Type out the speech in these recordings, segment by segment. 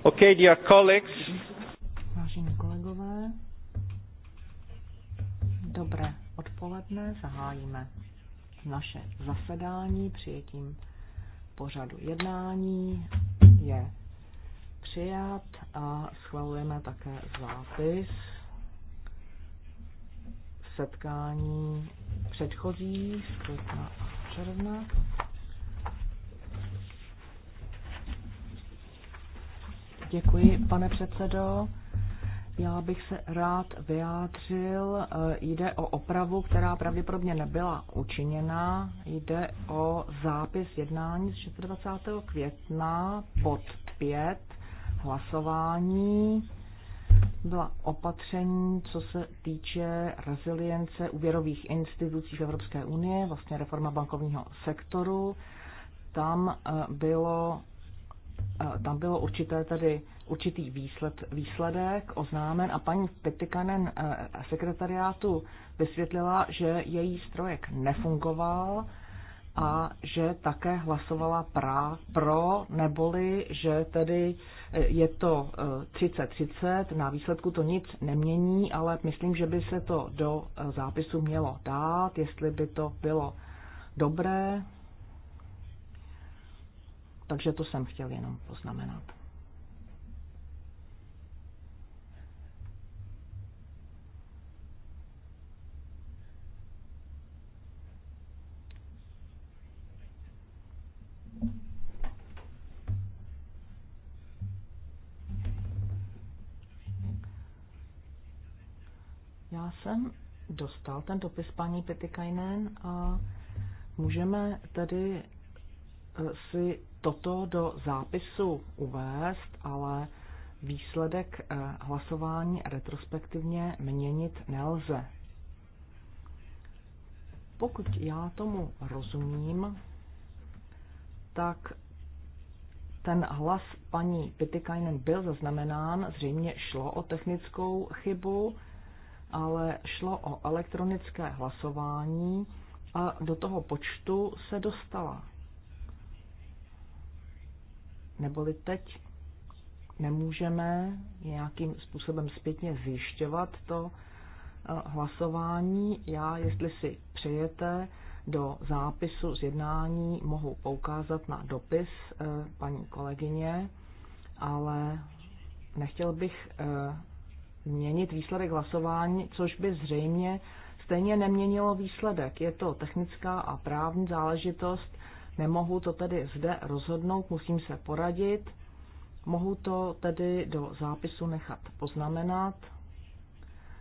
Okay, dear colleagues. Vážení kolegové, dobré odpoledne, zahájíme naše zasedání přijetím pořadu jednání. Je přijat a schvalujeme také zápis setkání předchozí z května a června. Děkuji, pane předsedo. Já bych se rád vyjádřil. Eh, jde o opravu, která pravděpodobně nebyla učiněna. Jde o zápis jednání z 26. května pod 5 hlasování. Byla opatření, co se týče rezilience úvěrových institucí v Evropské unie, vlastně reforma bankovního sektoru. Tam eh, bylo tam bylo určité tady určitý výsled, výsledek oznámen a paní Petikanen eh, sekretariátu vysvětlila, že její strojek nefungoval a že také hlasovala pra, pro, neboli, že tedy eh, je to 30-30, eh, na výsledku to nic nemění, ale myslím, že by se to do zápisu mělo dát, jestli by to bylo dobré, takže to jsem chtěl jenom poznamenat. Já jsem dostal ten dopis paní Petikajnen a můžeme tedy si toto do zápisu uvést, ale výsledek eh, hlasování retrospektivně měnit nelze. Pokud já tomu rozumím, tak ten hlas paní Pitikainen byl zaznamenán, zřejmě šlo o technickou chybu, ale šlo o elektronické hlasování a do toho počtu se dostala. Neboli teď nemůžeme nějakým způsobem zpětně zjišťovat to eh, hlasování. Já, jestli si přejete, do zápisu z jednání mohu poukázat na dopis eh, paní kolegyně, ale nechtěl bych eh, měnit výsledek hlasování, což by zřejmě stejně neměnilo výsledek. Je to technická a právní záležitost, Nemohu to tedy zde rozhodnout, musím se poradit. Mohu to tedy do zápisu nechat poznamenat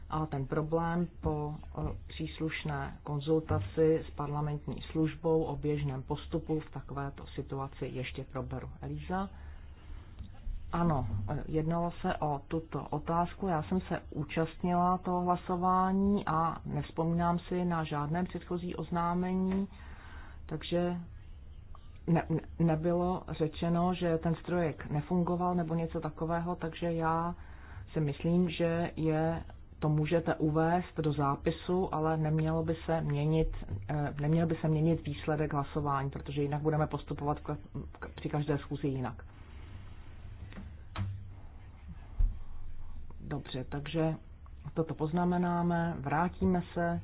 a ten problém po příslušné konzultaci s parlamentní službou o běžném postupu v takovéto situaci ještě proberu. Elíza? Ano, e, jednalo se o tuto otázku. Já jsem se účastnila toho hlasování a nevzpomínám si na žádné předchozí oznámení, takže ne, nebylo řečeno, že ten strojek nefungoval nebo něco takového, takže já si myslím, že je to můžete uvést do zápisu, ale nemělo by se měnit, eh, neměl by se měnit výsledek hlasování, protože jinak budeme postupovat při každé schůzi jinak. Dobře, takže toto poznamenáme, vrátíme se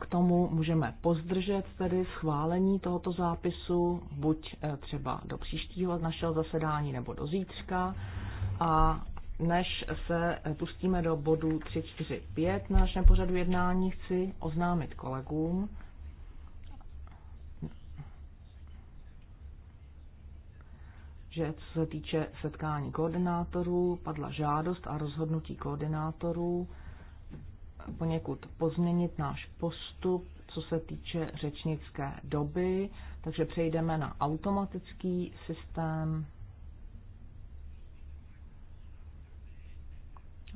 k tomu můžeme pozdržet tedy schválení tohoto zápisu, buď eh, třeba do příštího našeho zasedání nebo do zítřka. A než se eh, pustíme do bodu 345 na našem pořadu jednání, chci oznámit kolegům, že co se týče setkání koordinátorů, padla žádost a rozhodnutí koordinátorů poněkud pozměnit náš postup, co se týče řečnické doby, takže přejdeme na automatický systém.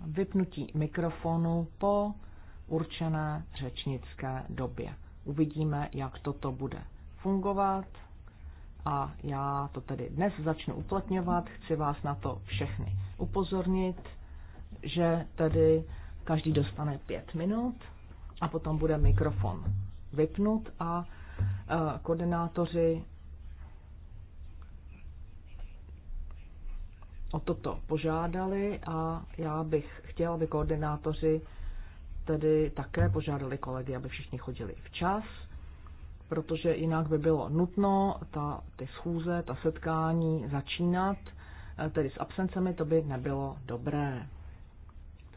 Vypnutí mikrofonu po určené řečnické době. Uvidíme, jak toto bude fungovat a já to tedy dnes začnu uplatňovat. Chci vás na to všechny upozornit, že tedy Každý dostane pět minut a potom bude mikrofon vypnut a e, koordinátoři o toto požádali a já bych chtěla, aby koordinátoři tedy také požádali kolegy, aby všichni chodili včas, protože jinak by bylo nutno ta, ty schůze, ta setkání začínat, e, tedy s absencemi to by nebylo dobré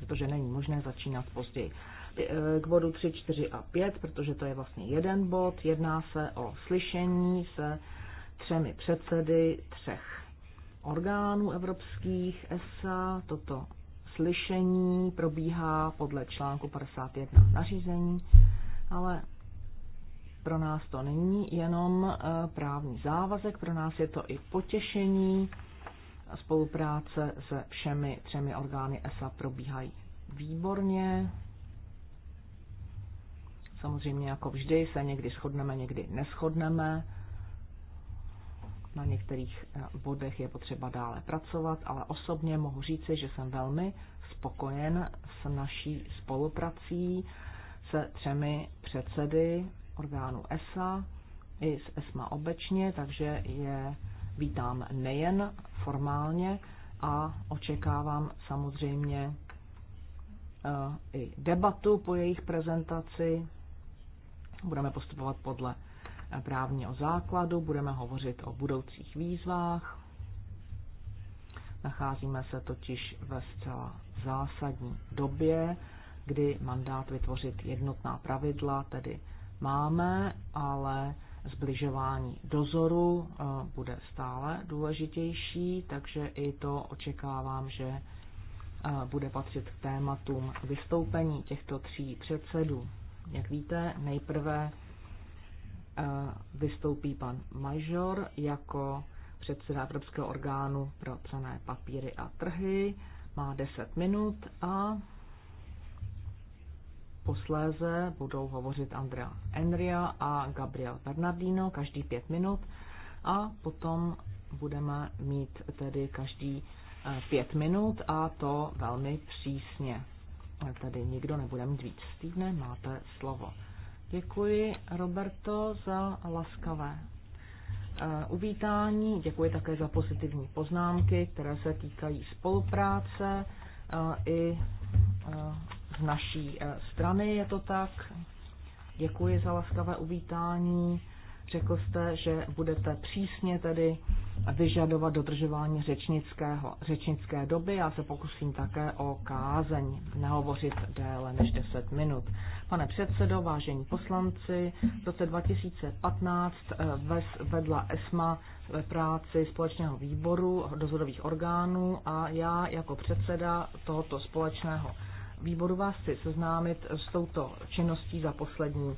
protože není možné začínat později. Eh, k bodu 3, 4 a 5, protože to je vlastně jeden bod, jedná se o slyšení se třemi předsedy třech orgánů evropských ESA. Toto slyšení probíhá podle článku 51 nařízení, ale pro nás to není jenom eh, právní závazek, pro nás je to i potěšení spolupráce se všemi třemi orgány ESA probíhají výborně. Samozřejmě jako vždy se někdy shodneme, někdy neschodneme. Na některých eh, bodech je potřeba dále pracovat, ale osobně mohu říci, že jsem velmi spokojen s naší spoluprací se třemi předsedy orgánů ESA i s ESMA obecně, takže je vítám nejen formálně a očekávám samozřejmě eh, i debatu po jejich prezentaci. Budeme postupovat podle eh, právního základu, budeme hovořit o budoucích výzvách. Nacházíme se totiž ve zcela zásadní době, kdy mandát vytvořit jednotná pravidla, tedy máme, ale zbližování dozoru eh, bude stále důležitější, takže i to očekávám, že eh, bude patřit k tématům vystoupení těchto tří předsedů. Jak víte, nejprve eh, vystoupí pan Major jako předseda Evropského orgánu pro cené papíry a trhy. Má 10 minut a Posléze budou hovořit Andrea Enria a Gabriel Bernardino každý pět minut a potom budeme mít tedy každý eh, pět minut a to velmi přísně. Tady nikdo nebude mít víc. Týdne máte slovo. Děkuji, Roberto, za laskavé eh, uvítání. Děkuji také za pozitivní poznámky, které se týkají spolupráce eh, i z naší eh, strany, je to tak. Děkuji za laskavé uvítání. Řekl jste, že budete přísně tedy vyžadovat dodržování řečnického, řečnické doby. Já se pokusím také o kázeň nehovořit déle než 10 minut. Pane předsedo, vážení poslanci, v roce 2015 eh, VES vedla ESMA ve práci společného výboru dozorových orgánů a já jako předseda tohoto společného výboru vás chci seznámit s touto činností za poslední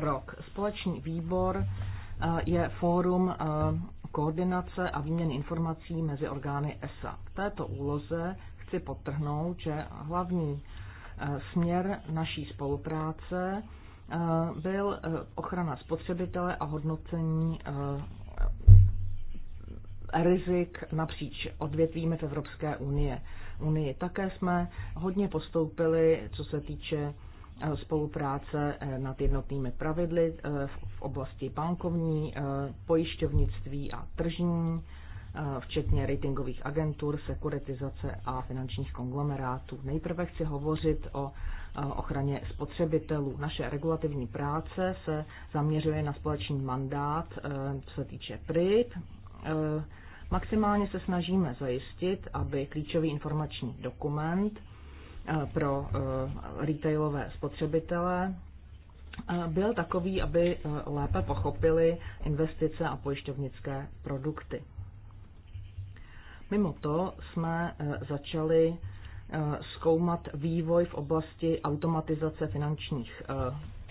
rok. Společný výbor eh, je fórum eh, koordinace a výměny informací mezi orgány ESA. V této úloze chci podtrhnout, že hlavní eh, směr naší spolupráce byl ochrana spotřebitele a hodnocení rizik napříč odvětvími v Evropské unie unii. Také jsme hodně postoupili, co se týče e, spolupráce e, nad jednotnými pravidly e, v oblasti bankovní, pojišťovnictví a tržní, včetně ratingových agentur, sekuritizace a finančních konglomerátů. Nejprve chci hovořit o ochraně spotřebitelů. Naše regulativní práce se zaměřuje na společný mandát, co se týče PRIP, Maximálně se snažíme zajistit, aby klíčový informační dokument eh, pro eh, retailové spotřebitele eh, byl takový, aby lépe pochopili investice a pojišťovnické produkty. Mimo to jsme začali zkoumat vývoj v oblasti automatizace finančních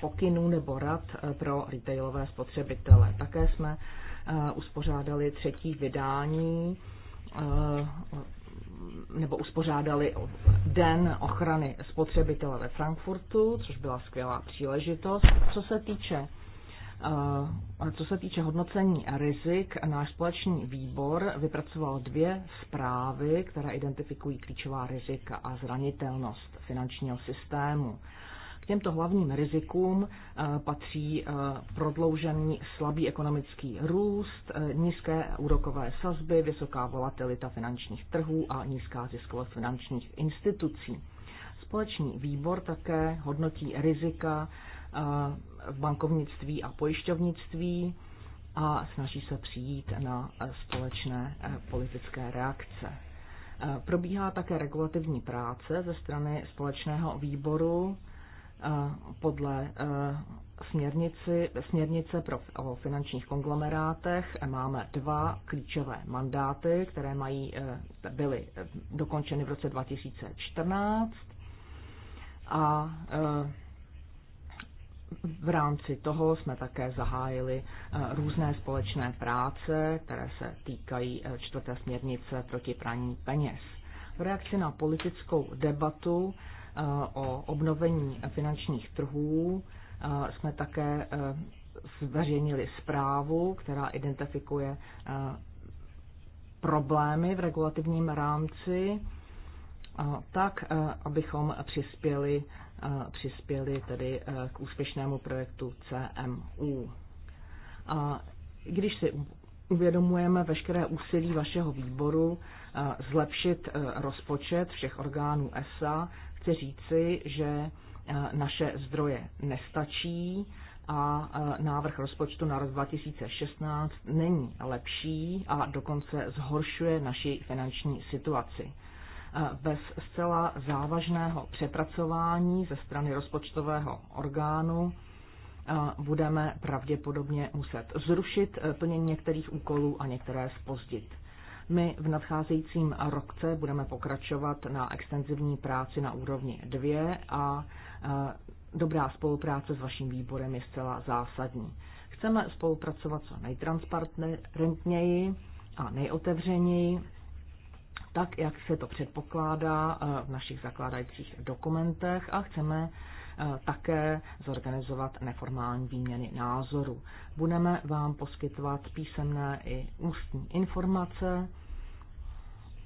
pokynů nebo rad pro retailové spotřebitele. Také jsme Eh, uspořádali třetí vydání eh, nebo uspořádali Den ochrany spotřebitele ve Frankfurtu, což byla skvělá příležitost. Co se týče eh, co se týče hodnocení rizik, náš společný výbor vypracoval dvě zprávy, které identifikují klíčová rizika a zranitelnost finančního systému těmto hlavním rizikům eh, patří eh, prodloužený slabý ekonomický růst, eh, nízké úrokové sazby, vysoká volatilita finančních trhů a nízká ziskovost finančních institucí. Společný výbor také hodnotí rizika v bankovnictví a pojišťovnictví a snaží se přijít na společné politické reakce. Probíhá také regulativní práce ze strany společného výboru podle e, směrnici, směrnice pro, o finančních konglomerátech e, máme dva klíčové mandáty, které mají, e, byly dokončeny v roce 2014 a v rámci toho jsme také zahájili různé společné práce, které se týkají čtvrté směrnice proti praní peněz. V reakci na politickou debatu Eh, o obnovení finančních trhů eh, jsme také eh, zveřejnili zprávu, která identifikuje problémy v regulativním rámci, tak, abychom přispěli, přispěli tedy k úspěšnému projektu CMU. A když si uvědomujeme veškeré úsilí vašeho výboru zlepšit rozpočet všech orgánů ESA, chci říci, že eh, naše zdroje nestačí a eh, návrh rozpočtu na rok 2016 není lepší a dokonce zhoršuje naši finanční situaci. Eh, bez zcela závažného přepracování ze strany rozpočtového orgánu budeme pravděpodobně muset zrušit plnění některých úkolů a některé spozdit. My v nadcházejícím roce budeme pokračovat na extenzivní práci na úrovni 2 a dobrá spolupráce s vaším výborem je zcela zásadní. Chceme spolupracovat co nejtransparentněji a nejotevřeněji, tak, jak se to předpokládá e, v našich zakládajících dokumentech a chceme Eh, také zorganizovat neformální výměny názorů. Budeme vám poskytovat písemné i ústní informace,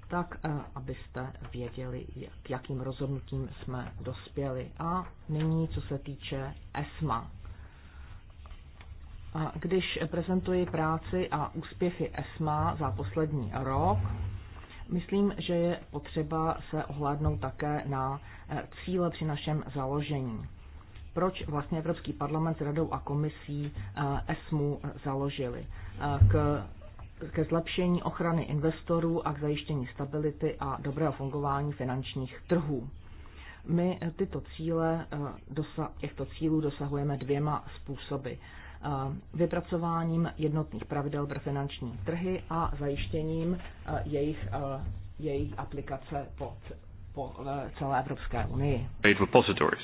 tak eh, abyste věděli, k jakým rozhodnutím jsme dospěli. A nyní, co se týče ESMA. Když prezentuji práci a úspěchy ESMA za poslední rok, Myslím, že je potřeba se ohlédnout také na eh, cíle při našem založení. Proč vlastně Evropský parlament s radou a komisí eh, ESMU založili? Eh, k ke zlepšení ochrany investorů a k zajištění stability a dobrého fungování finančních trhů. My tyto cíle, těchto cílů dosahujeme dvěma způsoby vypracováním jednotných pravidel pro finanční trhy a zajištěním e, jejich, e, jejich aplikace po, po e, celé Evropské unii. Repositories.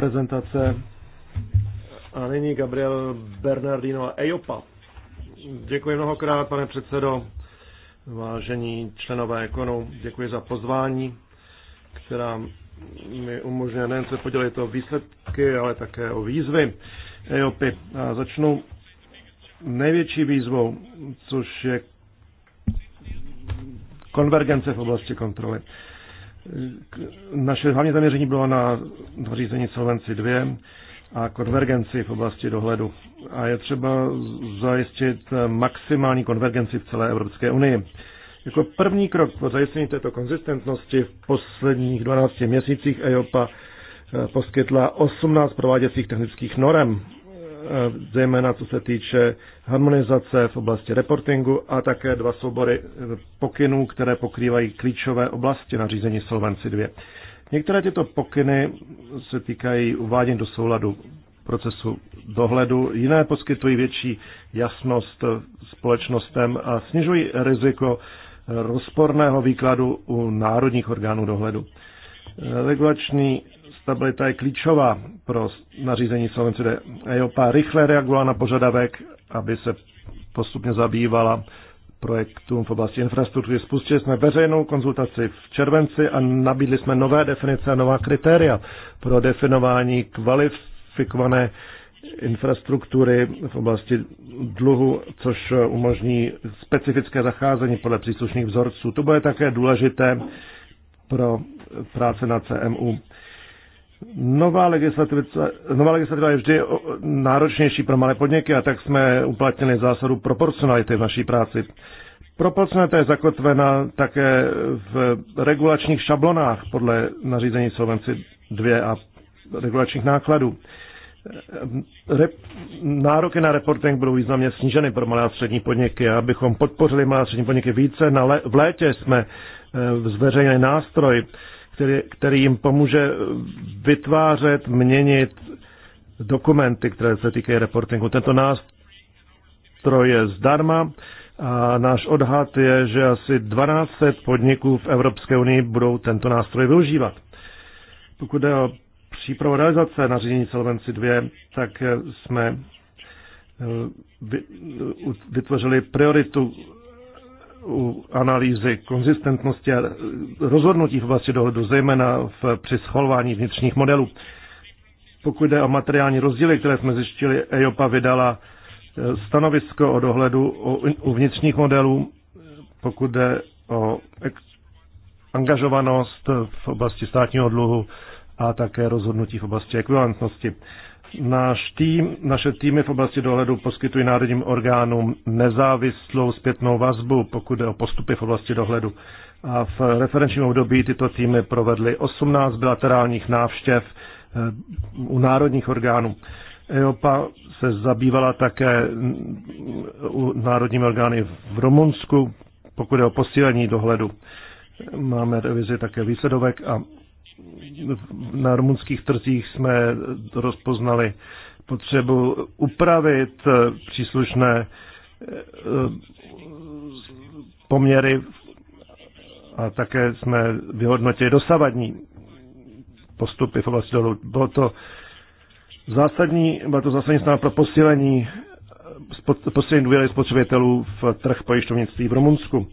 prezentace. A nyní Gabriel Bernardino Ejopa. Děkuji mnohokrát, pane předsedo. Vážení členové ekonu, děkuji za pozvání, která mi umožňuje nejen se podělit o výsledky, ale také o výzvy EOPy. A začnu největší výzvou, což je konvergence v oblasti kontroly. Naše hlavní zaměření bylo na řízení Solvenci 2 a konvergenci v oblasti dohledu. A je třeba zajistit maximální konvergenci v celé Evropské unii. Jako první krok po zajištění této konzistentnosti v posledních 12 měsících EIOPA eh, poskytla 18 prováděcích technických norem Eh, zejména co se týče harmonizace v oblasti reportingu a také dva soubory eh, pokynů, které pokrývají klíčové oblasti nařízení Solvency 2. Některé tyto pokyny se týkají uvádění do souladu procesu dohledu, jiné poskytují větší jasnost společnostem a snižují riziko rozporného výkladu u národních orgánů dohledu. Eh, regulační stabilita je klíčová pro nařízení Solvency II. EIOPA rychle reagovala na požadavek, aby se postupně zabývala projektům v oblasti infrastruktury. Spustili jsme veřejnou konzultaci v červenci a nabídli jsme nové definice a nová kritéria pro definování kvalifikované infrastruktury v oblasti dluhu, což umožní specifické zacházení podle příslušných vzorců. To bude také důležité pro práce na CMU. Nová legislativa, nová legislativa je vždy náročnější pro malé podniky a tak jsme uplatnili zásadu proporcionality v naší práci. Proporcionalita je zakotvena také v regulačních šablonách podle nařízení Solvenci 2 a regulačních nákladů. Rep, nároky na reporting budou významně sníženy pro malé a střední podniky. Abychom podpořili malé a střední podniky více, na le, v létě jsme eh, zveřejnili nástroj, který, který jim pomůže vytvářet, měnit dokumenty, které se týkají reportingu. Tento nástroj je zdarma a náš odhad je, že asi 12 podniků v Evropské unii budou tento nástroj využívat. Pokud jde o přípravu realizace nařízení Solvency 2, tak jsme eh, vytvořili prioritu u analýzy konzistentnosti a rozhodnutí v oblasti dohledu, zejména v, při schvalování vnitřních modelů. Pokud jde o materiální rozdíly, které jsme zjištili, EIOPA vydala e, stanovisko o dohledu u vnitřních modelů, pokud jde o angažovanost v oblasti státního dluhu a také rozhodnutí v oblasti ekvivalentnosti. Náš tým, naše týmy v oblasti dohledu poskytují národním orgánům nezávislou zpětnou vazbu, pokud jde o postupy v oblasti dohledu. A v referenčním období tyto týmy provedly 18 bilaterálních návštěv eh, u národních orgánů. EOPA se zabývala také mm, u národními orgány v Rumunsku, pokud je o posílení dohledu. Máme revizi také výsledovek a na rumunských trzích jsme rozpoznali potřebu upravit eh, příslušné eh, poměry a také jsme vyhodnotili dosavadní postupy v oblasti dolů. Bylo to zásadní, bylo to zásadní snad pro posílení, eh, posílení důvěry spotřebitelů v trh pojišťovnictví v Rumunsku.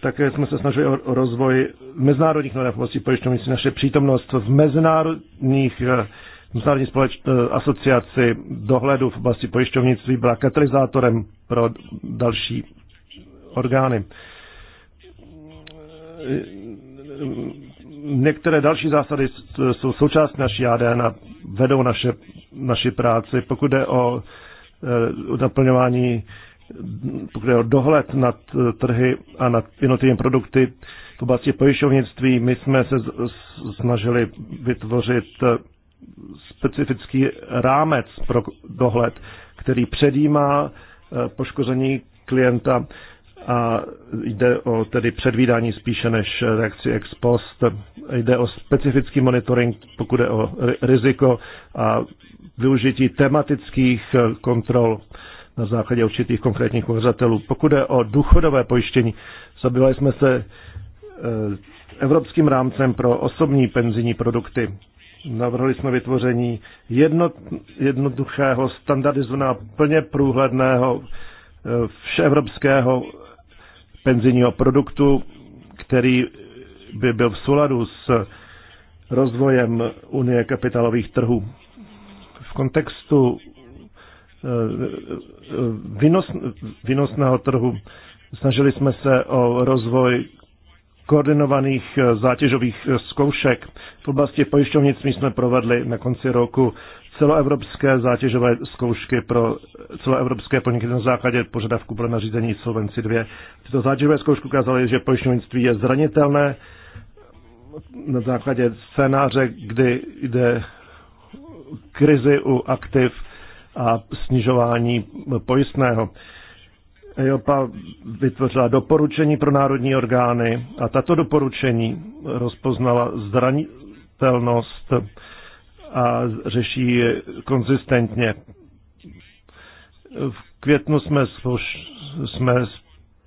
Také jsme se snažili o rozvoj mezinárodních norm v oblasti pojišťovnictví. Naše přítomnost v mezinárodních eh, mezinárodní společ, eh, asociaci dohledu v oblasti pojišťovnictví byla katalyzátorem pro další orgány. Některé další zásady jsou součást naší ADN a vedou naše, naši práci. Pokud jde o eh, naplňování pokud je o dohled nad eh, trhy a nad jednotlivými produkty v oblasti pojišťovnictví, my jsme se snažili vytvořit eh, specifický rámec pro dohled, který předjímá eh, poškození klienta a jde o tedy předvídání spíše než reakci ex post. Jde o specifický monitoring, pokud je o riziko a využití tematických kontrol na základě určitých konkrétních ukazatelů. Pokud je o důchodové pojištění, zabývali jsme se eh, evropským rámcem pro osobní penzijní produkty. Navrhli jsme vytvoření jednot, jednoduchého, standardizovaného, plně průhledného, eh, všeevropského penzijního produktu, který by byl v souladu s rozvojem Unie kapitálových trhů. V kontextu vynosného trhu. Snažili jsme se o rozvoj koordinovaných eh, zátěžových eh, zkoušek. V oblasti pojišťovnictví jsme provedli na konci roku celoevropské zátěžové zkoušky pro celoevropské podniky na základě požadavku pro nařízení Solvenci 2. Tyto zátěžové zkoušky ukázaly, že pojišťovnictví je zranitelné na základě scénáře, kdy jde krizi u aktiv a snižování pojistného. EIOPA vytvořila doporučení pro národní orgány a tato doporučení rozpoznala zranitelnost a řeší konzistentně. V květnu jsme, spoš, jsme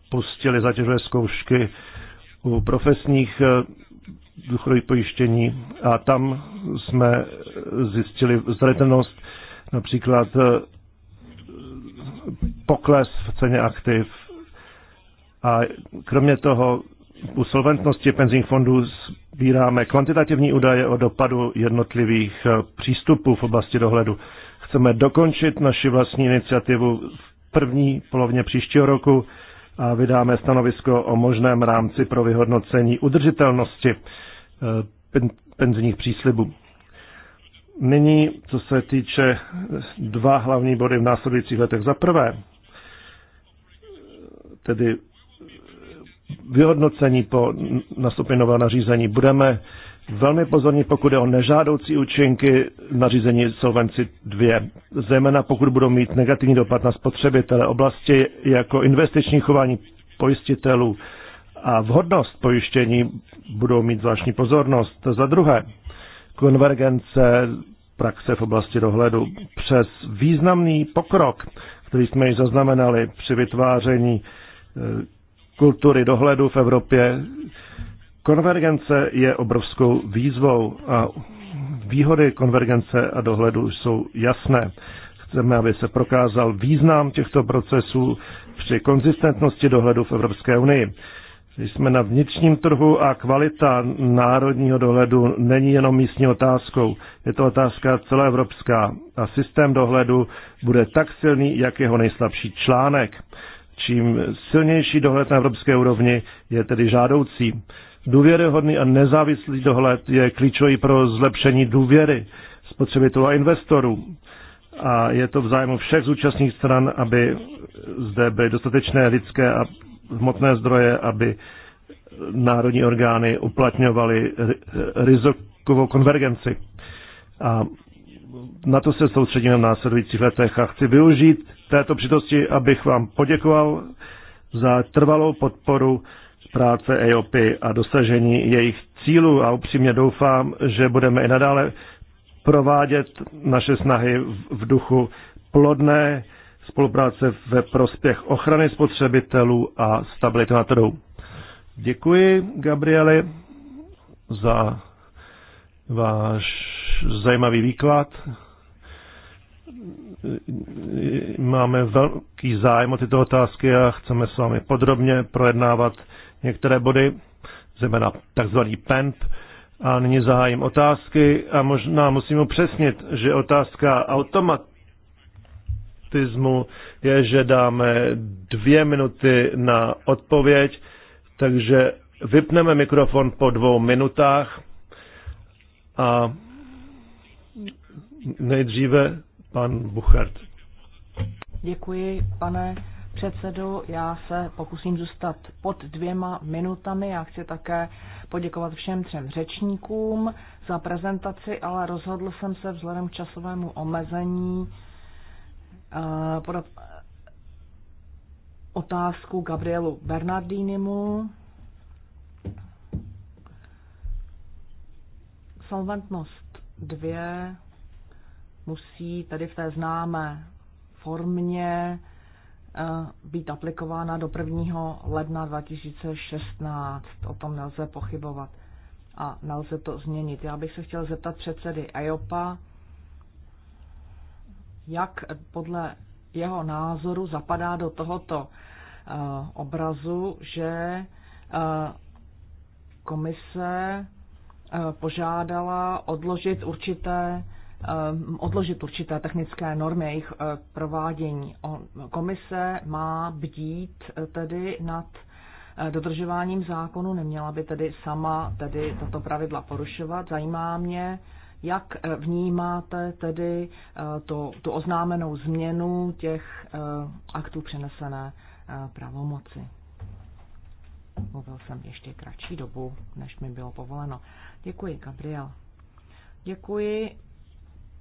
spustili zatěžové zkoušky u profesních eh, důchodových pojištění a tam jsme zjistili zranitelnost Například eh, pokles v ceně aktiv a kromě toho u solventnosti penzijních fondů sbíráme kvantitativní údaje o dopadu jednotlivých eh, přístupů v oblasti dohledu. Chceme dokončit naši vlastní iniciativu v první polovině příštího roku a vydáme stanovisko o možném rámci pro vyhodnocení udržitelnosti eh, penzijních příslibů. Nyní, co se týče dva hlavní body v následujících letech. Za prvé, tedy vyhodnocení po nastoupení nového nařízení. Budeme velmi pozorní, pokud je o nežádoucí účinky nařízení Solvenci 2, zejména pokud budou mít negativní dopad na spotřebitele oblasti jako investiční chování pojistitelů a vhodnost pojištění budou mít zvláštní pozornost. Za druhé, konvergence praxe v oblasti dohledu přes významný pokrok, který jsme již zaznamenali při vytváření e, kultury dohledu v Evropě. Konvergence je obrovskou výzvou a výhody konvergence a dohledu jsou jasné. Chceme, aby se prokázal význam těchto procesů při konzistentnosti dohledu v Evropské unii jsme na vnitřním trhu a kvalita národního dohledu není jenom místní otázkou. Je to otázka celoevropská a systém dohledu bude tak silný, jak jeho nejslabší článek. Čím silnější dohled na evropské úrovni je tedy žádoucí. Důvěryhodný a nezávislý dohled je klíčový pro zlepšení důvěry spotřebitelů a investorů. A je to v zájmu všech zúčastných stran, aby zde byly dostatečné lidské a hmotné zdroje, aby národní orgány uplatňovaly rizikovou konvergenci. A na to se soustředíme v následujících letech a chci využít této přítosti, abych vám poděkoval za trvalou podporu práce EOP a dosažení jejich cílů a upřímně doufám, že budeme i nadále provádět naše snahy v duchu plodné spolupráce ve prospěch ochrany spotřebitelů a stability na trhu. Děkuji, Gabrieli, za váš zajímavý výklad. Máme velký zájem o tyto otázky a chceme s vámi podrobně projednávat některé body, zejména takzvaný PEMP. E a nyní zahájím otázky a možná musím upřesnit, že otázka automat baptismu, je, že dáme dvě minuty na odpověď, takže vypneme mikrofon po dvou minutách a nejdříve pan Buchert. Děkuji, pane předsedu. Já se pokusím zůstat pod dvěma minutami. Já chci také poděkovat všem třem řečníkům za prezentaci, ale rozhodl jsem se vzhledem k časovému omezení Eh, podat eh, otázku Gabrielu Bernardinimu. Solventnost 2 musí tady v té známé formě eh, být aplikována do 1. ledna 2016. O tom nelze pochybovat a nelze to změnit. Já bych se chtěl zeptat předsedy EOPA, jak podle jeho názoru zapadá do tohoto eh, obrazu, že eh, komise eh, požádala odložit určité odložit určité technické normy jejich provádění. Komise má bdít tedy nad dodržováním zákonu, neměla by tedy sama tedy tato pravidla porušovat. Zajímá mě, jak eh, vnímáte tedy eh, to, tu oznámenou změnu těch eh, aktů přenesené pravomoci? Mluvil jsem ještě kratší dobu, než mi bylo povoleno. Děkuji, Gabriel. Děkuji,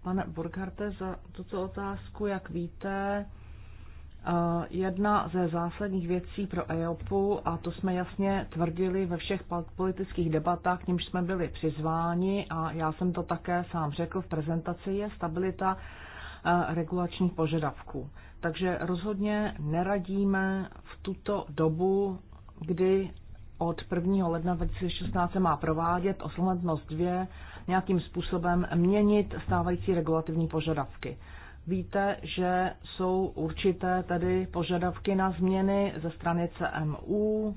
pane Burgharte, za tuto otázku. Jak víte, Jedna ze zásadních věcí pro EOPu, a to jsme jasně tvrdili ve všech politických debatách, k nímž jsme byli přizváni, a já jsem to také sám řekl v prezentaci, je stabilita e, regulačních požadavků. Takže rozhodně neradíme v tuto dobu, kdy od 1. ledna 2016 se má provádět oslovenost 2, nějakým způsobem měnit stávající regulativní požadavky. Víte, že jsou určité tady požadavky na změny ze strany CMU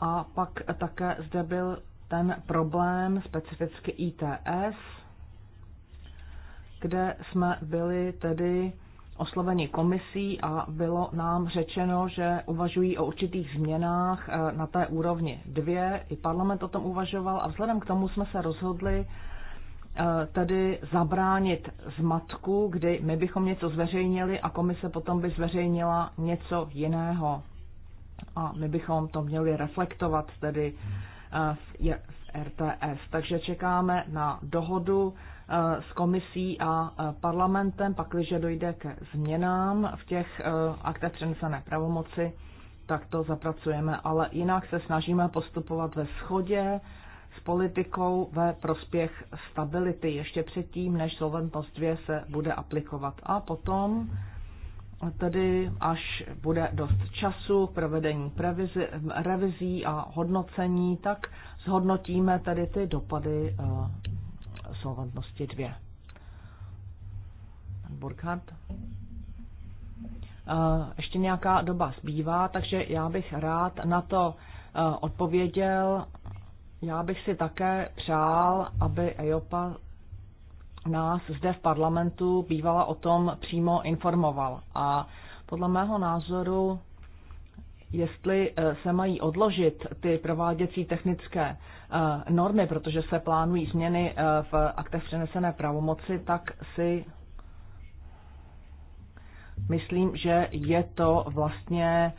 a pak také zde byl ten problém specificky ITS, kde jsme byli tedy osloveni komisí a bylo nám řečeno, že uvažují o určitých změnách eh, na té úrovni dvě. I parlament o tom uvažoval a vzhledem k tomu jsme se rozhodli Eh, tady zabránit zmatku, kdy my bychom něco zveřejnili a komise potom by zveřejnila něco jiného. A my bychom to měli reflektovat tedy eh, v RTS. Takže čekáme na dohodu eh, s komisí a parlamentem, pakliže dojde ke změnám v těch aktech přenesené pravomoci, tak to zapracujeme. Ale jinak se snažíme postupovat ve shodě s politikou ve prospěch stability ještě předtím, než Solventnost 2 se bude aplikovat. A potom tedy až bude dost času k provedení revizí a hodnocení, tak zhodnotíme tedy ty dopady uh, eh, solventnosti 2. Burkhardt? Eh, ještě nějaká doba zbývá, takže já bych rád na to eh, odpověděl já bych si také přál, aby EIOPA nás zde v parlamentu bývala o tom přímo informoval. A podle mého názoru, jestli eh, se mají odložit ty prováděcí technické eh, normy, protože se plánují změny eh, v aktech přenesené pravomoci, tak si myslím, že je to vlastně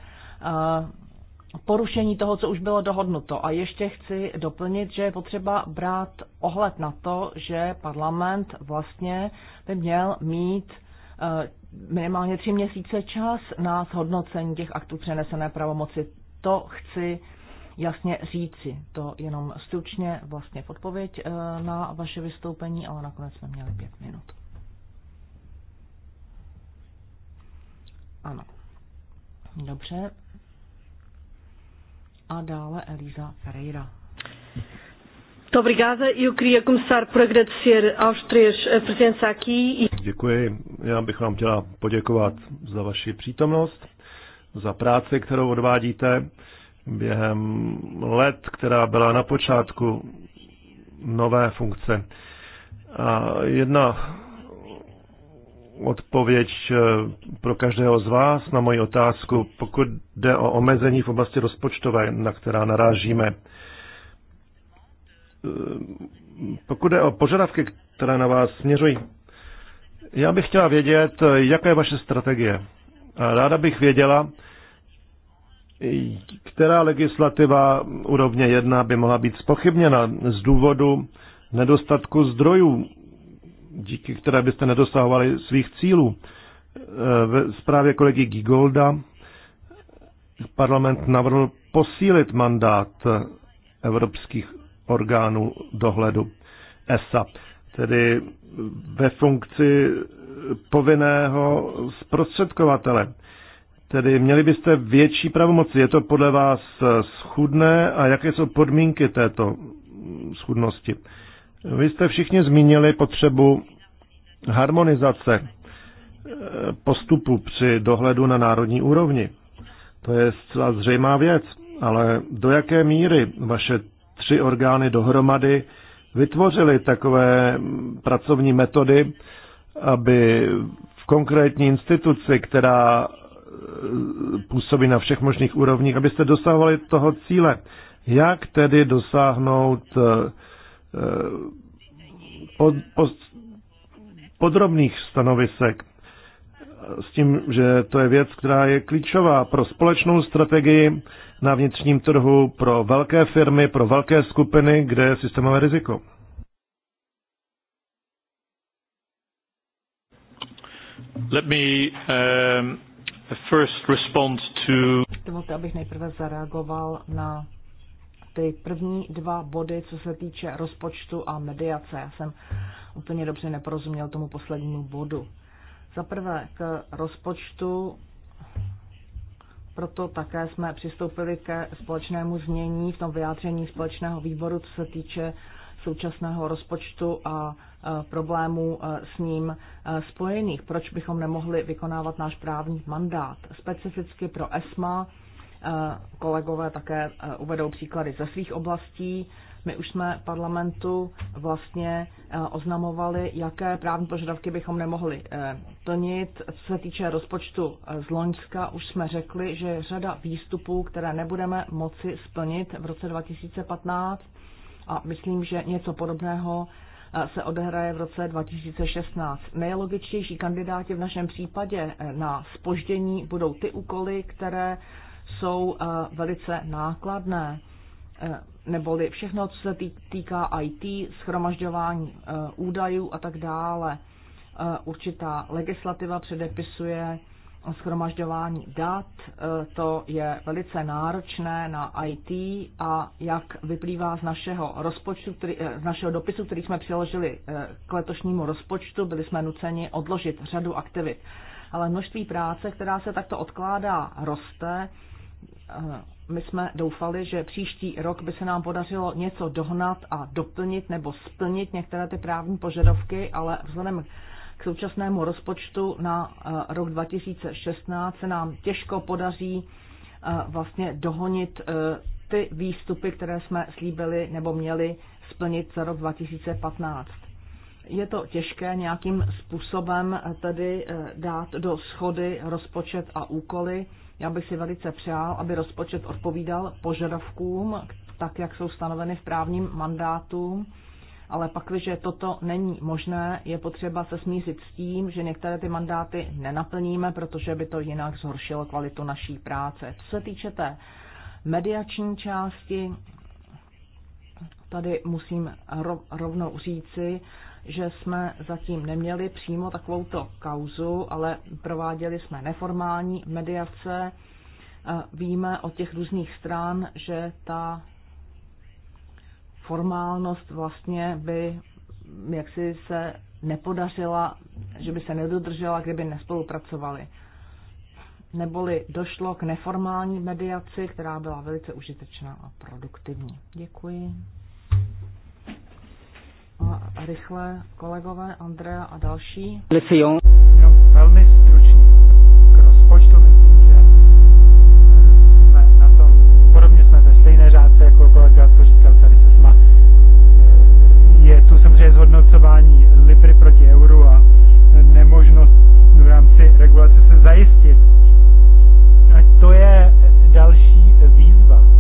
porušení toho, co už bylo dohodnuto. A ještě chci doplnit, že je potřeba brát ohled na to, že parlament vlastně by měl mít eh, minimálně tři měsíce čas na zhodnocení těch aktů přenesené pravomoci. To chci jasně říci. To jenom stručně vlastně v odpověď eh, na vaše vystoupení, ale nakonec jsme měli pět minut. Ano. Dobře, a dále Elisa Ferreira. Eh, e Děkuji. Já bych vám chtěla poděkovat za vaši přítomnost, za práci, kterou odvádíte během let, která byla na počátku nové funkce. A jedna odpověď eh, pro každého z vás na moji otázku, pokud jde o omezení v oblasti rozpočtové, na která narážíme. Eh, pokud jde o požadavky, které na vás směřují, já bych chtěla vědět, eh, jaká je vaše strategie. A ráda bych věděla, která legislativa úrovně 1 by mohla být spochybněna z důvodu nedostatku zdrojů díky které byste nedosahovali svých cílů. E, ve zprávě kolegy Gigolda parlament navrhl posílit mandát evropských orgánů dohledu ESA, tedy ve funkci povinného zprostředkovatele. Tedy měli byste větší pravomoci. Je to podle vás schudné a jaké jsou podmínky této schudnosti? Vy jste všichni zmínili potřebu harmonizace eh, postupu při dohledu na národní úrovni. To je zcela zřejmá věc, ale do jaké míry vaše tři orgány dohromady vytvořily takové mm, pracovní metody, aby v konkrétní instituci, která eh, působí na všech možných úrovních, abyste dosahovali toho cíle. Jak tedy dosáhnout eh, Eh, pod, pod, podrobných stanovisek s tím, že to je věc, která je klíčová pro společnou strategii na vnitřním trhu, pro velké firmy, pro velké skupiny, kde je systémové riziko. Let me um, first respond to... Dovolte, abych nejprve zareagoval na ty první dva body, co se týče rozpočtu a mediace. Já jsem úplně dobře neporozuměl tomu poslednímu bodu. Za prvé k rozpočtu, proto také jsme přistoupili ke společnému změní v tom vyjádření společného výboru, co se týče současného rozpočtu a e, problémů e, s ním e, spojených. Proč bychom nemohli vykonávat náš právní mandát? Specificky pro ESMA Eh, kolegové také eh, uvedou příklady ze svých oblastí. My už jsme parlamentu vlastně eh, oznamovali, jaké právní požadavky bychom nemohli plnit. Co se týče rozpočtu z Loňska, už jsme řekli, že je řada výstupů, které nebudeme moci splnit v roce 2015 a myslím, že něco podobného se odehraje v roce 2016. Nejlogičtější kandidáti v našem případě na spoždění budou ty úkoly, které jsou eh, velice nákladné eh, neboli všechno, co se týká IT, schromažďování eh, údajů a tak dále. Určitá legislativa předepisuje schromažďování dat, to je velice náročné na IT a jak vyplývá z našeho rozpočtu, který, z našeho dopisu, který jsme přiložili k letošnímu rozpočtu, byli jsme nuceni odložit řadu aktivit ale množství práce, která se takto odkládá, roste. Eh, my jsme doufali, že příští rok by se nám podařilo něco dohnat a doplnit nebo splnit některé ty právní požadavky, ale vzhledem k současnému rozpočtu na eh, rok 2016 se nám těžko podaří eh, vlastně dohonit ty výstupy, které jsme slíbili nebo měli splnit za rok 2015 je to těžké nějakým způsobem eh, tedy eh, dát do schody rozpočet a úkoly. Já bych si velice přál, aby rozpočet odpovídal požadavkům, tak jak jsou stanoveny v právním mandátu, ale pak, když toto není možné, je potřeba se smířit s tím, že některé ty mandáty nenaplníme, protože by to jinak zhoršilo kvalitu naší práce. Co se týče té mediační části, tady musím rovnou říci, že jsme zatím neměli přímo takovouto kauzu, ale prováděli jsme neformální mediace. E, víme o těch různých stran, že ta formálnost vlastně by mm, jaksi se nepodařila, že by se nedodržela, kdyby nespolupracovali. Neboli došlo k neformální mediaci, která byla velice užitečná a produktivní. Děkuji. A rychle kolegové Andrea a další. Lefion. No, velmi stručně. K rozpočtu myslím, že eh, jsme na tom, podobně jsme ve stejné řádce jako kolega, co říkal tady se sma. Eh, je tu samozřejmě zhodnocování Libry proti euru a nemožnost v rámci regulace se zajistit. A to je další výzva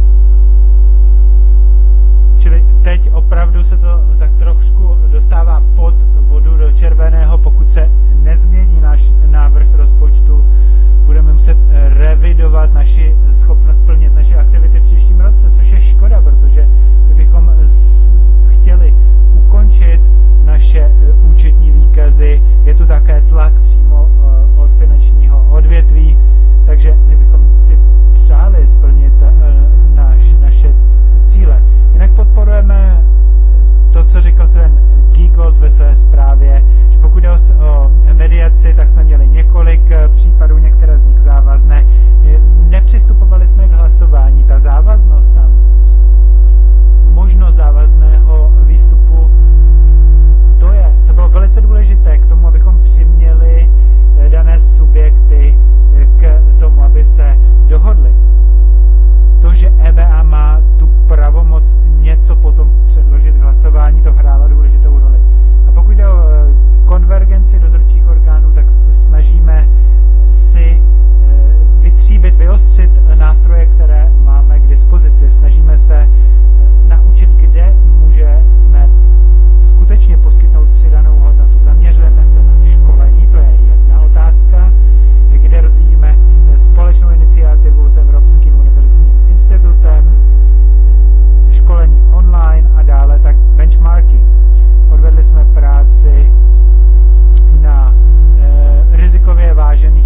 teď opravdu se to tak trošku dostává pod vodu do červeného, pokud se nezmění náš návrh rozpočtu, budeme muset eh, revidovat naši schopnost plnit naše aktivity v příštím roce, což je škoda, protože kdybychom chtěli ukončit naše eh, účetní výkazy, je tu také tlak přímo eh, od finančního odvětví, takže kdybychom si podporujeme to, co říkal ten Díkos ve své zprávě, že pokud je o, o mediaci, tak jsme měli několik eh, případů, některé z nich závazné. Eh, nepřistupovali jsme k hlasování. Ta závaznost tam, možnost závazného výstupu, to je, to bylo velice důležité k tomu, abychom přiměli eh, dané subjekty k tomu, aby se dohodli to, že EBA má tu pravomoc něco potom předložit hlasování, to hrálo důležitou roli. A pokud jde o e, konvergenci dozorčích orgánů, tak snažíme si e, vytříbit, vyostřit nástroje, které máme k dispozici. Snažíme se e, naučit, kde můžeme skutečně poskytnout vážený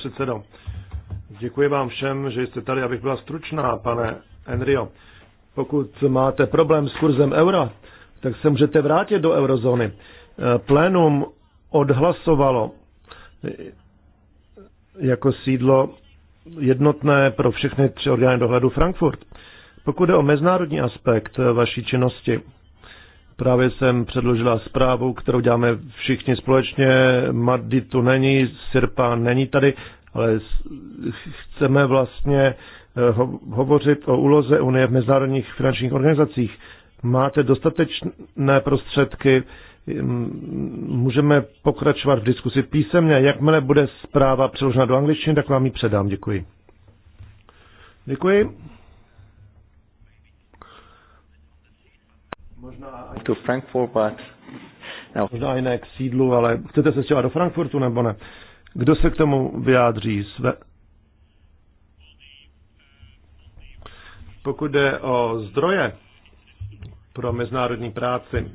předsedo. Děkuji vám všem, že jste tady, abych byla stručná, pane Enrio. Pokud máte problém s kurzem eura, tak se můžete vrátit do eurozóny. Plénum odhlasovalo jako sídlo jednotné pro všechny tři orgány dohledu Frankfurt. Pokud je o mezinárodní aspekt vaší činnosti, Právě jsem předložila zprávu, kterou děláme všichni společně. Maddy tu není, Sirpa není tady, ale chceme vlastně eh, hovořit o úloze Unie v mezinárodních finančních organizacích. Máte dostatečné prostředky, mm, můžeme pokračovat v diskusi písemně. Jakmile bude zpráva přeložena do angličtiny, tak vám ji předám. Děkuji. Děkuji. to Frankfurt, but... now. Možná i ne k sídlu, ale chcete se stěhovat do Frankfurtu nebo ne? Kdo se k tomu vyjádří? Sve... Pokud jde o zdroje pro mezinárodní práci,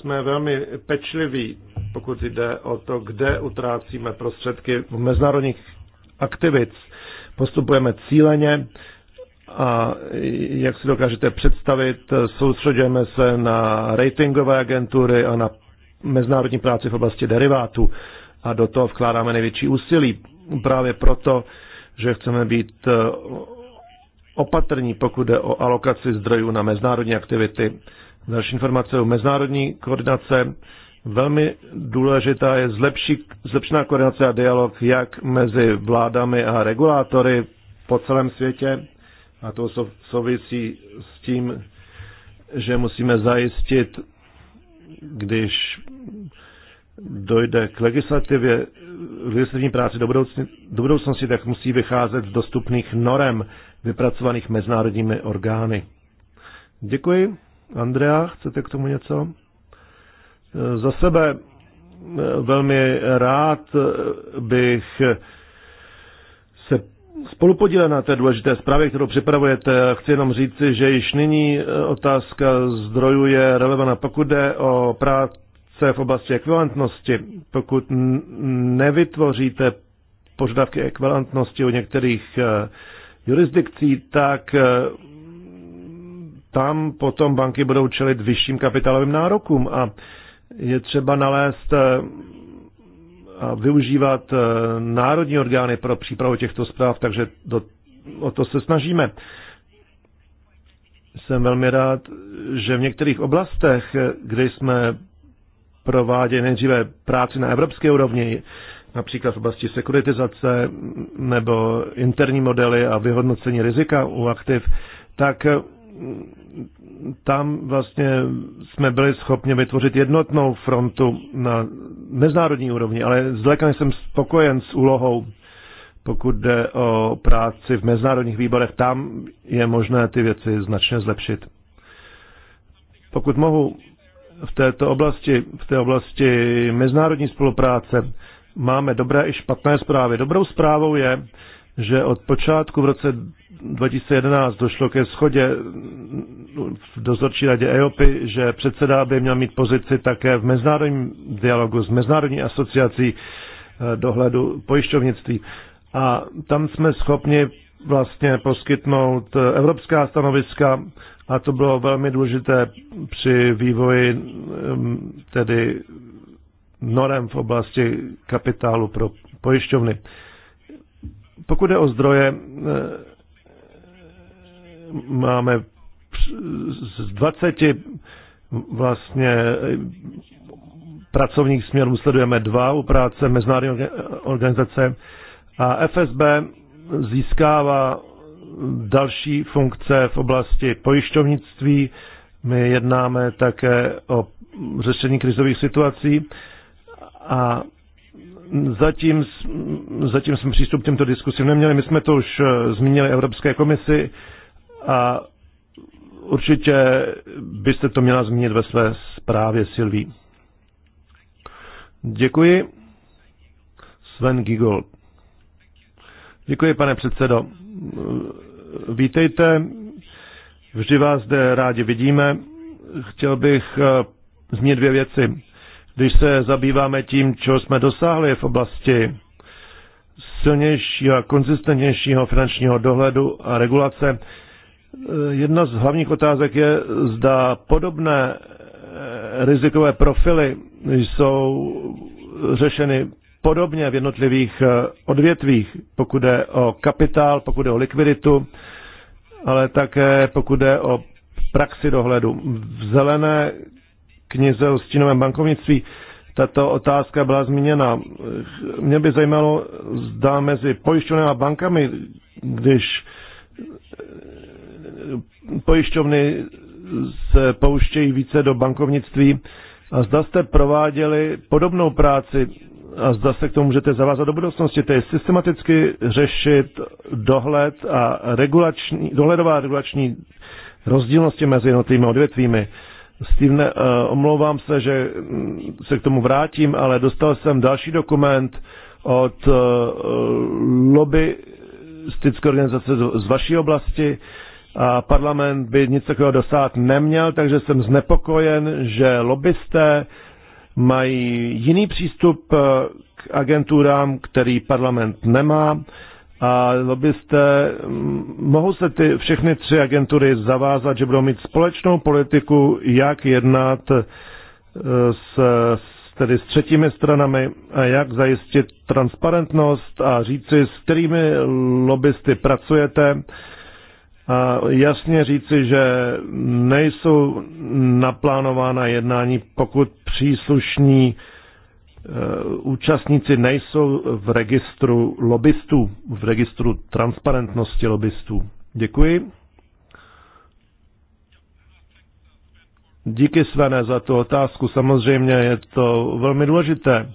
jsme velmi pečliví, pokud jde o to, kde utrácíme prostředky v mezinárodních aktivit. Postupujeme cíleně, a jak si dokážete představit, soustředujeme se na ratingové agentury a na mezinárodní práci v oblasti derivátů a do toho vkládáme největší úsilí právě proto, že chceme být eh, opatrní, pokud jde o alokaci zdrojů na mezinárodní aktivity. Další informace o mezinárodní koordinace. Velmi důležitá je zlepší, zlepšená koordinace a dialog jak mezi vládami a regulátory po celém světě, a to souvisí s tím, že musíme zajistit, když dojde k legislativě, legislativní práci do, budoucni, do budoucnosti, tak musí vycházet z dostupných norem vypracovaných mezinárodními orgány. Děkuji. Andrea, chcete k tomu něco? Za sebe e, velmi rád e, bych spolupodílet na té důležité zprávě, kterou připravujete. Chci jenom říci, že již nyní e, otázka zdrojů je relevantná. Pokud jde o práci v oblasti ekvivalentnosti, pokud nevytvoříte požadavky ekvivalentnosti u některých e, jurisdikcí, tak e, tam potom banky budou čelit vyšším kapitálovým nárokům a je třeba nalézt využívat eh, národní orgány pro přípravu těchto zpráv, takže do, o to se snažíme. Jsem velmi rád, že v některých oblastech, kde jsme prováděli nejdříve práci na evropské úrovni, například v oblasti sekuritizace nebo interní modely a vyhodnocení rizika u aktiv, tak tam vlastně jsme byli schopni vytvořit jednotnou frontu na mezinárodní úrovni, ale zdaleka jsem spokojen s úlohou, pokud jde o práci v mezinárodních výborech, tam je možné ty věci značně zlepšit. Pokud mohu v této oblasti, v té oblasti mezinárodní spolupráce, máme dobré i špatné zprávy. Dobrou zprávou je, že od počátku v roce 2011 došlo ke schodě v dozorčí radě EOPy, že předseda by měl mít pozici také v mezinárodním dialogu s Mezinárodní asociací eh, dohledu pojišťovnictví. A tam jsme schopni vlastně poskytnout eh, evropská stanoviska a to bylo velmi důležité při vývoji ehm, tedy norem v oblasti kapitálu pro pojišťovny. Pokud je o zdroje, eh, máme z 20 vlastně pracovních směrů sledujeme dva u práce mezinárodní organizace a FSB získává další funkce v oblasti pojišťovnictví. My jednáme také o řešení krizových situací a Zatím, zatím jsme přístup k těmto diskusím neměli. My jsme to už eh, zmínili Evropské komisi a určitě byste to měla zmínit ve své zprávě, Silví. Děkuji. Sven Gigol. Děkuji, pane předsedo. Vítejte. Vždy vás zde rádi vidíme. Chtěl bych eh, zmínit dvě věci když se zabýváme tím, čeho jsme dosáhli v oblasti silnějšího a konzistentnějšího finančního dohledu a regulace, eh, jedna z hlavních otázek je, zda podobné eh, rizikové profily jsou řešeny podobně v jednotlivých eh, odvětvích, pokud jde o kapitál, pokud jde o likviditu, ale také pokud jde o praxi dohledu. V zelené knize o stínovém bankovnictví tato otázka byla zmíněna. Mě by zajímalo, zda mezi pojišťovnami a bankami, když pojišťovny se pouštějí více do bankovnictví, a zda jste prováděli podobnou práci a zda se k tomu můžete zavázat do budoucnosti, je systematicky řešit dohled a regulační, dohledová regulační rozdílnosti mezi jednotlivými odvětvími. Steve, eh, omlouvám se, že mm, se k tomu vrátím, ale dostal jsem další dokument od eh, lobbystické organizace z vaší oblasti a parlament by nic takového dosáhnout neměl, takže jsem znepokojen, že lobbysté mají jiný přístup eh, k agenturám, který parlament nemá a lobbyste, mohou se ty všechny tři agentury zavázat, že budou mít společnou politiku, jak jednat e, s, tedy s třetími stranami a jak zajistit transparentnost a říci, s kterými lobbysty pracujete a jasně říci, že nejsou naplánována jednání, pokud příslušní Eh, účastníci nejsou v registru lobbystů, v registru transparentnosti lobbystů. Děkuji. Díky Svené za tu otázku. Samozřejmě je to velmi důležité. Eh,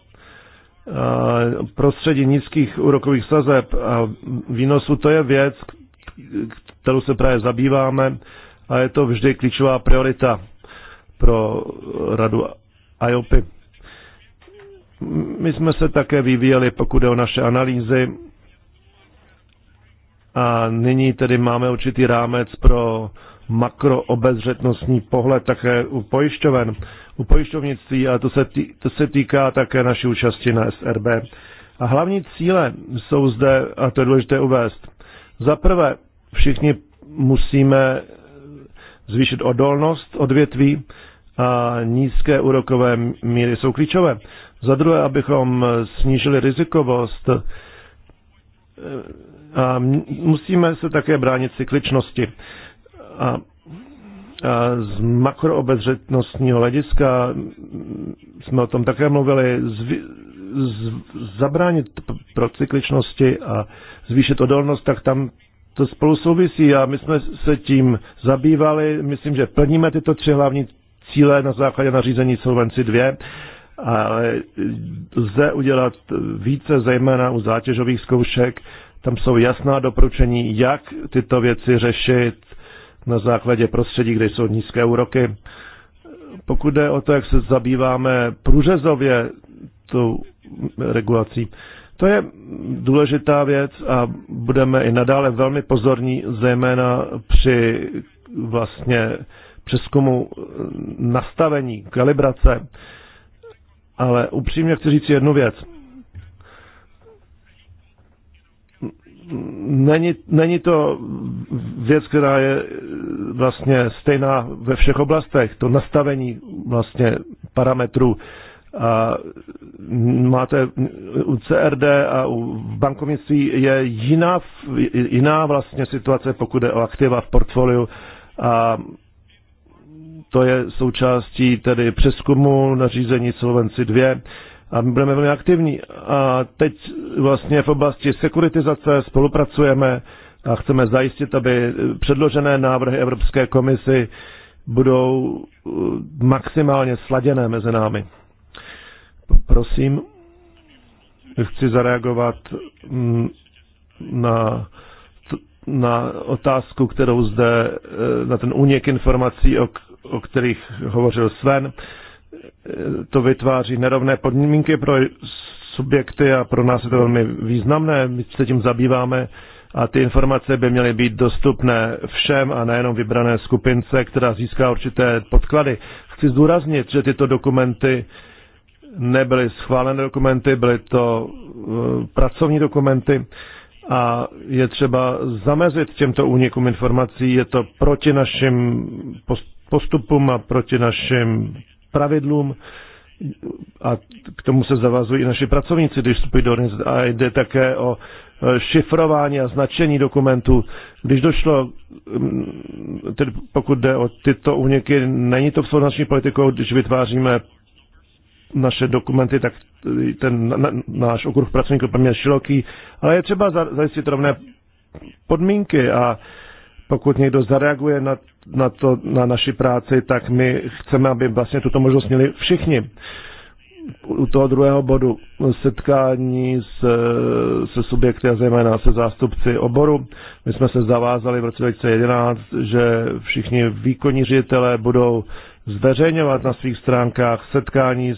prostředí nízkých úrokových sazeb a výnosu to je věc, kterou se právě zabýváme a je to vždy klíčová priorita pro radu IOPy. My jsme se také vyvíjeli, pokud jde o naše analýzy. A nyní tedy máme určitý rámec pro makroobezřetnostní pohled také u pojišťoven, u pojišťovnictví, a to se, tý, to se týká také naší účasti na SRB. A hlavní cíle jsou zde, a to je důležité uvést. Za prvé, všichni musíme zvýšit odolnost odvětví a nízké úrokové míry jsou klíčové. Za druhé, abychom snížili rizikovost eh, a musíme se také bránit cykličnosti. A, a z makroobezřetnostního hlediska jsme o tom také mluvili, zvi, z, zabránit pro cykličnosti a zvýšit odolnost, tak tam to spolu souvisí a my jsme se tím zabývali. Myslím, že plníme tyto tři hlavní cíle na základě nařízení Solvency 2 ale lze udělat více, zejména u zátěžových zkoušek. Tam jsou jasná doporučení, jak tyto věci řešit na základě prostředí, kde jsou nízké úroky. Pokud jde o to, jak se zabýváme průřezově tou regulací, to je důležitá věc a budeme i nadále velmi pozorní, zejména při vlastně přeskumu nastavení, kalibrace ale upřímně chci říct jednu věc. Není, není to věc, která je vlastně stejná ve všech oblastech. To nastavení vlastně parametrů a máte u CRD a u bankovnictví je jiná, jiná vlastně situace, pokud je o aktiva v portfoliu a to je součástí tedy přeskumu nařízení Solvency 2 a my budeme velmi aktivní. A teď vlastně v oblasti sekuritizace spolupracujeme a chceme zajistit, aby předložené návrhy Evropské komisy budou eh, maximálně sladěné mezi námi. Prosím, chci zareagovat mm, na, na otázku, kterou zde, eh, na ten únik informací o o kterých hovořil Sven, e, to vytváří nerovné podmínky pro subjekty a pro nás je to velmi významné. My se tím zabýváme a ty informace by měly být dostupné všem a nejenom vybrané skupince, která získá určité podklady. Chci zdůraznit, že tyto dokumenty nebyly schválené dokumenty, byly to e, pracovní dokumenty a je třeba zamezit těmto únikům informací. Je to proti našim post- postupům a proti našim pravidlům a k tomu se zavazují i naši pracovníci, když vstupují do organizace. A jde také o e, šifrování a značení dokumentů. Když došlo, tedy pokud jde o tyto úniky, není to v souladu naší politikou, když vytváříme naše dokumenty, tak ten náš okruh pracovníků je poměrně široký, ale je třeba zajistit rovné podmínky a pokud někdo zareaguje na, na, to, na naši práci, tak my chceme, aby vlastně tuto možnost měli všichni. U toho druhého bodu setkání se, se subjekty a zejména se zástupci oboru. My jsme se zavázali v roce 2011, že všichni výkonní ředitelé budou zveřejňovat na svých stránkách setkání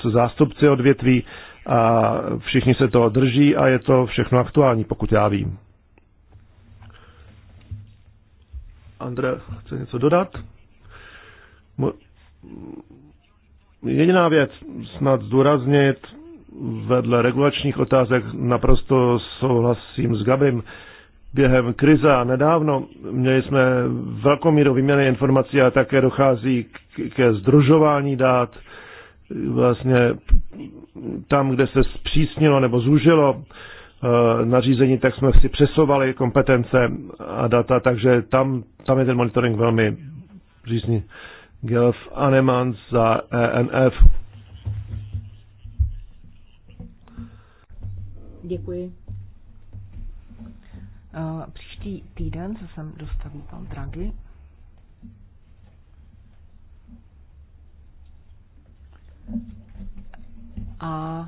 se zástupci odvětví a všichni se toho drží a je to všechno aktuální, pokud já vím. Andre chce něco dodat. Jediná věc, snad zdůraznit, vedle regulačních otázek naprosto souhlasím s Gabim. Během krize a nedávno měli jsme velkou míru výměny informací a také dochází ke združování dát vlastně tam, kde se zpřísnilo nebo zúžilo Eh, nařízení, tak jsme si přesouvali kompetence a data, takže tam, tam je ten monitoring velmi přísný. Gelf Anemans za ENF. Děkuji. Eh, příští týden se sem dostaví pan Draghi. A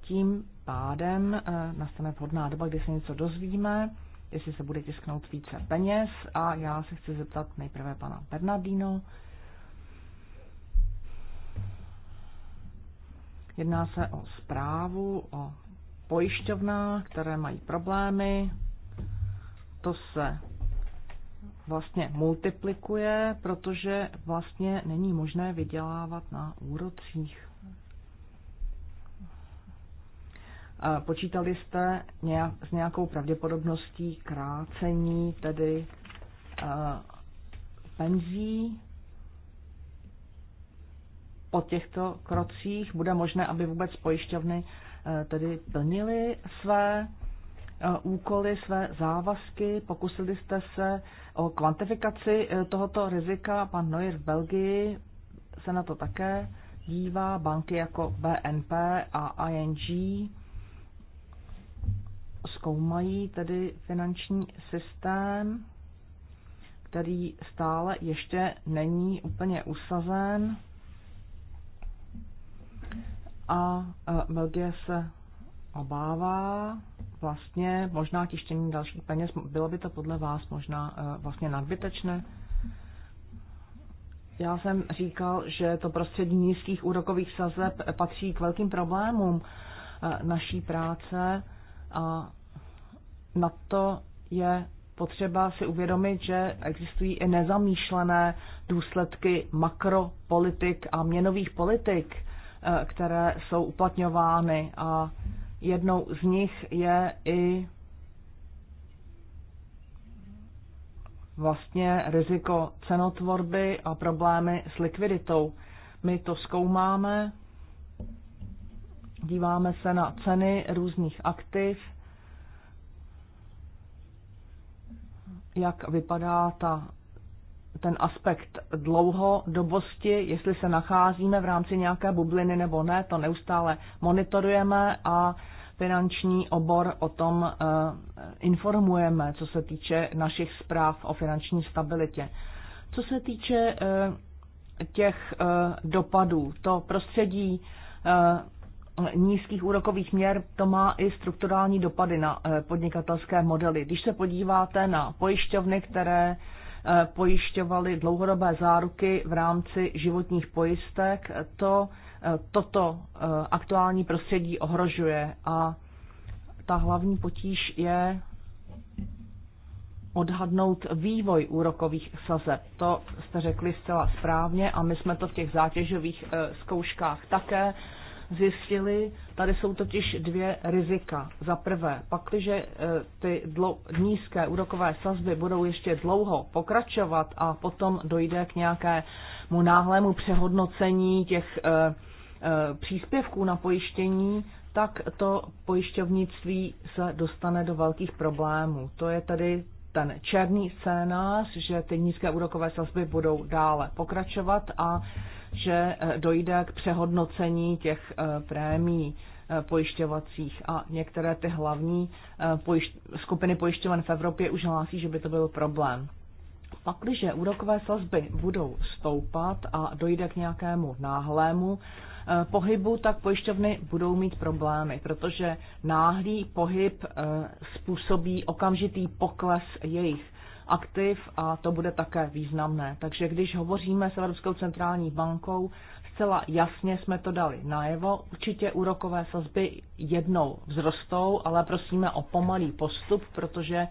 tím pádem eh, nastane vhodná doba, kdy se něco dozvíme, jestli se bude tisknout více peněz a já se chci zeptat nejprve pana Bernardino. Jedná se o zprávu o pojišťovnách, které mají problémy. To se vlastně multiplikuje, protože vlastně není možné vydělávat na úrocích. Počítali jste nějak, s nějakou pravděpodobností krácení, tedy eh, penzí po těchto krocích? Bude možné, aby vůbec pojišťovny eh, tedy plnily své eh, úkoly, své závazky, pokusili jste se o kvantifikaci tohoto rizika. Pan Neuer v Belgii se na to také dívá, banky jako BNP a ING zkoumají tedy finanční systém, který stále ještě není úplně usazen. A e, Belgie se obává vlastně možná tištění dalších peněz. Bylo by to podle vás možná e, vlastně nadbytečné? Já jsem říkal, že to prostředí nízkých úrokových sazeb patří k velkým problémům e, naší práce a na to je potřeba si uvědomit, že existují i nezamýšlené důsledky makropolitik a měnových politik, eh, které jsou uplatňovány a jednou z nich je i vlastně riziko cenotvorby a problémy s likviditou. My to zkoumáme Díváme se na ceny různých aktiv, jak vypadá ta, ten aspekt dlouhodobosti, jestli se nacházíme v rámci nějaké bubliny nebo ne, to neustále monitorujeme a finanční obor o tom eh, informujeme, co se týče našich zpráv o finanční stabilitě. Co se týče eh, těch eh, dopadů, to prostředí nízkých úrokových měr to má i strukturální dopady na eh, podnikatelské modely. Když se podíváte na pojišťovny, které eh, pojišťovaly dlouhodobé záruky v rámci životních pojistek, to eh, toto aktuální prostředí ohrožuje a ta hlavní potíž je odhadnout vývoj úrokových sazeb. To jste řekli zcela správně a my jsme to v těch zátěžových zkouškách také zjistili, tady jsou totiž dvě rizika. Za prvé, pakliže eh, ty nízké úrokové sazby budou ještě dlouho pokračovat a potom dojde k nějakému náhlému přehodnocení těch eh, eh, příspěvků na pojištění, tak to pojišťovnictví se dostane do velkých problémů. To je tedy ten černý scénář, že ty nízké úrokové sazby budou dále pokračovat a že eh, dojde k přehodnocení těch eh, prémí eh, pojišťovacích a některé ty hlavní pojišť- skupiny pojišťoven v Evropě už hlásí, že by to byl problém. Pakliže úrokové sazby budou stoupat a dojde k nějakému náhlému pohybu, tak pojišťovny budou mít problémy, protože náhlý pohyb způsobí okamžitý pokles jejich aktiv a to bude také významné. Takže když hovoříme s Evropskou centrální bankou, zcela jasně jsme to dali najevo. Určitě úrokové sazby jednou vzrostou, ale prosíme o pomalý postup, protože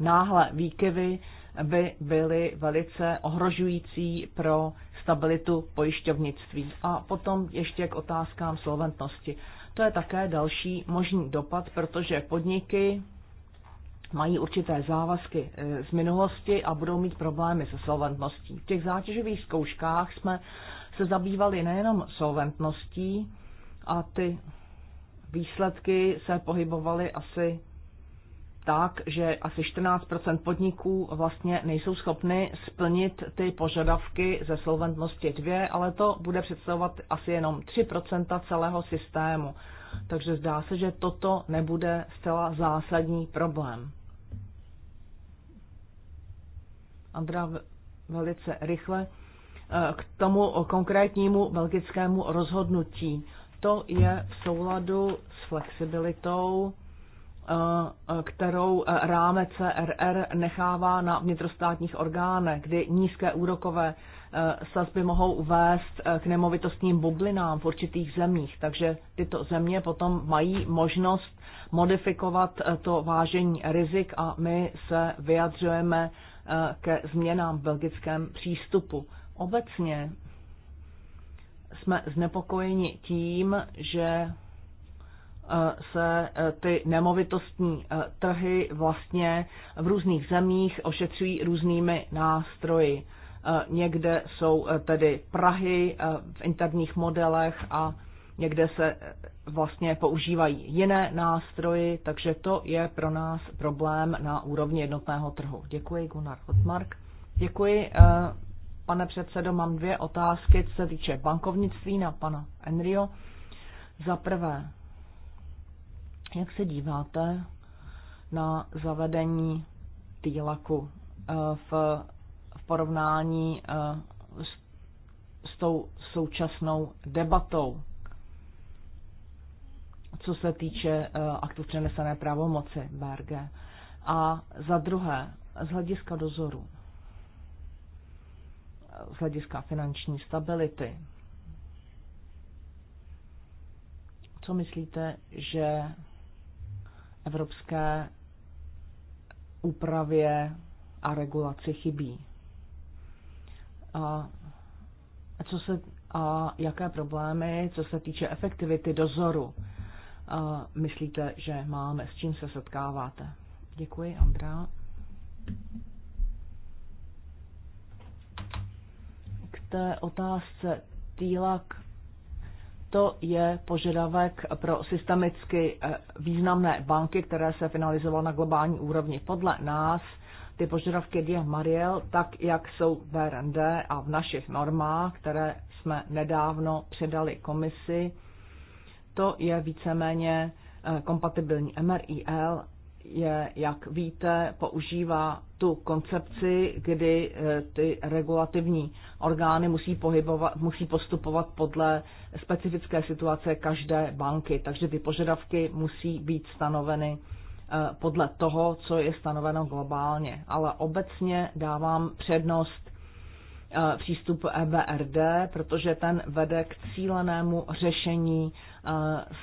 náhle výkyvy by byly velice ohrožující pro stabilitu pojišťovnictví. A potom ještě k otázkám solventnosti. To je také další možný dopad, protože podniky mají určité závazky eh, z minulosti a budou mít problémy se solventností. V těch zátěžových zkouškách jsme se zabývali nejenom solventností a ty výsledky se pohybovaly asi tak, že asi 14 podniků vlastně nejsou schopny splnit ty požadavky ze solventnosti 2, ale to bude představovat asi jenom 3 celého systému. Takže zdá se, že toto nebude zcela zásadní problém. Andra velice rychle eh, k tomu konkrétnímu belgickému rozhodnutí. To je v souladu s flexibilitou, eh, kterou eh, rámec CRR nechává na vnitrostátních orgánech, kdy nízké úrokové sazby mohou vést k nemovitostním bublinám v určitých zemích. Takže tyto země potom mají možnost modifikovat to vážení rizik a my se vyjadřujeme Eh, ke změnám v belgickém přístupu. Obecně jsme znepokojeni tím, že eh, se eh, ty nemovitostní trhy vlastně v různých zemích ošetřují různými nástroji. Někde jsou tedy Prahy v interních modelech a někde se eh, vlastně používají jiné nástroji, takže to je pro nás problém na úrovni jednotného trhu. Děkuji, Gunnar Hotmark. Děkuji, eh, pane předsedo. Mám dvě otázky, co se týče bankovnictví na pana Enrio. Za prvé, jak se díváte na zavedení týlaku e eh, v, v porovnání s, s tou současnou debatou? co se týče eh, aktu přenesené pravomoci Berge. A za druhé, z hlediska dozoru, z hlediska finanční stability, co myslíte, že evropské úpravě a regulaci chybí? A, co se, a jaké problémy, co se týče efektivity dozoru, myslíte, že máme, s čím se setkáváte. Děkuji, Andrá. K té otázce týlak. to je požadavek pro systemicky eh, významné banky, které se finalizovalo na globální úrovni. Podle nás ty požadavky Dia Mariel, tak jak jsou v RND a v našich normách, které jsme nedávno předali komisi, to je víceméně eh, kompatibilní. MRIL je, jak víte, používá tu koncepci, kdy eh, ty regulativní orgány musí, pohybovat, musí postupovat podle specifické situace každé banky. Takže ty požadavky musí být stanoveny eh, podle toho, co je stanoveno globálně. Ale obecně dávám přednost Eh, přístup EBRD, protože ten vede k cílenému řešení eh,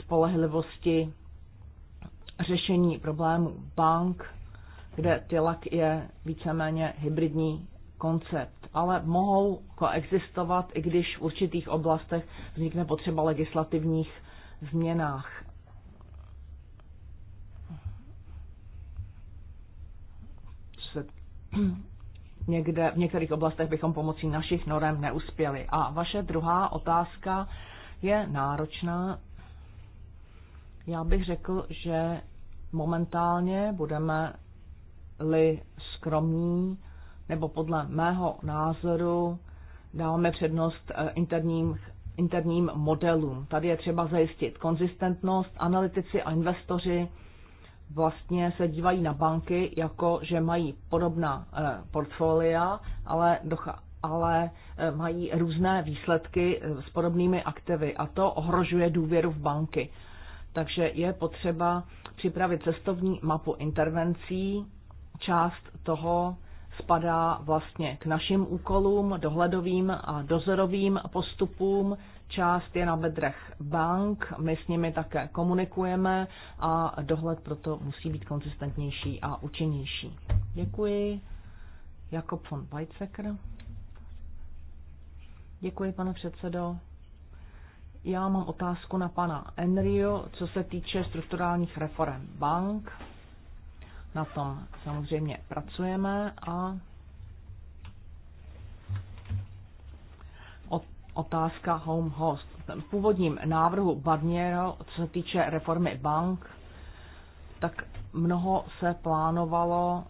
spolehlivosti řešení problémů bank, kde TILAK je víceméně hybridní koncept, ale mohou koexistovat, i když v určitých oblastech vznikne potřeba legislativních změnách. Co se někde, v některých oblastech bychom pomocí našich norem neuspěli. A vaše druhá otázka je náročná. Já bych řekl, že momentálně budeme-li skromní, nebo podle mého názoru dáváme přednost eh, interním, interním modelům. Tady je třeba zajistit konzistentnost. Analytici a investoři vlastně se dívají na banky jako, že mají podobná eh, portfolia, ale, docha, ale eh, mají různé výsledky eh, s podobnými aktivy a to ohrožuje důvěru v banky. Takže je potřeba připravit cestovní mapu intervencí. Část toho spadá vlastně k našim úkolům, dohledovým a dozorovým postupům, část je na bedrech bank, my s nimi také komunikujeme a dohled proto musí být konzistentnější a účinnější. Děkuji. Jakob von Weizsäcker. Děkuji, pane předsedo. Já mám otázku na pana Enrio, co se týče strukturálních reform bank. Na tom samozřejmě pracujeme a otázka home host. V původním návrhu Barniero, co se týče reformy bank, tak mnoho se plánovalo,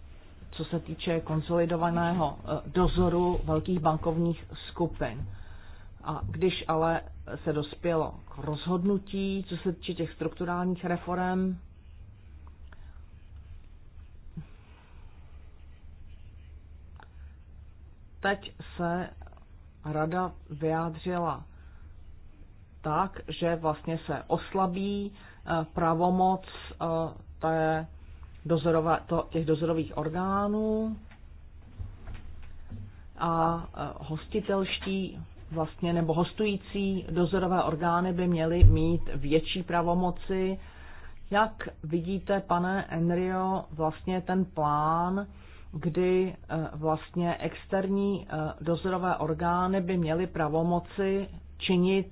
co se týče konsolidovaného eh, dozoru velkých bankovních skupin. A když ale se dospělo k rozhodnutí, co se týče těch strukturálních reform, teď se rada vyjádřila tak, že vlastně se oslabí eh, pravomoc eh, té to, těch dozorových orgánů a eh, hostitelští vlastně nebo hostující dozorové orgány by měly mít větší pravomoci. Jak vidíte, pane Enrio, vlastně ten plán kdy eh, vlastně externí eh, dozorové orgány by měly pravomoci činit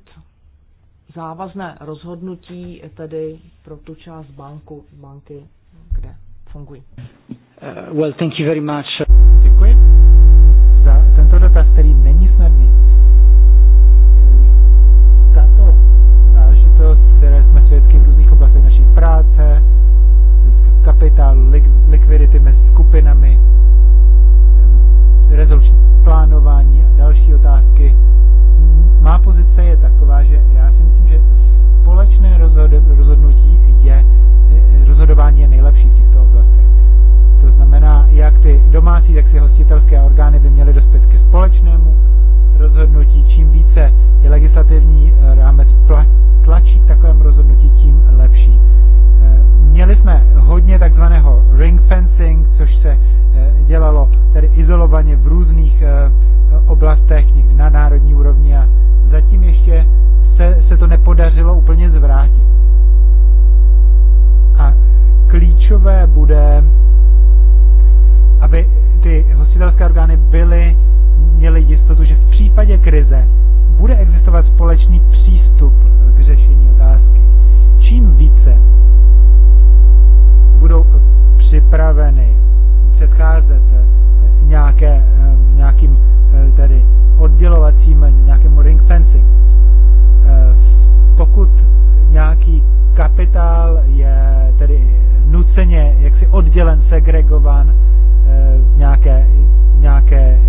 závazné rozhodnutí tedy pro tu část banku, banky, kde fungují. Uh, well, thank you very much. Děkuji za tento dotaz, který není snadný. Tato záležitost, které jsme svědky v různých oblastech naší práce, kapitálu, likvidity mezi skupinami, rezoluční plánování a další otázky. Má pozice je taková, že já si myslím, že společné rozhodnutí je, rozhodování je nejlepší v těchto oblastech. To znamená, jak ty domácí, tak si hostitelské orgány by měly dospět ke společnému rozhodnutí. Čím více je legislativní eh, rámec tlačí k takovému rozhodnutí, tím lepší. Měli jsme hodně takzvaného ring fencing, což se eh, dělalo tedy izolovaně v různých eh, oblastech, někdy na národní úrovni a zatím ještě se, se to nepodařilo úplně zvrátit. A klíčové bude, aby ty hostitelské orgány byly, měly jistotu, že v případě krize bude existovat společný přístup k řešení otázky. Čím víc budou připraveny předcházet eh, nějaké, eh, nějakým eh, tedy oddělovacím, nějakému ring fencing. Pokud nějaký kapitál je tedy nuceně jaksi oddělen, segregovan v nějaké, nějaké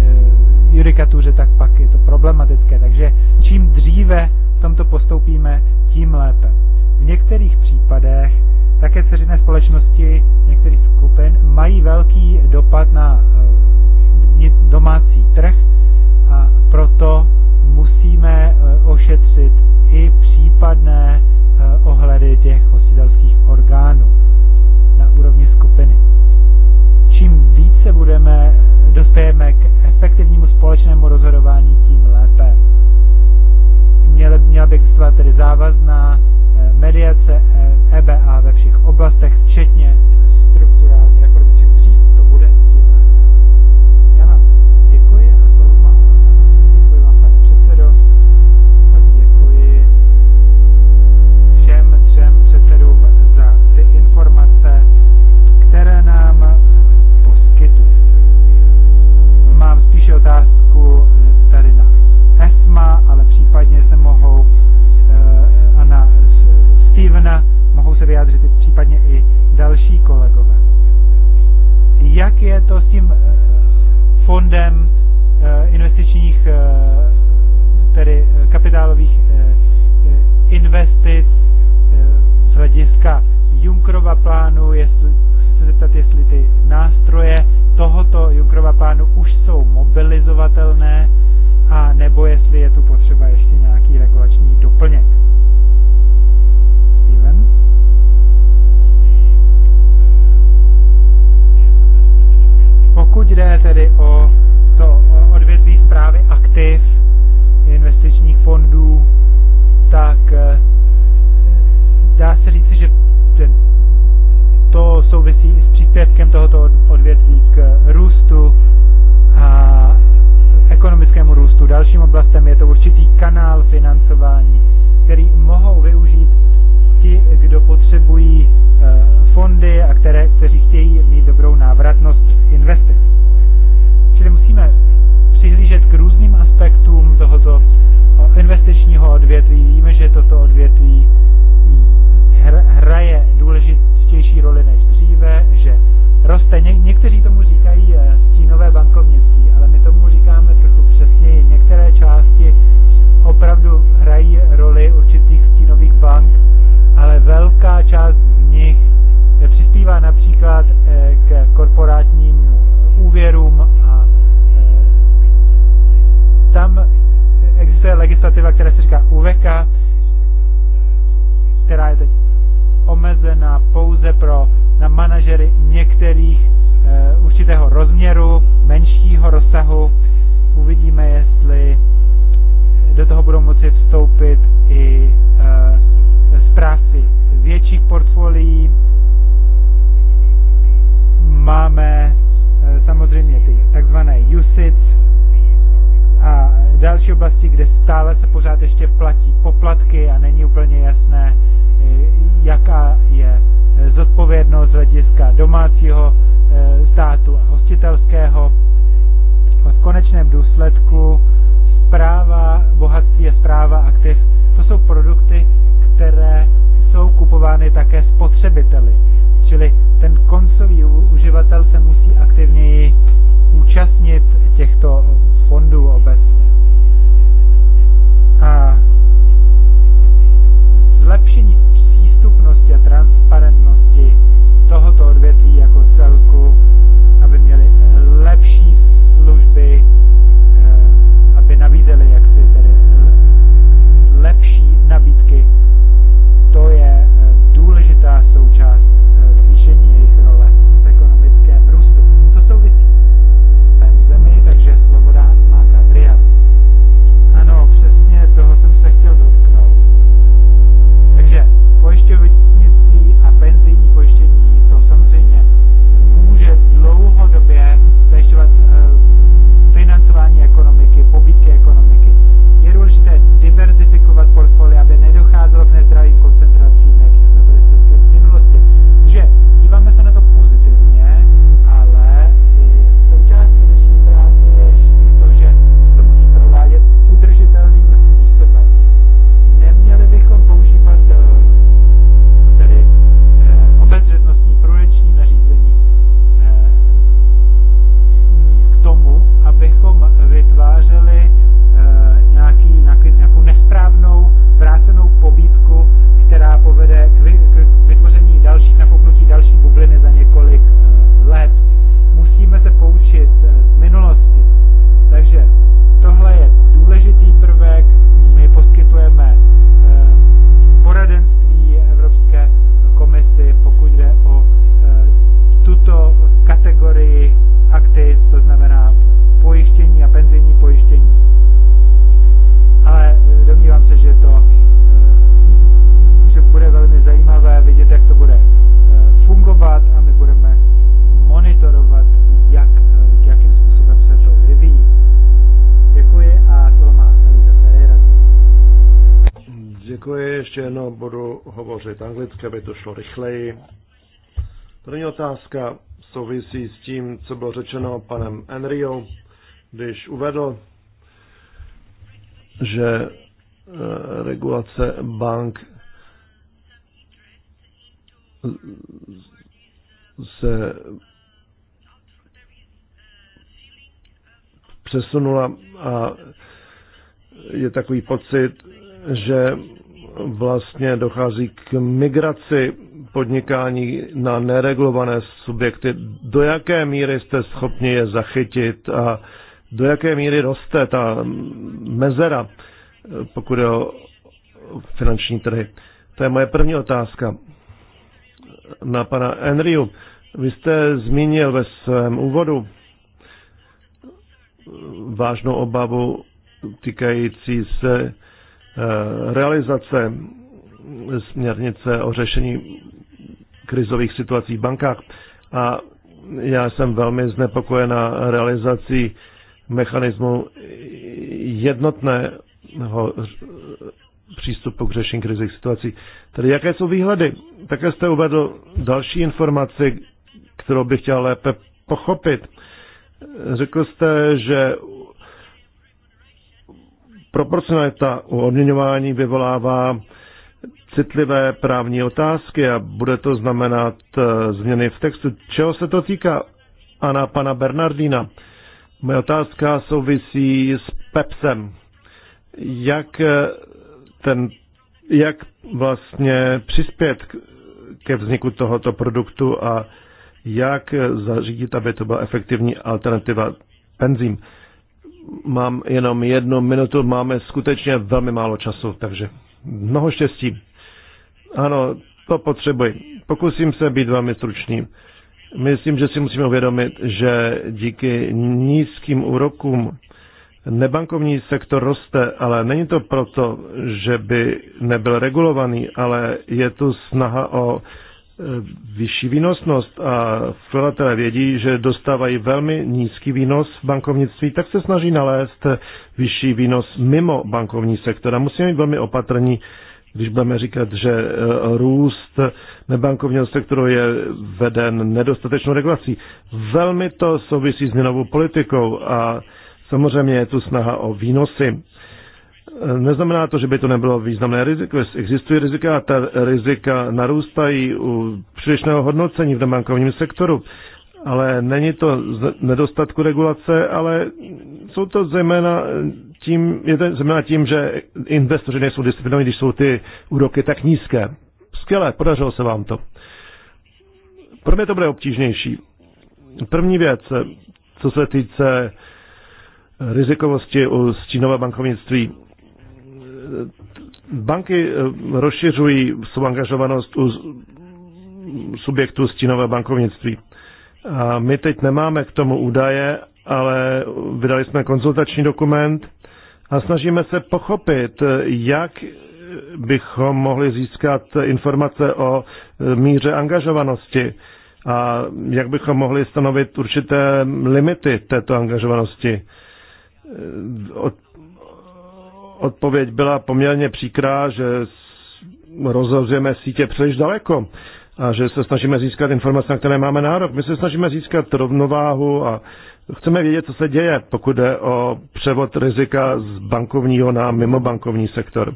judikatuře, tak pak je to problematické. Takže čím dříve v tomto postoupíme, tím lépe. V některých případech také ceřinné společnosti některých skupin mají velký dopad na eh, domácí trh a proto musíme eh, ošetřit i případné eh, ohledy těch hostitelských orgánů na úrovni skupiny. Čím více budeme, dospějeme k efektivnímu společnému rozhodování, tím lépe měla, měla by existovat tedy závazná eh, mediace EBA eh, e ve všech oblastech, včetně aby to šlo rychleji. První otázka souvisí s tím, co bylo řečeno panem Enrio, když uvedl, že eh, regulace bank se přesunula a je takový pocit, že vlastně dochází k migraci podnikání na neregulované subjekty. Do jaké míry jste schopni je zachytit a do jaké míry roste ta mezera, pokud je o finanční trhy? To je moje první otázka na pana Enriu. Vy jste zmínil ve svém úvodu vážnou obavu týkající se Eh, realizace směrnice o řešení krizových situací v bankách a já jsem velmi znepokojena realizací mechanismu jednotného přístupu k řešení krizových situací. Tedy jaké jsou výhledy? Také jste uvedl další informaci, kterou bych chtěl lépe pochopit. Řekl jste, že Proporcionalita u odměňování vyvolává citlivé právní otázky a bude to znamenat eh, změny v textu. Čeho se to týká? A na pana Bernardína. Moje otázka souvisí s PEPSem. Jak, eh, ten, jak vlastně přispět ke vzniku tohoto produktu a jak eh, zařídit, aby to byla efektivní alternativa penzím? mám jenom jednu minutu, máme skutečně velmi málo času, takže mnoho štěstí. Ano, to potřebuji. Pokusím se být velmi stručný. Myslím, že si musíme uvědomit, že díky nízkým úrokům nebankovní sektor roste, ale není to proto, že by nebyl regulovaný, ale je tu snaha o Eh, vyšší výnosnost a vkladatelé vědí, že dostávají velmi nízký výnos v bankovnictví, tak se snaží nalézt vyšší výnos mimo bankovní sektor. A musíme být velmi opatrní, když budeme říkat, že eh, růst nebankovního sektoru je veden nedostatečnou regulací. Velmi to souvisí s měnovou politikou a samozřejmě je tu snaha o výnosy Neznamená to, že by to nebylo významné riziko. Existují rizika a ta rizika narůstají u přílišného hodnocení v nebankovním sektoru. Ale není to z nedostatku regulace, ale jsou to zejména tím, je to zejména tím, že investoři nejsou disciplinovaní, když jsou ty úroky tak nízké. Skvělé, podařilo se vám to. Pro mě to bude obtížnější. První věc, co se týče rizikovosti u stínové bankovnictví. Banky eh, rozšiřují svou angažovanost u subjektů stínové bankovnictví. A my teď nemáme k tomu údaje, ale vydali jsme konzultační dokument a snažíme se pochopit, jak bychom mohli získat informace o eh, míře angažovanosti a jak bychom mohli stanovit určité limity této angažovanosti. Eh, odpověď byla poměrně příkrá, že rozhozujeme sítě příliš daleko a že se snažíme získat informace, na které máme nárok. My se snažíme získat rovnováhu a chceme vědět, co se děje, pokud jde o převod rizika z bankovního na mimobankovní sektor.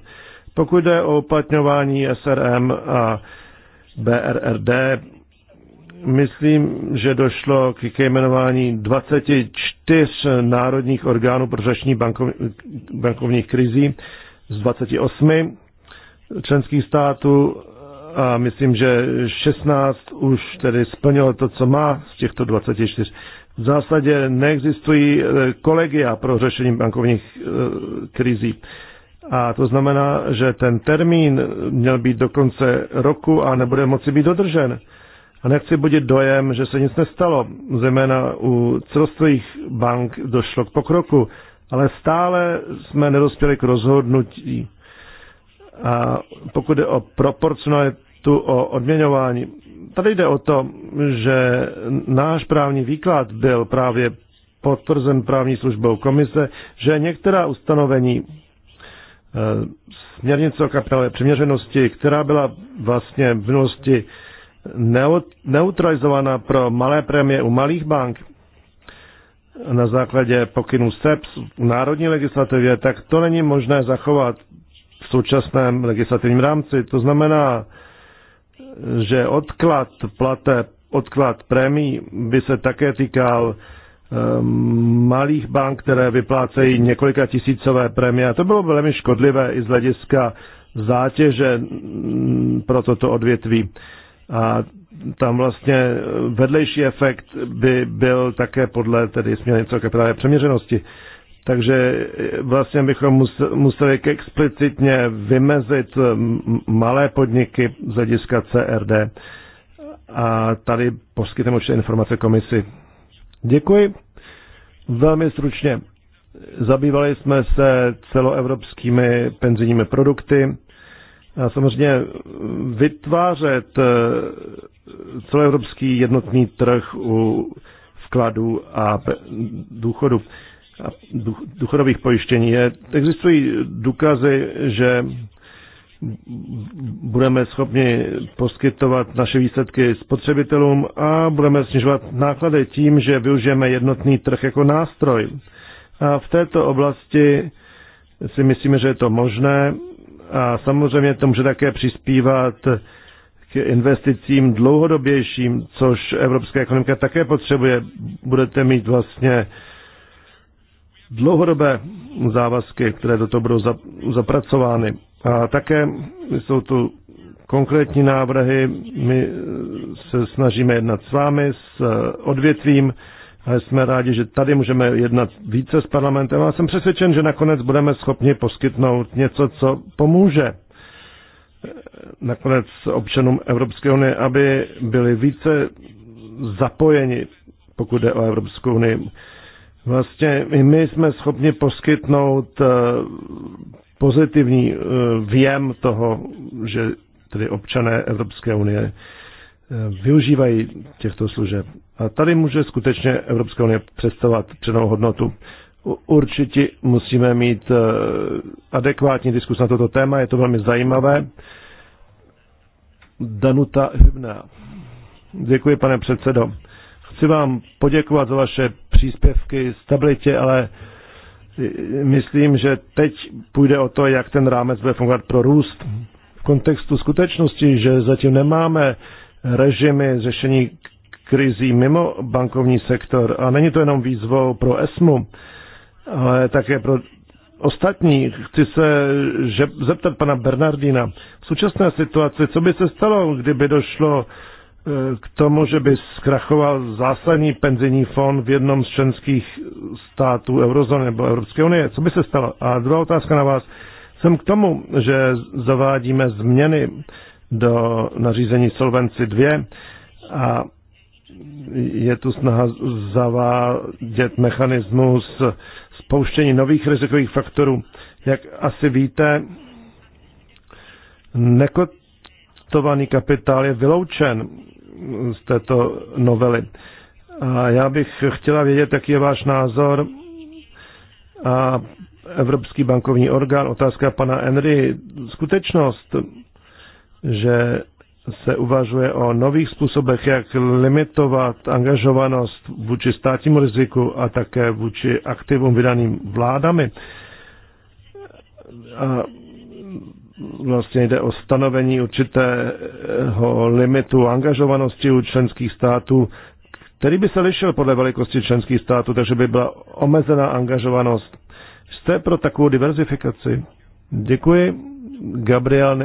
Pokud jde o uplatňování SRM a BRRD, Myslím, že došlo k jmenování 24 národních orgánů pro řešení bankov, bankovních krizí z 28 členských států a myslím, že 16 už tedy splnilo to, co má z těchto 24. V zásadě neexistují eh, kolegia pro řešení bankovních eh, krizí. A to znamená, že ten termín měl být do konce roku a nebude moci být dodržen. A nechci budit dojem, že se nic nestalo. Zejména u celostových bank došlo k pokroku, ale stále jsme nedospěli k rozhodnutí. A pokud jde o proporcionalitu, o odměňování, tady jde o to, že náš právní výklad byl právě potvrzen právní službou komise, že některá ustanovení e, směrnice o kapitálové přiměřenosti, která byla vlastně v minulosti neutralizována pro malé prémie u malých bank na základě pokynů SEPS v národní legislativě, tak to není možné zachovat v současném legislativním rámci. To znamená, že odklad plate, odklad prémí by se také týkal ehm, malých bank, které vyplácejí několika tisícové prémie. A to bylo velmi škodlivé i z hlediska zátěže pro toto odvětví a tam vlastně vedlejší efekt by byl také podle tedy směrnice o kapitálové přeměřenosti. Takže vlastně bychom museli explicitně vymezit malé podniky z hlediska CRD a tady poskytneme určitě informace komisi. Děkuji. Velmi stručně. Zabývali jsme se celoevropskými penzijními produkty a samozřejmě vytvářet eh, celoevropský jednotný trh u vkladů a důchodu a důchodových pojištění je, existují důkazy, že budeme schopni poskytovat naše výsledky spotřebitelům a budeme snižovat náklady tím, že využijeme jednotný trh jako nástroj. A v této oblasti si myslíme, že je to možné a samozřejmě to může také přispívat k investicím dlouhodobějším, což evropská ekonomika také potřebuje. Budete mít vlastně dlouhodobé závazky, které do toho budou zapracovány. A také jsou tu konkrétní návrhy. My se snažíme jednat s vámi, s odvětvím, a jsme rádi, že tady můžeme jednat více s parlamentem a jsem přesvědčen, že nakonec budeme schopni poskytnout něco, co pomůže eh, nakonec občanům Evropské unie, aby byli více zapojeni, pokud jde o Evropskou unii. Vlastně i my jsme schopni poskytnout eh, pozitivní eh, věm toho, že tedy občané Evropské unie využívají těchto služeb. A tady může skutečně Evropská unie představovat přenou hodnotu. Určitě musíme mít eh, adekvátní diskus na toto téma, je to velmi zajímavé. Danuta Hybná. Děkuji, pane předsedo. Chci vám poděkovat za vaše příspěvky stabilitě, ale eh, myslím, že teď půjde o to, jak ten rámec bude fungovat pro růst. V kontextu skutečnosti, že zatím nemáme režimy řešení krizí mimo bankovní sektor. A není to jenom výzvou pro ESMU, ale také pro ostatní. Chci se že, zeptat pana Bernardina. V současné situaci, co by se stalo, kdyby došlo e, k tomu, že by zkrachoval zásadní penzijní fond v jednom z členských států eurozóny nebo Evropské unie. Co by se stalo? A druhá otázka na vás. Jsem k tomu, že zavádíme změny do nařízení Solvency 2 a je tu snaha zavádět mechanismus spouštění nových rizikových faktorů. Jak asi víte, nekotovaný kapitál je vyloučen z této novely. A já bych chtěla vědět, jaký je váš názor a Evropský bankovní orgán, otázka pana Henry, skutečnost, že se uvažuje o nových způsobech, jak limitovat angažovanost vůči státnímu riziku a také vůči aktivům vydaným vládami. A vlastně jde o stanovení určitého limitu angažovanosti u členských států, který by se lišil podle velikosti členských států, takže by byla omezená angažovanost. Jste pro takovou diverzifikaci? Děkuji. Gabriel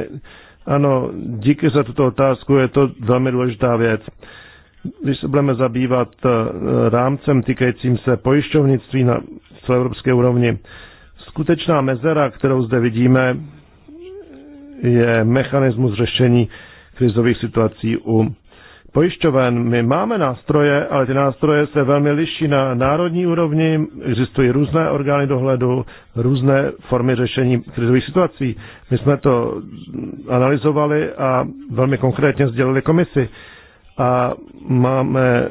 ano, díky za tuto otázku, je to velmi důležitá věc. Když se budeme zabývat eh, rámcem týkajícím se pojišťovnictví na celoevropské úrovni, skutečná mezera, kterou zde vidíme, je mechanismus řešení krizových situací u pojišťoven. My máme nástroje, ale ty nástroje se velmi liší na národní úrovni, existují různé orgány dohledu, různé formy řešení krizových situací. My jsme to analyzovali a velmi konkrétně sdělili komisi. A máme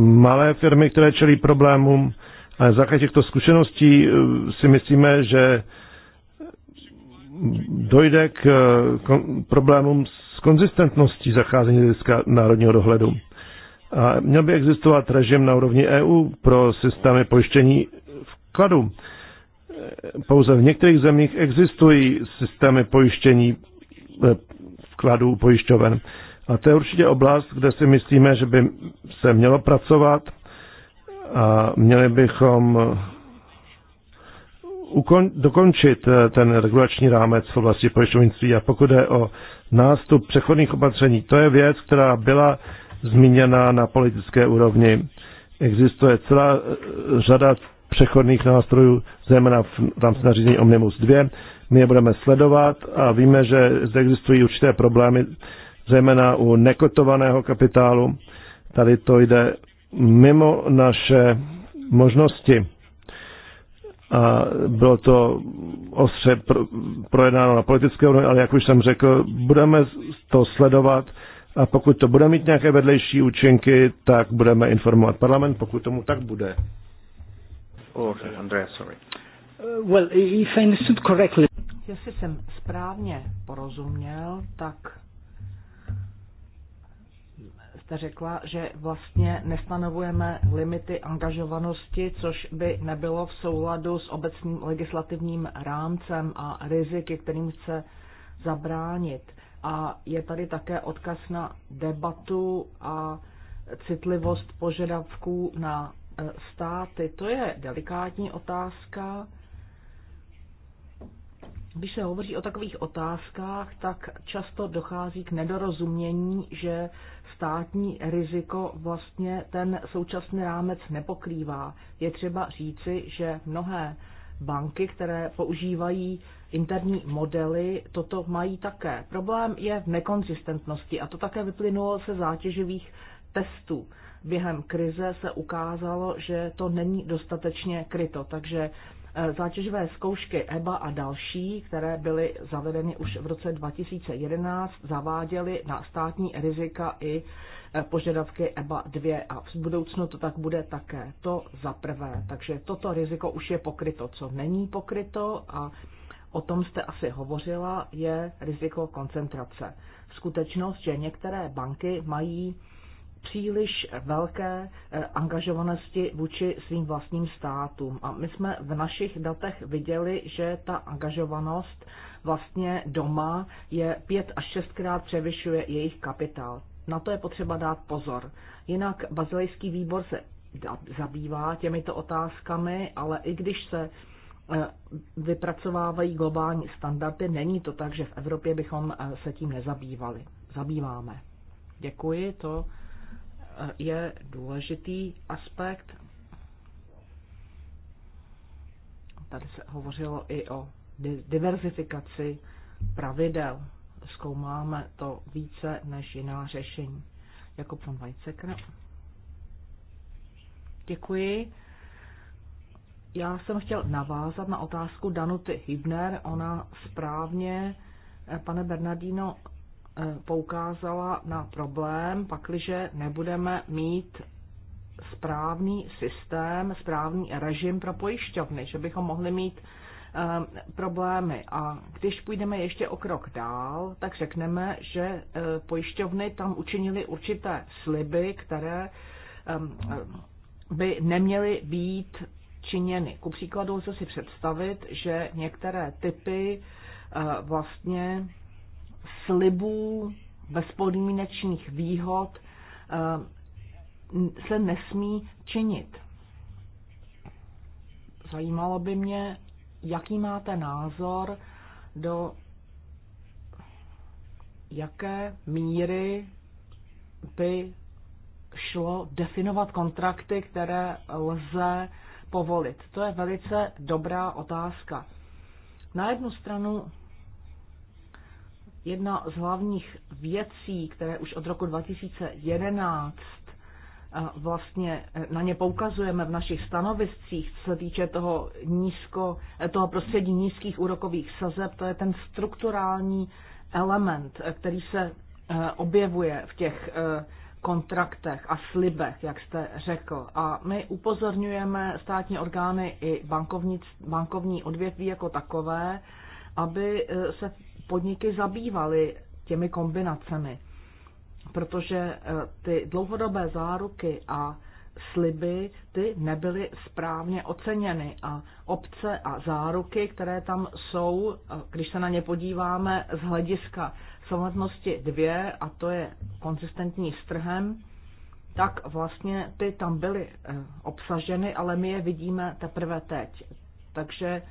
malé firmy, které čelí problémům. A na základě těchto zkušeností eh, si myslíme, že dojde k eh, problémům s s konzistentností zacházení hlediska národního dohledu. A měl by existovat režim na úrovni EU pro systémy pojištění vkladu. Pouze v některých zemích existují systémy pojištění eh, vkladů pojišťoven. A to je určitě oblast, kde si myslíme, že by se mělo pracovat a měli bychom eh, ukon, dokončit eh, ten regulační rámec v oblasti pojišťovnictví. A pokud je o nástup přechodných opatření. To je věc, která byla zmíněna na politické úrovni. Existuje celá eh, řada přechodných nástrojů, zejména v rámci nařízení Omnibus 2. My je budeme sledovat a víme, že zde existují určité problémy, zejména u nekotovaného kapitálu. Tady to jde mimo naše možnosti a bylo to ostře projednáno na politické úrovni, ale jak už jsem řekl, budeme to sledovat a pokud to bude mít nějaké vedlejší účinky, tak budeme informovat parlament, pokud tomu tak bude. sorry. Uh, well, Jestli jsem správně porozuměl, tak jste řekla, že vlastně nestanovujeme limity angažovanosti, což by nebylo v souladu s obecným legislativním rámcem a riziky, kterým chce zabránit. A je tady také odkaz na debatu a citlivost požadavků na e, státy. To je delikátní otázka když se hovoří o takových otázkách, tak často dochází k nedorozumění, že státní riziko vlastně ten současný rámec nepokrývá. Je třeba říci, že mnohé banky, které používají interní modely, toto mají také. Problém je v nekonzistentnosti a to také vyplynulo se zátěžových testů. Během krize se ukázalo, že to není dostatečně kryto, takže Eh, zátěžové zkoušky EBA a další, které byly zavedeny už v roce 2011, zaváděly na státní rizika i eh, požadavky EBA 2 a v budoucnu to tak bude také. To za prvé. Takže toto riziko už je pokryto. Co není pokryto a o tom jste asi hovořila, je riziko koncentrace. Skutečnost, že některé banky mají příliš velké eh, angažovanosti vůči svým vlastním státům. A my jsme v našich datech viděli, že ta angažovanost vlastně doma je pět až šestkrát převyšuje jejich kapitál. Na to je potřeba dát pozor. Jinak bazilejský výbor se zabývá těmito otázkami, ale i když se eh, vypracovávají globální standardy, není to tak, že v Evropě bychom eh, se tím nezabývali. Zabýváme. Děkuji, to je důležitý aspekt. Tady se hovořilo i o diverzifikaci pravidel. Zkoumáme to více než jiná řešení. Jako pan Vajcekr. Děkuji. Já jsem chtěl navázat na otázku Danuty Hübner. Ona správně, eh, pane Bernardino, Eh, poukázala na problém, pakliže nebudeme mít správný systém, správný režim pro pojišťovny, že bychom mohli mít eh, problémy. A když půjdeme ještě o krok dál, tak řekneme, že eh, pojišťovny tam učinili určité sliby, které by neměly být činěny. Ku příkladu lze si představit, že některé typy vlastně slibů, bezpodmínečných výhod eh, se nesmí činit. Zajímalo by mě, jaký máte názor do jaké míry by šlo definovat kontrakty, které lze povolit. To je velice dobrá otázka. Na jednu stranu Jedna z hlavních věcí, které už od roku 2011 eh, vlastně eh, na ně poukazujeme v našich stanoviscích, co se týče toho, nízko, eh, toho prostředí nízkých úrokových sazeb, to je ten strukturální element, který se objevuje v těch kontraktech a slibech, jak jste řekl. A my upozorňujeme státní orgány i bankovní, bankovní odvětví jako takové, aby se podniky zabývaly těmi kombinacemi, protože e, ty dlouhodobé záruky a sliby, ty nebyly správně oceněny a obce a záruky, které tam jsou, e, když se na ně podíváme z hlediska samotnosti dvě, a to je konzistentní s trhem, tak vlastně ty tam byly e, obsaženy, ale my je vidíme teprve teď. Takže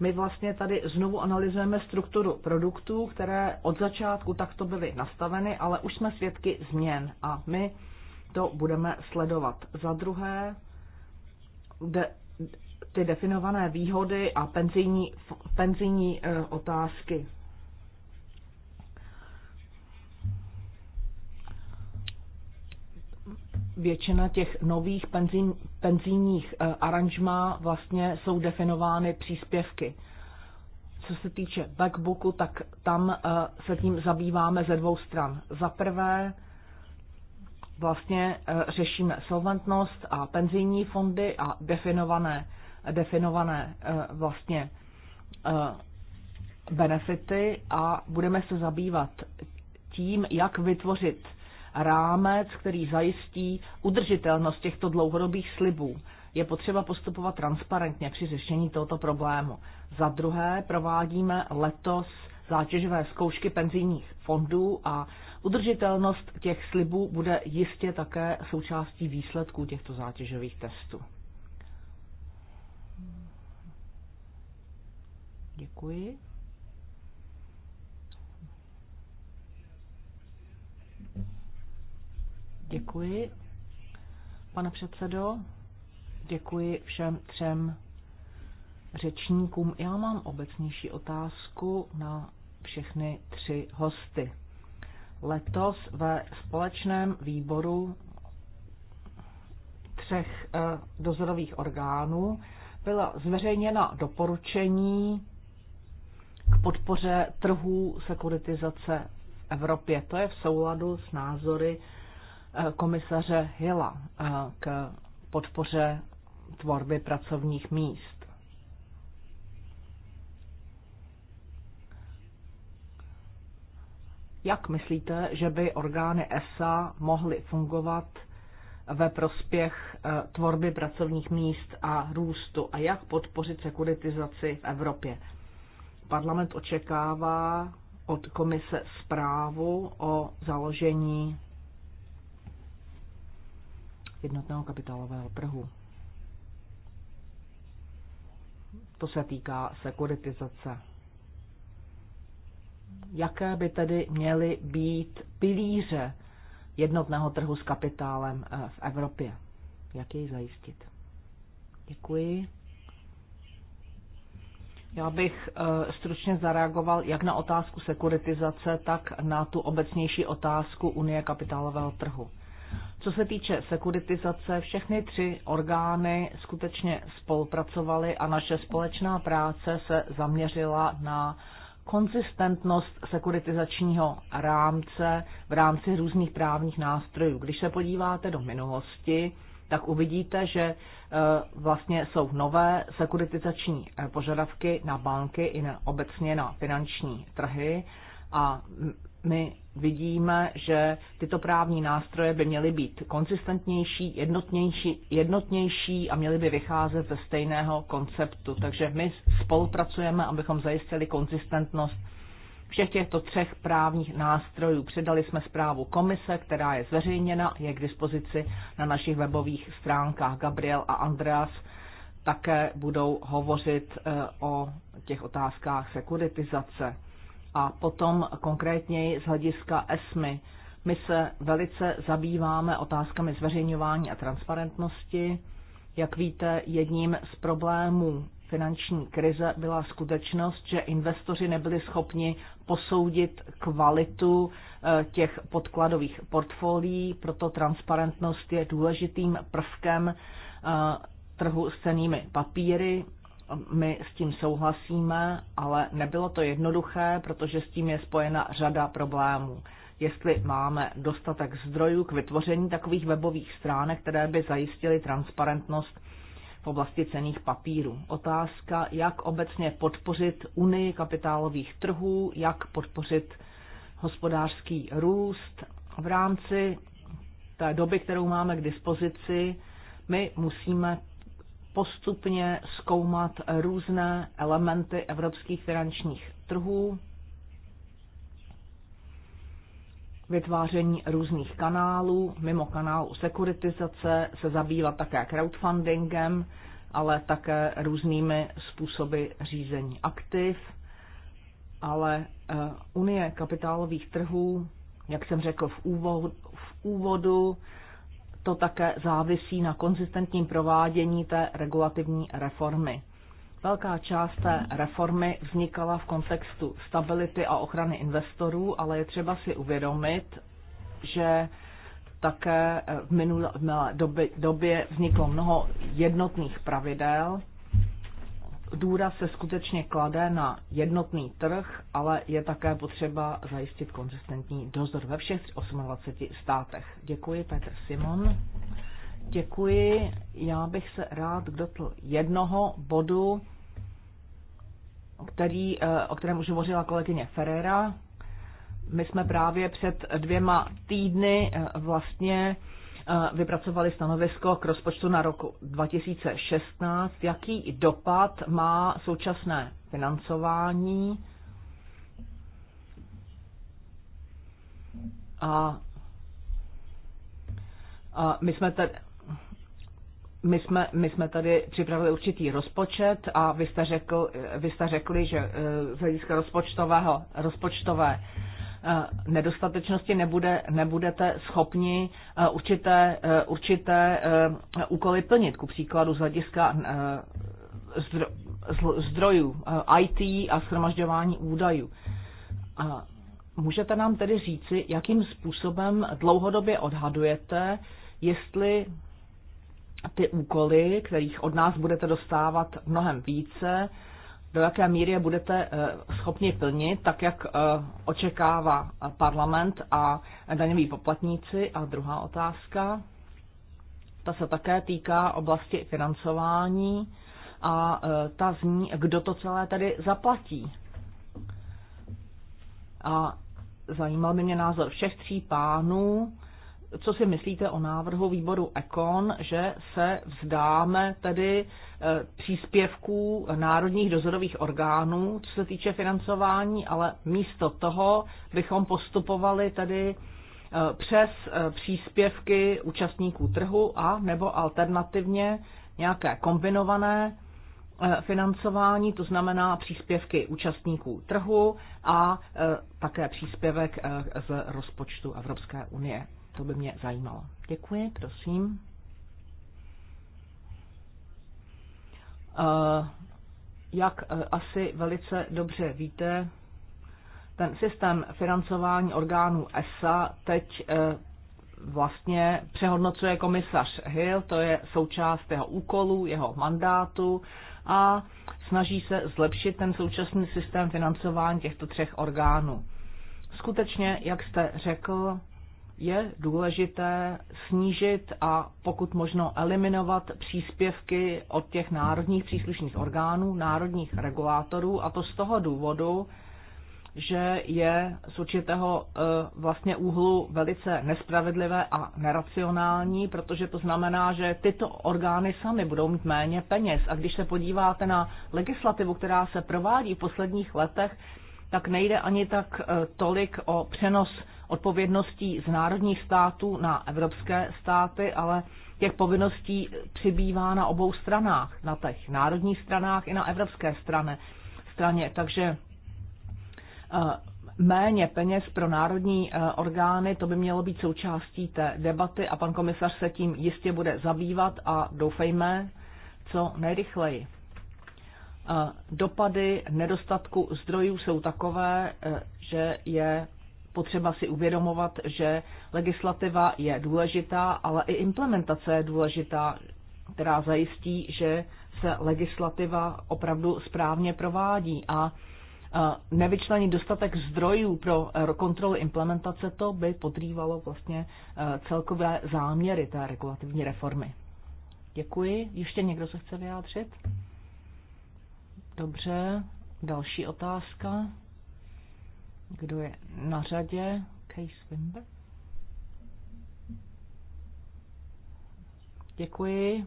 my vlastně tady znovu analyzujeme strukturu produktů, které od začátku takto byly nastaveny, ale už jsme svědky změn a my to budeme sledovat. Za druhé, de, ty definované výhody a penzijní, penzijní e, otázky. většina těch nových penzín, penzijních eh, aranžmá vlastně jsou definovány příspěvky. Co se týče backbooku, tak tam eh, se tím zabýváme ze dvou stran. Za prvé vlastně eh, řešíme solventnost a penzijní fondy a definované, definované vlastně benefity a budeme se zabývat tím, jak vytvořit rámec, který zajistí udržitelnost těchto dlouhodobých slibů. Je potřeba postupovat transparentně při řešení tohoto problému. Za druhé provádíme letos zátěžové zkoušky penzijních fondů a udržitelnost těch slibů bude jistě také součástí výsledků těchto zátěžových testů. Děkuji. Děkuji. Pane předsedo, děkuji všem třem řečníkům. Já mám obecnější otázku na všechny tři hosty. Letos ve společném výboru třech eh, dozorových orgánů byla zveřejněna doporučení k podpoře trhů sekuritizace v Evropě. To je v souladu s názory Eh, komisaře Hilla eh, k podpoře tvorby pracovních míst. Jak myslíte, že by orgány ESA mohly fungovat ve prospěch eh, tvorby pracovních míst a růstu a jak podpořit sekuritizaci v Evropě? Parlament očekává od komise zprávu o založení jednotného kapitálového trhu. To se týká sekuritizace. Jaké by tedy měly být pilíře jednotného trhu s kapitálem eh, v Evropě? Jak jej zajistit? Děkuji. Já bych eh, stručně zareagoval jak na otázku sekuritizace, tak na tu obecnější otázku Unie kapitálového trhu. Co se týče sekuritizace, všechny tři orgány skutečně spolupracovaly a naše společná práce se zaměřila na konzistentnost sekuritizačního rámce v rámci různých právních nástrojů. Když se podíváte do minulosti, tak uvidíte, že e, vlastně jsou nové sekuritizační e, požadavky na banky i na, obecně na finanční trhy a my vidíme, že tyto právní nástroje by měly být konsistentnější, jednotnější, jednotnější a měly by vycházet ze stejného konceptu. Takže my spolupracujeme, abychom zajistili konzistentnost všech těchto třech právních nástrojů. Předali jsme zprávu komise, která je zveřejněna, je k dispozici na našich webových stránkách. Gabriel a Andreas také budou hovořit eh, o těch otázkách sekuritizace a potom konkrétněji z hlediska ESMY. My se velice zabýváme otázkami zveřejňování a transparentnosti. Jak víte, jedním z problémů finanční krize byla skutečnost, že investoři nebyli schopni posoudit kvalitu eh, těch podkladových portfolií, proto transparentnost je důležitým prvkem eh, trhu s cenými papíry my s tím souhlasíme, ale nebylo to jednoduché, protože s tím je spojena řada problémů. Jestli máme dostatek zdrojů k vytvoření takových webových stránek, které by zajistily transparentnost v oblasti cených papírů. Otázka, jak obecně podpořit unii kapitálových trhů, jak podpořit hospodářský růst v rámci té doby, kterou máme k dispozici, my musíme postupně zkoumat různé elementy evropských finančních trhů, vytváření různých kanálů, mimo kanálu sekuritizace, se zabývat také crowdfundingem, ale také různými způsoby řízení aktiv. Ale eh, Unie kapitálových trhů, jak jsem řekl v, úvodu, v úvodu, to také závisí na konzistentním provádění té regulativní reformy. Velká část té reformy vznikala v kontextu stability a ochrany investorů, ale je třeba si uvědomit, že také v minulé době vzniklo mnoho jednotných pravidel, důraz se skutečně klade na jednotný trh, ale je také potřeba zajistit konzistentní dozor ve všech 28 státech. Děkuji, Petr Simon. Děkuji. Já bych se rád dotl jednoho bodu, který, eh, o kterém už hovořila kolegyně Ferreira. My jsme právě před dvěma týdny eh, vlastně vypracovali stanovisko k rozpočtu na roku 2016. Jaký dopad má současné financování a, a my jsme tady, my jsme, my jsme tady připravili určitý rozpočet a vy jste, řekl, vy jste řekli, že eh, z hlediska rozpočtového, rozpočtové Eh, nedostatečnosti nebude, nebudete schopni eh, určité, eh, určité úkoly plnit, ku příkladu z hlediska zdrojů IT a shromažďování údajů. Můžete nám tedy říci, jakým způsobem dlouhodobě odhadujete, jestli ty úkoly, kterých od nás budete dostávat mnohem více, do jaké míry je budete eh, schopni plnit, tak jak eh, očekává eh, parlament a daňoví poplatníci. A druhá otázka, ta se také týká oblasti financování a ta zní, kdo to celé tady zaplatí. A zajímal by mě názor všech tří pánů, co si myslíte o návrhu výboru Ekon, že se vzdáme tedy e, příspěvků národních dozorových orgánů, co se týče financování, ale místo toho bychom postupovali tedy e, přes e, příspěvky účastníků trhu a nebo alternativně nějaké kombinované financování, to znamená příspěvky účastníků trhu a také příspěvek z rozpočtu Evropské unie. To by mě zajímalo. Děkuji, prosím. Eh, jak eh, asi velice dobře víte, ten systém financování orgánů ESA teď eh, vlastně přehodnocuje komisař Hill, to je součást jeho úkolů, jeho mandátu a snaží se zlepšit ten současný systém financování těchto třech orgánů. Skutečně, jak jste řekl, je důležité snížit a pokud možno eliminovat příspěvky od těch národních příslušných orgánů, národních regulátorů a to z toho důvodu, že je z určitého e, vlastně úhlu velice nespravedlivé a neracionální, protože to znamená, že tyto orgány sami budou mít méně peněz. A když se podíváte na legislativu, která se provádí v posledních letech, tak nejde ani tak e, tolik o přenos odpovědností z národních států na evropské státy, ale těch povinností přibývá na obou stranách, na těch národních stranách i na evropské strane, straně. Takže eh, méně peněz pro národní eh, orgány, to by mělo být součástí té debaty a pan komisař se tím jistě bude zabývat a doufejme, co nejrychleji. Eh, dopady nedostatku zdrojů jsou takové, že je potřeba si uvědomovat, že legislativa je důležitá, ale i implementace je důležitá, která zajistí, že se legislativa opravdu správně provádí a nevyčlenit dostatek zdrojů pro e, kontroly implementace, to by podrývalo vlastně e, celkové záměry té regulativní reformy. Děkuji. Ještě někdo se chce vyjádřit? Dobře, další otázka. Kdo je na řadě? Case Wimber. Děkuji.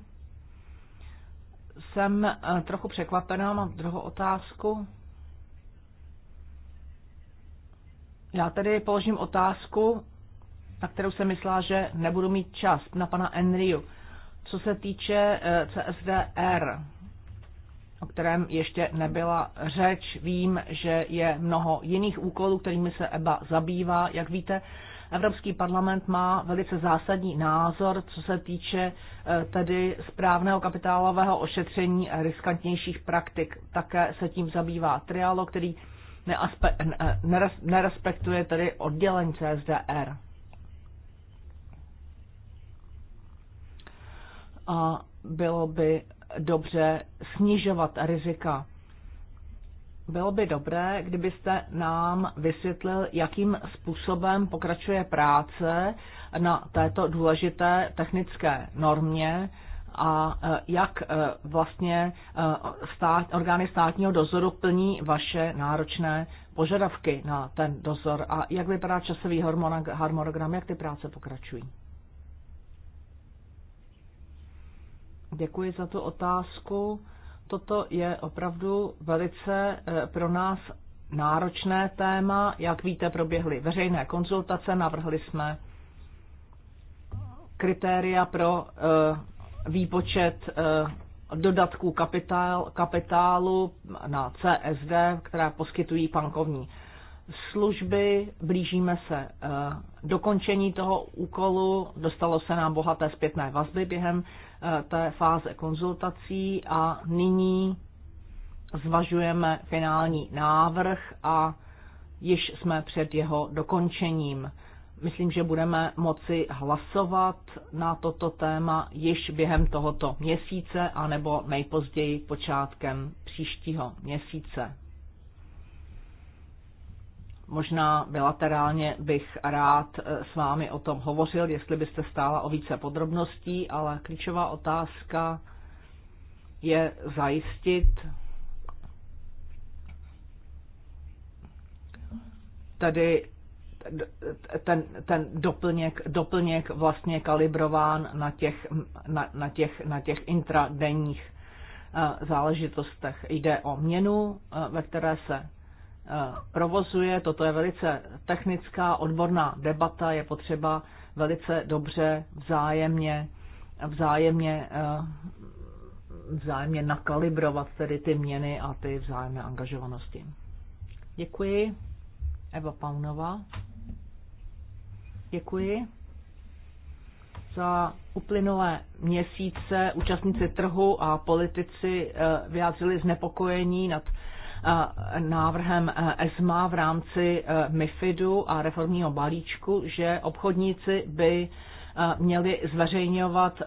Jsem eh, trochu překvapená, mám druhou otázku. Já tady položím otázku, na kterou jsem myslela, že nebudu mít čas, na pana Enriu. Co se týče eh, CSDR, o kterém ještě nebyla řeč. Vím, že je mnoho jiných úkolů, kterými se EBA zabývá. Jak víte, Evropský parlament má velice zásadní názor, co se týče eh, tedy správného kapitálového ošetření riskantnějších praktik. Také se tím zabývá triálo, který eh, nerespektuje tedy oddělení CSDR. A bylo by dobře snižovat rizika. Bylo by dobré, kdybyste nám vysvětlil, jakým způsobem pokračuje práce na této důležité technické normě a e, jak e, vlastně e, stát, orgány státního dozoru plní vaše náročné požadavky na ten dozor a jak vypadá časový harmonogram, jak ty práce pokračují. Děkuji za tu otázku. Toto je opravdu velice eh, pro nás náročné téma. Jak víte, proběhly veřejné konzultace, navrhli jsme kritéria pro eh, výpočet eh, dodatků kapitál, kapitálu na CSD, která poskytují bankovní služby. Blížíme se dokončení toho úkolu. Dostalo se nám bohaté zpětné vazby během Eh, té fáze konzultací a nyní zvažujeme finální návrh a již jsme před jeho dokončením. Myslím, že budeme moci hlasovat na toto téma již během tohoto měsíce anebo nejpozději počátkem příštího měsíce. Možná bilaterálně bych rád eh, s vámi o tom hovořil, jestli byste stála o více podrobností, ale klíčová otázka je zajistit tedy ten, ten doplněk, doplněk vlastně kalibrován na těch, na, na těch, na těch intradenních eh, záležitostech. Jde o měnu, eh, ve které se Eh, provozuje. Toto je velice technická, odborná debata, je potřeba velice dobře vzájemně, vzájemně, eh, vzájemně nakalibrovat tedy ty měny a ty vzájemné angažovanosti. Děkuji. Eva Paunová. Děkuji. Za uplynulé měsíce účastníci trhu a politici eh, vyjádřili znepokojení nad návrhem ESMA v rámci e, MIFIDu a reformního balíčku, že obchodníci by e, měli zveřejňovat e,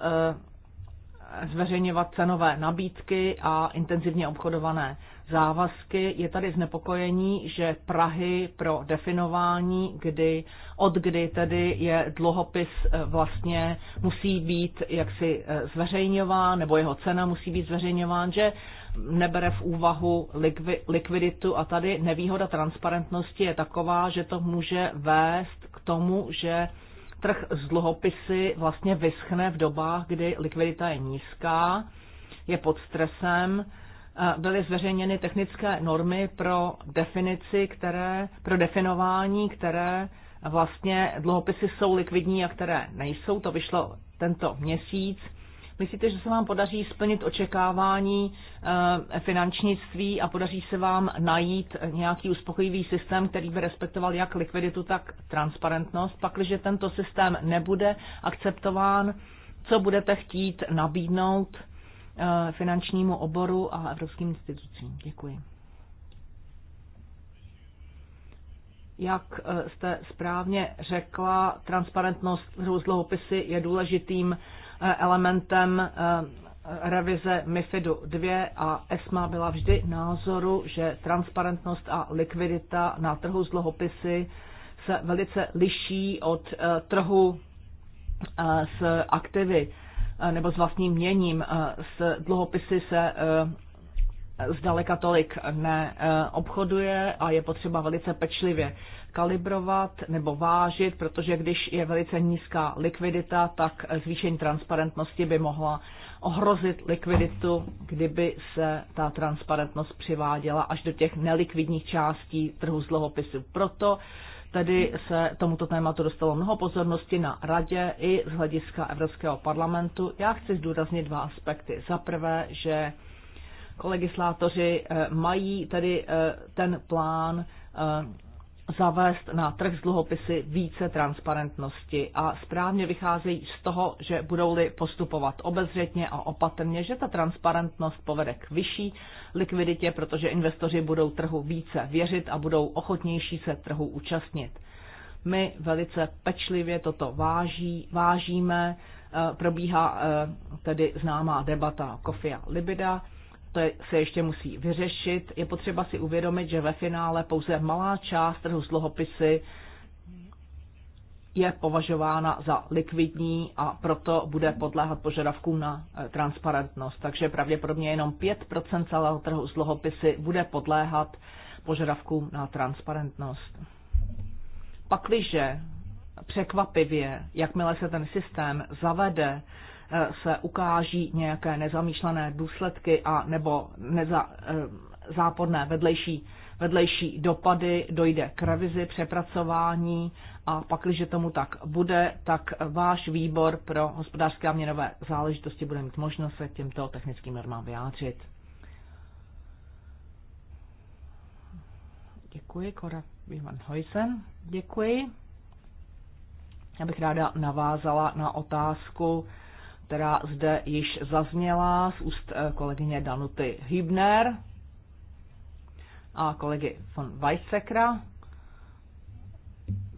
zveřejňovat cenové nabídky a intenzivně obchodované závazky. Je tady znepokojení, že Prahy pro definování, kdy, od kdy tedy je dluhopis vlastně musí být jaksi zveřejňován, nebo jeho cena musí být zveřejňován, že nebere v úvahu likvi, likviditu a tady nevýhoda transparentnosti je taková, že to může vést k tomu, že trh s dluhopisy vlastně vyschne v dobách, kdy likvidita je nízká, je pod stresem, eh, byly zveřejněny technické normy pro definici, které, pro definování, které vlastně dluhopisy jsou likvidní a které nejsou. To vyšlo tento měsíc. Myslíte, že se vám podaří splnit očekávání eh, finančnictví a podaří se vám najít nějaký uspokojivý systém, který by respektoval jak likviditu, tak transparentnost? Pakliže tento systém nebude akceptován, co budete chtít nabídnout eh, finančnímu oboru a evropským institucím? Děkuji. Jak eh, jste správně řekla, transparentnost s dluhopisy je důležitým elementem eh, revize MIFIDu 2 a ESMA byla vždy názoru, že transparentnost a likvidita na trhu s dluhopisy se velice liší od eh, trhu eh, s aktivy nebo s vlastním měním. S dluhopisy se zdaleka tolik neobchoduje a je potřeba velice pečlivě kalibrovat nebo vážit, protože když je velice nízká likvidita, tak zvýšení transparentnosti by mohla ohrozit likviditu, kdyby se ta transparentnost přiváděla až do těch nelikvidních částí trhu z dluhopisu. Proto tedy se tomuto tématu dostalo mnoho pozornosti na radě i z hlediska Evropského parlamentu. Já chci zdůraznit dva aspekty. Za prvé, že kolegislátoři eh, mají tedy eh, ten plán eh, zavést na trh z dluhopisy více transparentnosti a správně vycházejí z toho, že budou-li postupovat obezřetně a opatrně, že ta transparentnost povede k vyšší likviditě, protože investoři budou trhu více věřit a budou ochotnější se trhu účastnit. My velice pečlivě toto váží, vážíme, eh, probíhá eh, tedy známá debata Kofia Libida, to se ještě musí vyřešit. Je potřeba si uvědomit, že ve finále pouze malá část trhu s dluhopisy je považována za likvidní a proto bude podléhat požadavkům na eh, transparentnost. Takže pravděpodobně jenom 5 celého trhu s dluhopisy bude podléhat požadavkům na transparentnost. Pakliže překvapivě, jakmile se ten systém zavede, se ukáží nějaké nezamýšlené důsledky a nebo neza, eh, záporné vedlejší, vedlejší dopady, dojde k revizi, přepracování a pak, když tomu tak bude, tak váš výbor pro hospodářské a měnové záležitosti bude mít možnost se těmto technickým normám vyjádřit. Děkuji, Kora Vivan Hojsen. Děkuji. Já bych ráda navázala na otázku která zde již zazněla z úst eh, kolegyně Danuty Hübner a kolegy von Weissekra,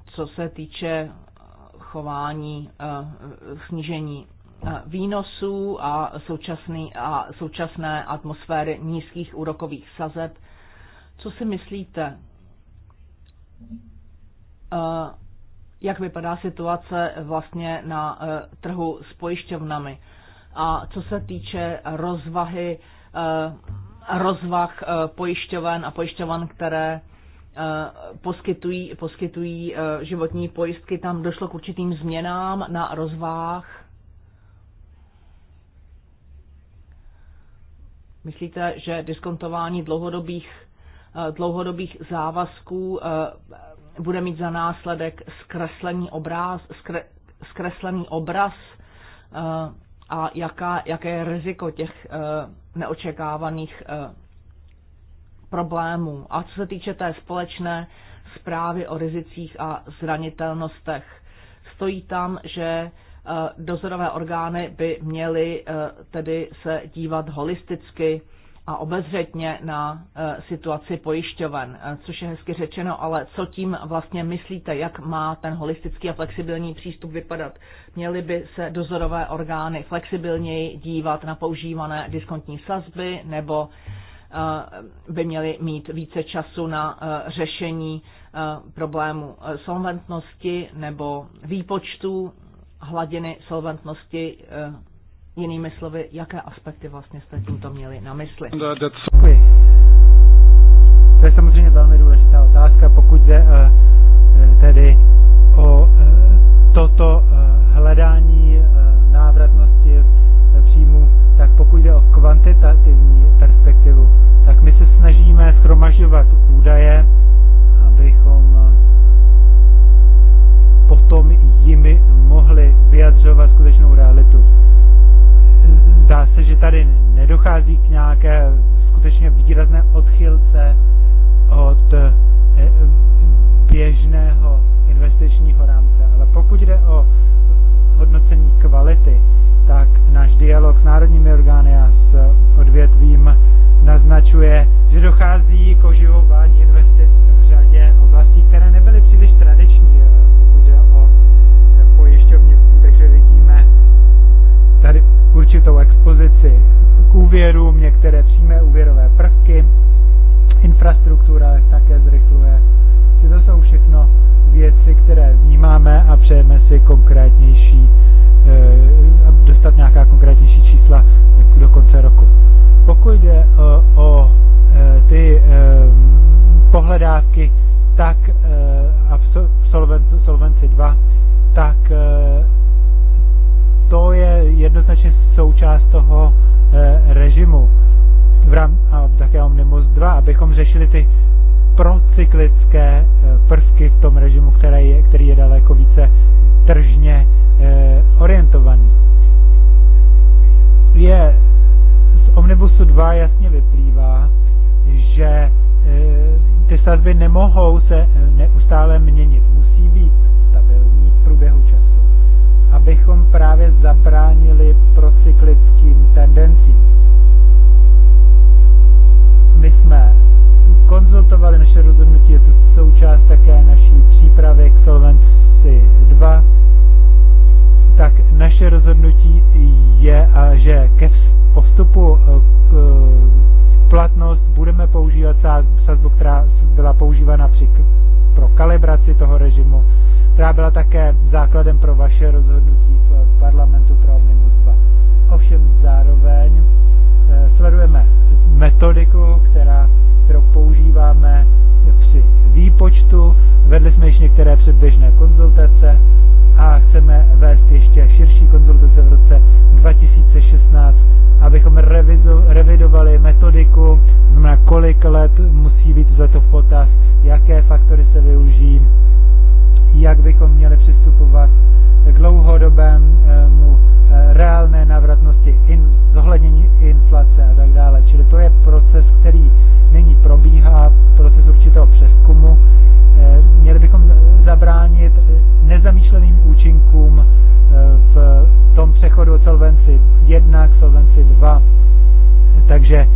co se týče eh, chování eh, snížení výnosů a, současný, a současné atmosféry nízkých úrokových sazeb. Co si myslíte? jak vypadá situace vlastně na eh, trhu s pojišťovnami. A co se týče rozvahy, eh, rozvah eh, pojišťoven a pojišťovan, které poskytují, poskytují životní pojistky, tam došlo k určitým změnám na rozvách. Myslíte, že diskontování dlouhodobých Eh, dlouhodobých závazků eh, bude mít za následek zkreslený obraz, skre, zkreslený obraz eh, a jaká, jaké je riziko těch neočekávaných problémů. A co se týče té společné zprávy o rizicích a zranitelnostech, stojí tam, že dozorové orgány by měly tedy se dívat holisticky a obezřetně na eh, situaci pojišťoven, eh, což je hezky řečeno, ale co tím vlastně myslíte, jak má ten holistický a flexibilní přístup vypadat? Měly by se dozorové orgány flexibilněji dívat na používané diskontní sazby nebo eh, by měli mít více času na řešení problému solventnosti nebo výpočtu hladiny solventnosti Jinými slovy, jaké aspekty vlastně jste tímto měli na mysli? Děkuji. To je samozřejmě velmi důležitá otázka, pokud jde eh, eh, tedy o eh, toto hledání návratnosti příjmu, tak pokud jde o kvantitativní perspektivu, tak my se snažíme schromažďovat údaje, abychom potom jimi mohli vyjadřovat skutečnou realitu zdá se, že tady nedochází k nějaké skutečně výrazné odchylce od eh, běžného investičního rámce. Ale pokud jde o hodnocení kvality, tak náš dialog s národními orgány a s eh, odvětvím naznačuje, že dochází k oživování investic v řadě oblastí, které nebyly příliš tradiční, eh, pokud jde o pojišťovnictví, takže vidíme tady určitou expozici k úvěrům, některé přímé úvěrové prvky, infrastruktura také zrychluje. Či to jsou všechno věci, které vnímáme a přejeme si konkrétnější, eh, dostat nějaká konkrétnější čísla do konce roku. Pokud jde eh, o, o eh, ty pohledávky, tak a v Solvenci 2, tak to je jednoznačně součást toho eh, režimu v rám, a také Omnibus 2, abychom řešili ty procyklické eh, prvky v tom režimu, které je, který je daleko více tržně eh, orientovaný. Je z Omnibusu 2 jasně vyplývá, že ty sazby nemohou se neustále měnit. Musí být stabilní v průběhu abychom právě zabránili procyklickým tendencím. My jsme konzultovali naše rozhodnutí, je to součást také naší přípravy k Solvency 2, tak naše rozhodnutí je, že ke postupu e, k e, platnost budeme používat sazbu, která byla používána při, pro kalibraci toho režimu která byla také základem pro vaše rozhodnutí v parlamentu pro Omnibus 2. Ovšem zároveň eh, sledujeme metodiku, která, kterou používáme při výpočtu. Vedli jsme již některé předběžné konzultace a chceme vést ještě širší konzultace v roce 2016, abychom revizo, revidovali metodiku, znamená kolik let musí být za to v potaz, jaké faktory se využijí jak bychom měli přistupovat k dlouhodobému eh, reálné návratnosti, in, zohlednění inflace a tak dále. Čili to je proces, který nyní probíhá, proces určitého přeskumu. Eh, měli bychom zabránit nezamýšleným účinkům eh, v tom přechodu od solvenci 1 k solvenci 2. Takže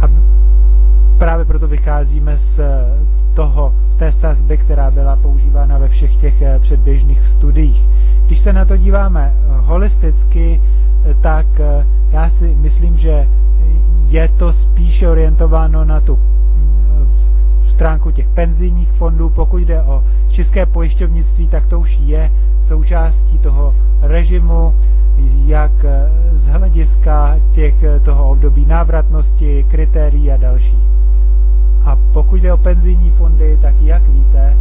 a právě proto vycházíme z toho, té sazby, která byla používána ve všech těch eh, předběžných studiích. Když se na to díváme eh, holisticky, eh, tak já si myslím, že je to spíše orientováno na tu stránku těch penzijních fondů. Pokud jde o české pojišťovnictví, tak to už je součástí toho režimu, jak z hlediska těch, toho období návratnosti, kritérií a dalších. A pokud jde o penzijní fondy, tak jak víte,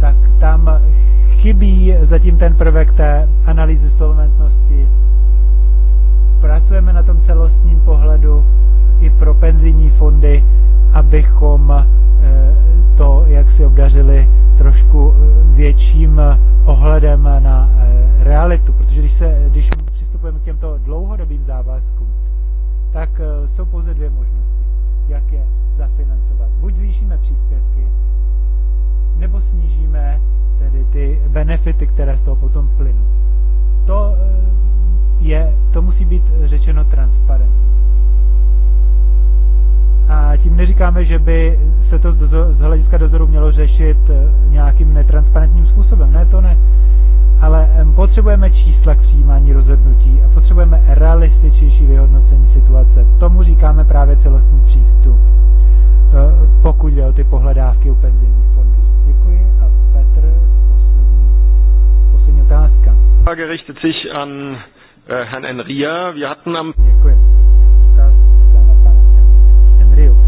tak tam chybí zatím ten prvek té analýzy solventnosti. Pracujeme na tom celostním pohledu i pro penzijní fondy, abychom eh, to, jak si obdařili, trošku eh, větším eh, ohledem na realitu. Protože když, se, když přistupujeme k těmto dlouhodobým závazkům, tak jsou pouze dvě možnosti. Jak je zafinancovat. Buď zvýšíme příspěvky, nebo snížíme tedy ty benefity, které z toho potom plynou. To eh, je, to musí být řečeno transparentně. A tím neříkáme, že by se to z hlediska dozoru mělo řešit eh, nějakým netransparentním způsobem. Ne, to ne. Ale eh, potřebujeme čísla k přijímání rozhodnutí a potřebujeme realističnější vyhodnocení situace. Tomu říkáme právě celostní přístup. Eh, pokud jde o ty pohledávky u penzijních fondů. Děkuji a Petr, poslední, poslední otázka. Frage richtet sich an eh, Herrn Enria. Wir hatten am... Děkuji. Otázka na pana Enriu.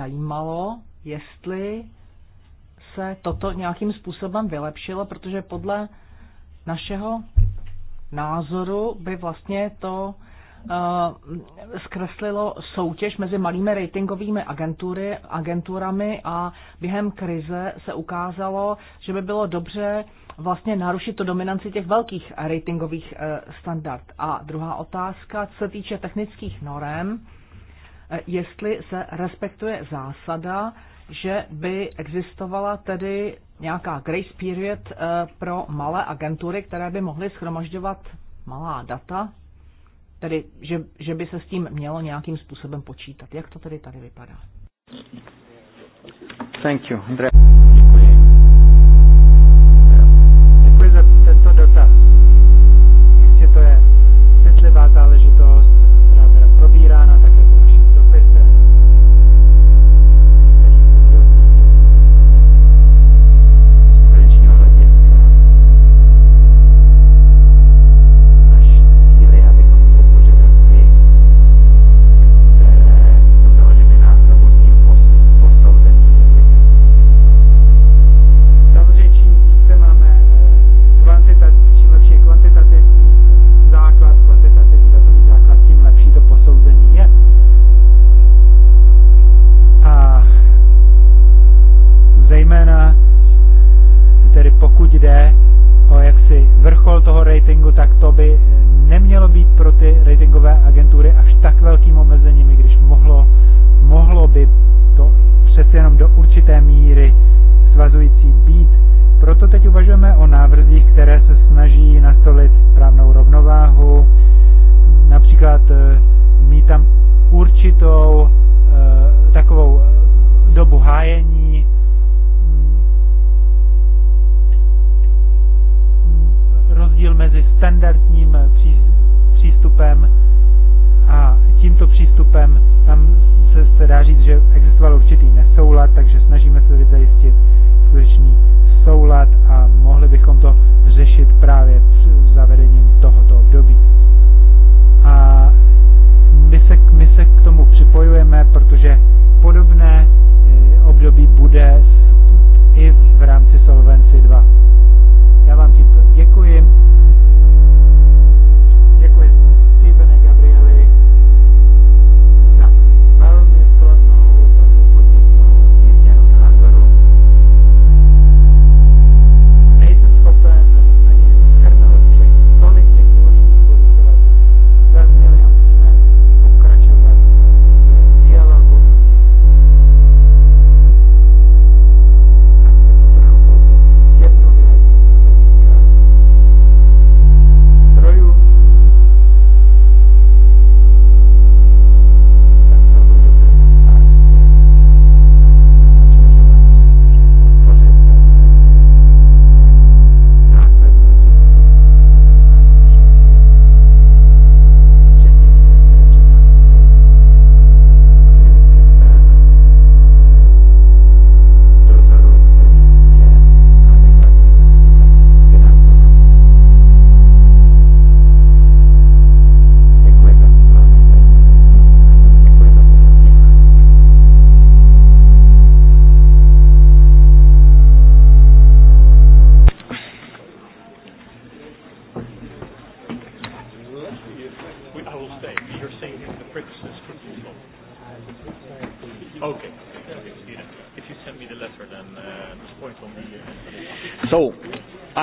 zajímalo, jestli se toto nějakým způsobem vylepšilo, protože podle našeho názoru by vlastně to eh, zkreslilo soutěž mezi malými ratingovými agentury, agenturami a během krize se ukázalo, že by bylo dobře vlastně narušit to dominanci těch velkých ratingových eh, standard. A druhá otázka, co se týče technických norem, Eh, jestli se respektuje zásada, že by existovala tedy nějaká grace period eh, pro malé agentury, které by mohly schromažďovat malá data, tedy že, že by se s tím mělo nějakým způsobem počítat. Jak to tedy tady vypadá? Thank you, Andrea.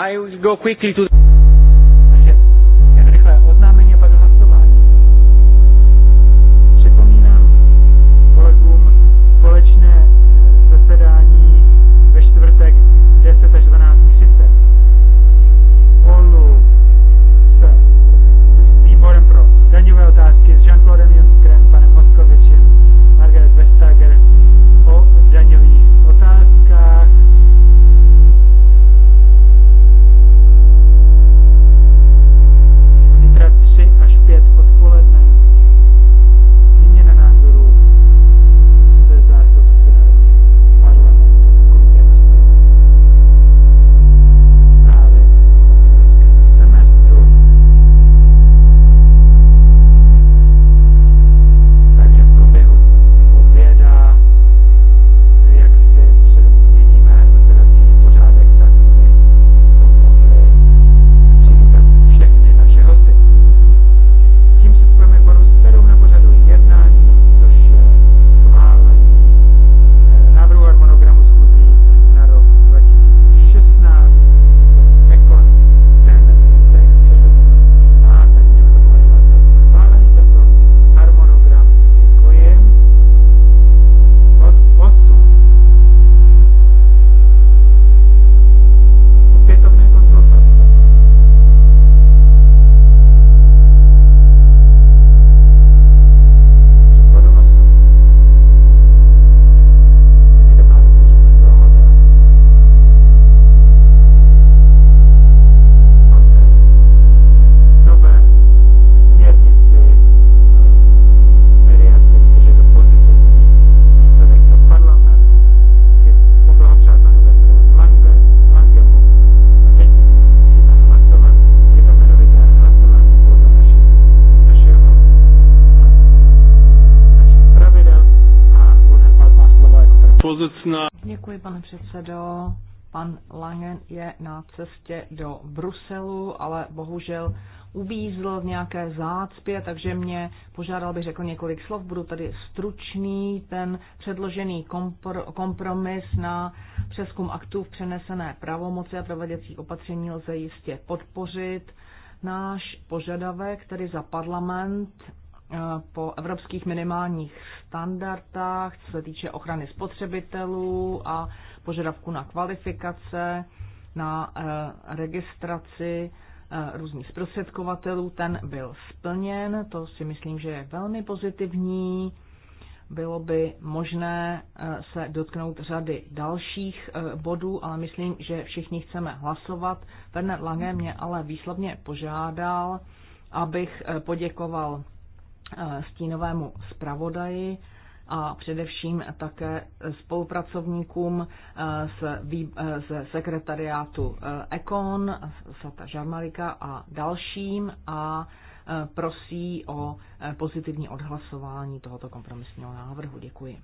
I will go quickly předsedo. Pan Langen je na cestě do Bruselu, ale bohužel uvízl v nějaké zácpě, takže mě požádal, bych řekl několik slov. Budu tady stručný. Ten předložený kompromis na přeskum aktů v přenesené pravomoci a prováděcí opatření lze jistě podpořit. Náš požadavek, tedy za parlament, eh, po evropských minimálních standardách, co se týče ochrany spotřebitelů a požadavku na kvalifikace, na eh, registraci eh, různých zprostředkovatelů, ten byl splněn, to si myslím, že je velmi pozitivní. Bylo by možné eh, se dotknout řady dalších bodů, ale myslím, že všichni chceme hlasovat. Werner Lange mě ale výslovně požádal, abych poděkoval stínovému zpravodaji a především také spolupracovníkům eh, eh, ze sekretariátu eh, Econ, Sata Žarmalika a dalším a prosí o pozitivní odhlasování tohoto kompromisního návrhu. Děkuji.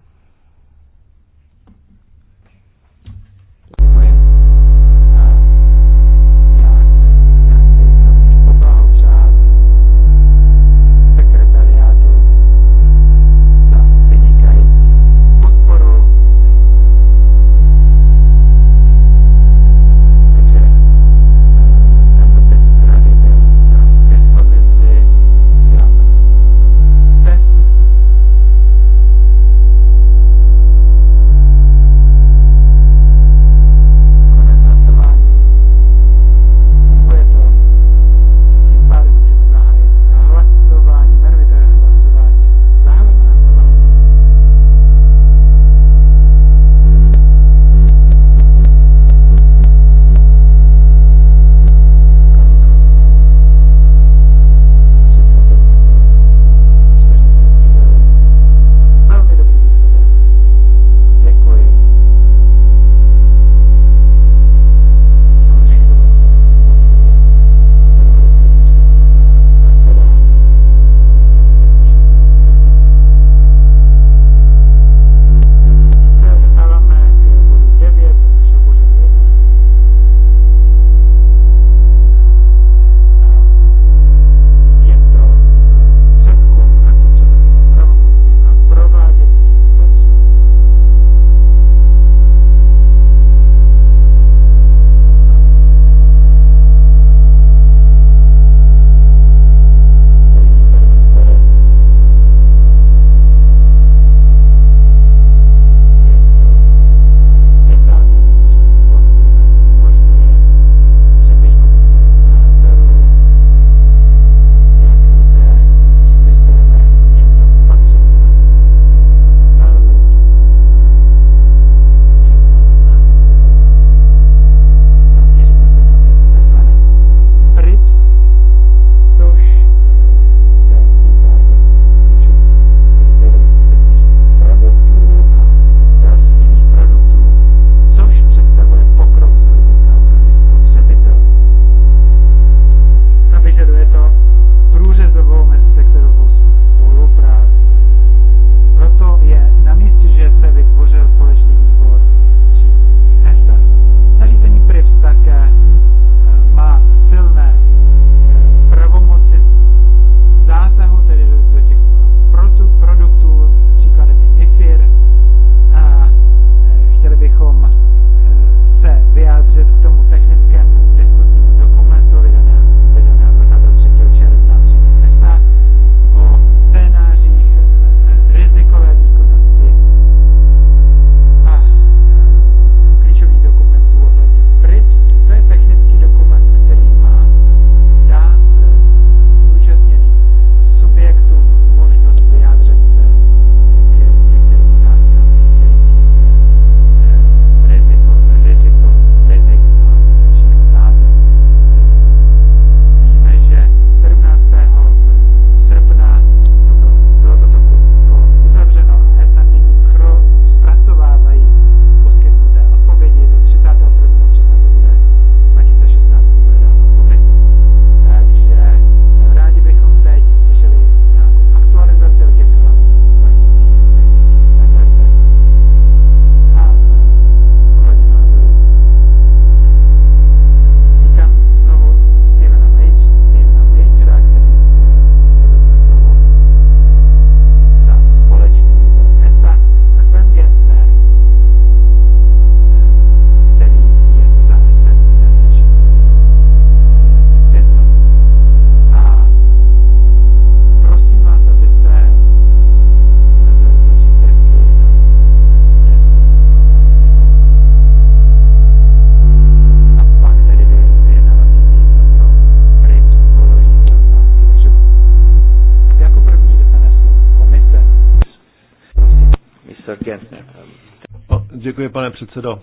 předsedo.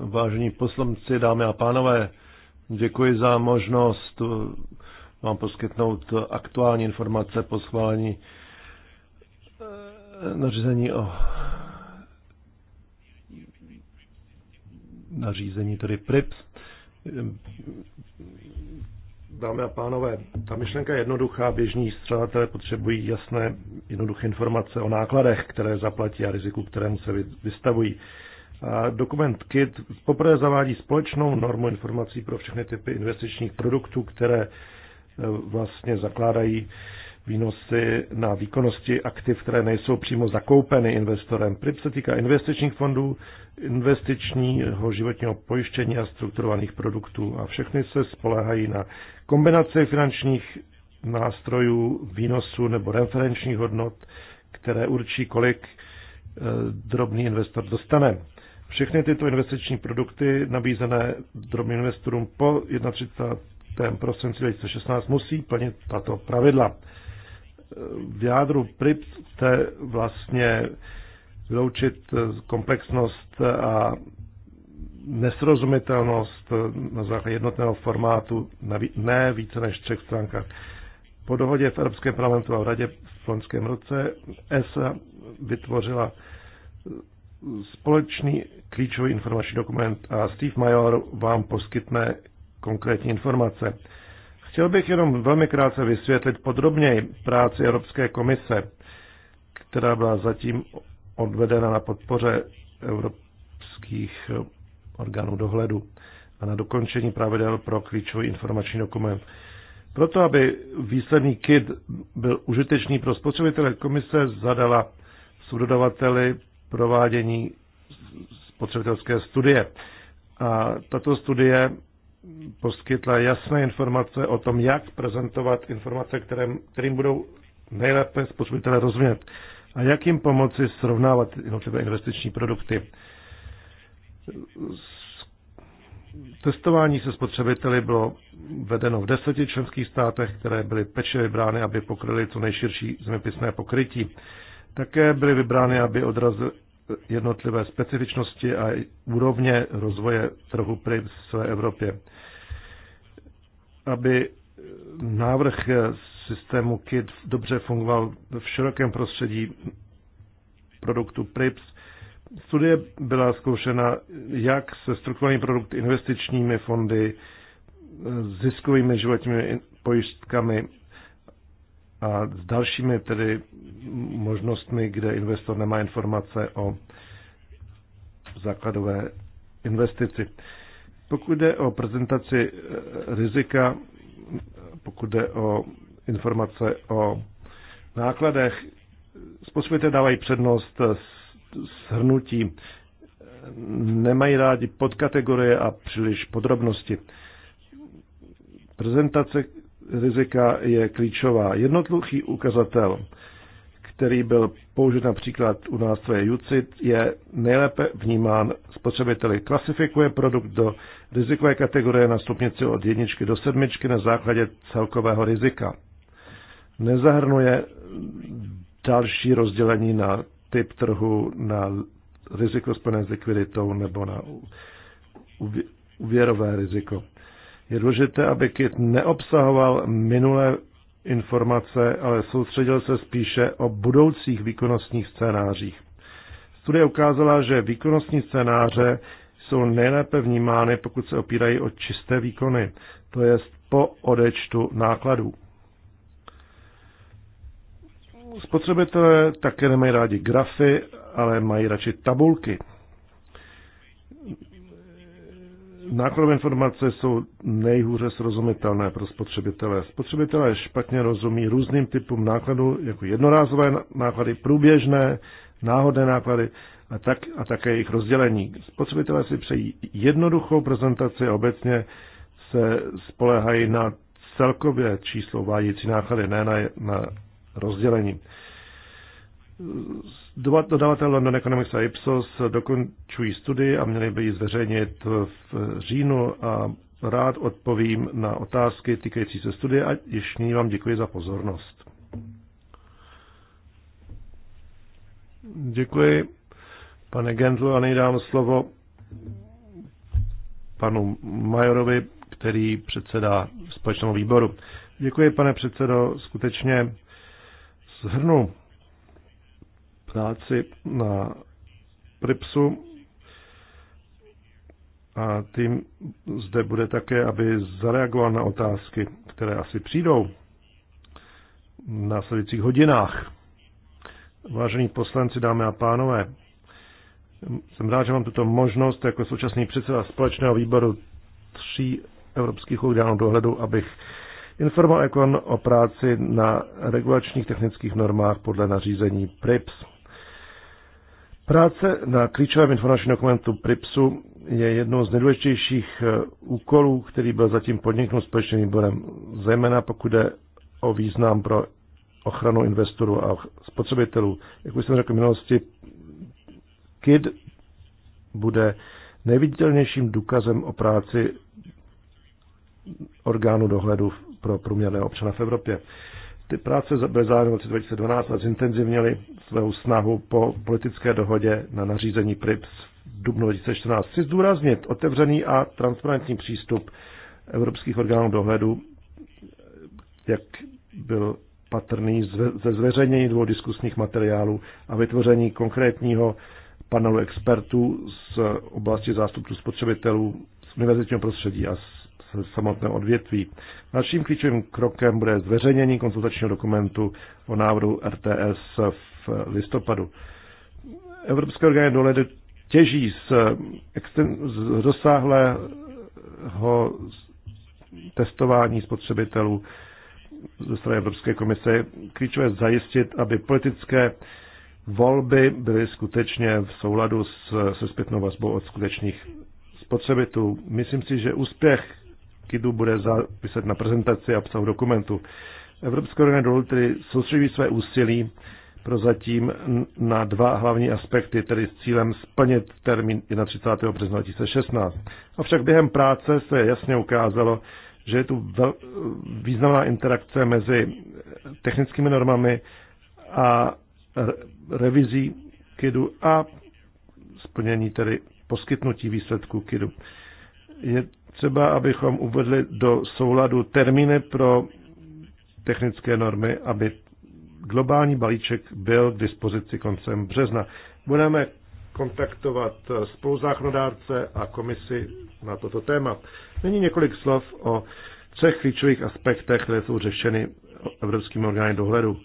Vážení poslanci, dámy a pánové, děkuji za možnost uh, vám poskytnout aktuální informace po schválení uh, nařízení o nařízení, tedy PRIPS. Dámy a pánové, ta myšlenka je jednoduchá. Běžní střelatelé potřebují jasné, jednoduché informace o nákladech, které zaplatí a riziku, kterému se vystavují dokument KIT poprvé zavádí společnou normu informací pro všechny typy investičních produktů, které e, vlastně zakládají výnosy na výkonnosti aktiv, které nejsou přímo zakoupeny investorem. PRIP se týká investičních fondů, investičního životního pojištění a strukturovaných produktů a všechny se spolehají na kombinaci finančních nástrojů, výnosů nebo referenčních hodnot, které určí, kolik e, drobný investor dostane. Všechny tyto investiční produkty nabízené drobným investorům po 31. prosinci 2016 musí plnit tato pravidla. V jádru PRIP chce vlastně vyloučit komplexnost a nesrozumitelnost na základě jednotného formátu ne více než třech stránkách. Po dohodě v Evropském parlamentu a v Radě v loňském roce ESA vytvořila společný klíčový informační dokument a Steve Major vám poskytne konkrétní informace. Chtěl bych jenom velmi krátce vysvětlit podrobněji práci Evropské komise, která byla zatím odvedena na podpoře evropských orgánů dohledu a na dokončení pravidel pro klíčový informační dokument. Proto, aby výsledný KID byl užitečný pro spotřebitele, komise zadala subdodavateli provádění spotřebitelské studie. A tato studie poskytla jasné informace o tom, jak prezentovat informace, které, kterým budou nejlépe spotřebitelé rozumět a jak jim pomoci srovnávat jednotlivé investiční produkty. Testování se spotřebiteli bylo vedeno v deseti členských státech, které byly pečlivě vybrány, aby pokryly co nejširší zeměpisné pokrytí. Také byly vybrány, aby odrazily jednotlivé specifičnosti a úrovně rozvoje trhu pry v své Evropě. Aby návrh systému KID dobře fungoval v širokém prostředí produktu PRIPS. Studie byla zkoušena jak se strukturální produkty investičními fondy, ziskovými životními pojistkami a s dalšími tedy možnostmi, kde investor nemá informace o základové investici. Pokud jde o prezentaci eh, rizika, pokud jde o informace o nákladech, spotřebitelé dávají přednost eh, shrnutí. Nemají rádi podkategorie a příliš podrobnosti. Prezentace rizika je klíčová. Jednotluchý ukazatel, který byl použit například u nástroje UCIT, je nejlépe vnímán spotřebiteli. Klasifikuje produkt do rizikové kategorie na stupnici od jedničky do sedmičky na základě celkového rizika. Nezahrnuje další rozdělení na typ trhu, na riziko spojené s likviditou nebo na uvěrové riziko. Je důležité, aby KIT neobsahoval minulé informace, ale soustředil se spíše o budoucích výkonnostních scénářích. Studie ukázala, že výkonnostní scénáře jsou nejlépe vnímány, pokud se opírají o čisté výkony, to je po odečtu nákladů. Spotřebitelé také nemají rádi grafy, ale mají radši tabulky. Nákladové informace jsou nejhůře srozumitelné pro spotřebitele. Spotřebitelé špatně rozumí různým typům nákladů, jako jednorázové náklady, průběžné, náhodné náklady a, tak, a také jejich rozdělení. Spotřebitelé si přejí jednoduchou prezentaci a obecně se spolehají na celkově číslo vádějící náklady, ne na, na rozdělení. Dodavatel London Economics a Ipsos dokončují studii a měli by ji zveřejnit v říjnu a rád odpovím na otázky týkající se studie a ještě nyní vám děkuji za pozornost. Děkuji. Pane Gendlu, a nejdám slovo panu Majorovi, který předsedá společnému výboru. Děkuji, pane předsedo, skutečně zhrnu práci na PRIPSu a tým zde bude také, aby zareagoval na otázky, které asi přijdou v následujících hodinách. Vážení poslanci, dámy a pánové, jsem rád, že mám tuto možnost jako současný předseda společného výboru tří evropských orgánů dohledu, abych informoval Ekon o práci na regulačních technických normách podle nařízení PRIPS. Práce na klíčovém informačním dokumentu PRIPSu je jednou z nejdůležitějších eh, úkolů, který byl zatím podniknut společným výborem, zejména pokud jde o význam pro ochranu investorů a spotřebitelů. Jak už jsem řekl v minulosti, KID bude nejviditelnějším důkazem o práci orgánu dohledu pro průměrného občana v Evropě. Ty práce byly zároveň v roce 2012 a zintenzivněly svou snahu po politické dohodě na nařízení PRIPS v dubnu 2014. Chci zdůraznit otevřený a transparentní přístup evropských orgánů dohledu, jak byl patrný ze zveřejnění dvou diskusních materiálů a vytvoření konkrétního panelu expertů z oblasti zástupců spotřebitelů z univerzitního prostředí a samotné odvětví. Naším klíčovým krokem bude zveřejnění konzultačního dokumentu o návrhu RTS v listopadu. Evropské orgány dohledu těží z, exten- z rozsáhlého testování spotřebitelů ze strany Evropské komise. Klíčové zajistit, aby politické volby byly skutečně v souladu s, se zpětnou vazbou od skutečných spotřebitelů. Myslím si, že úspěch KIDu bude záviset na prezentaci a obsahu dokumentu. Evropské orgány dolů tedy soustředí své úsilí prozatím na dva hlavní aspekty, tedy s cílem splnit termín 31. března 2016. Avšak během práce se jasně ukázalo, že je tu vel, významná interakce mezi technickými normami a revizí KIDu a splnění tedy poskytnutí výsledků KIDu. Je třeba, abychom uvedli do souladu termíny pro technické normy, aby globální balíček byl k dispozici koncem března. Budeme kontaktovat spoluzákonodárce a komisi na toto téma. Nyní několik slov o třech klíčových aspektech, které jsou řešeny Evropským orgány dohledu.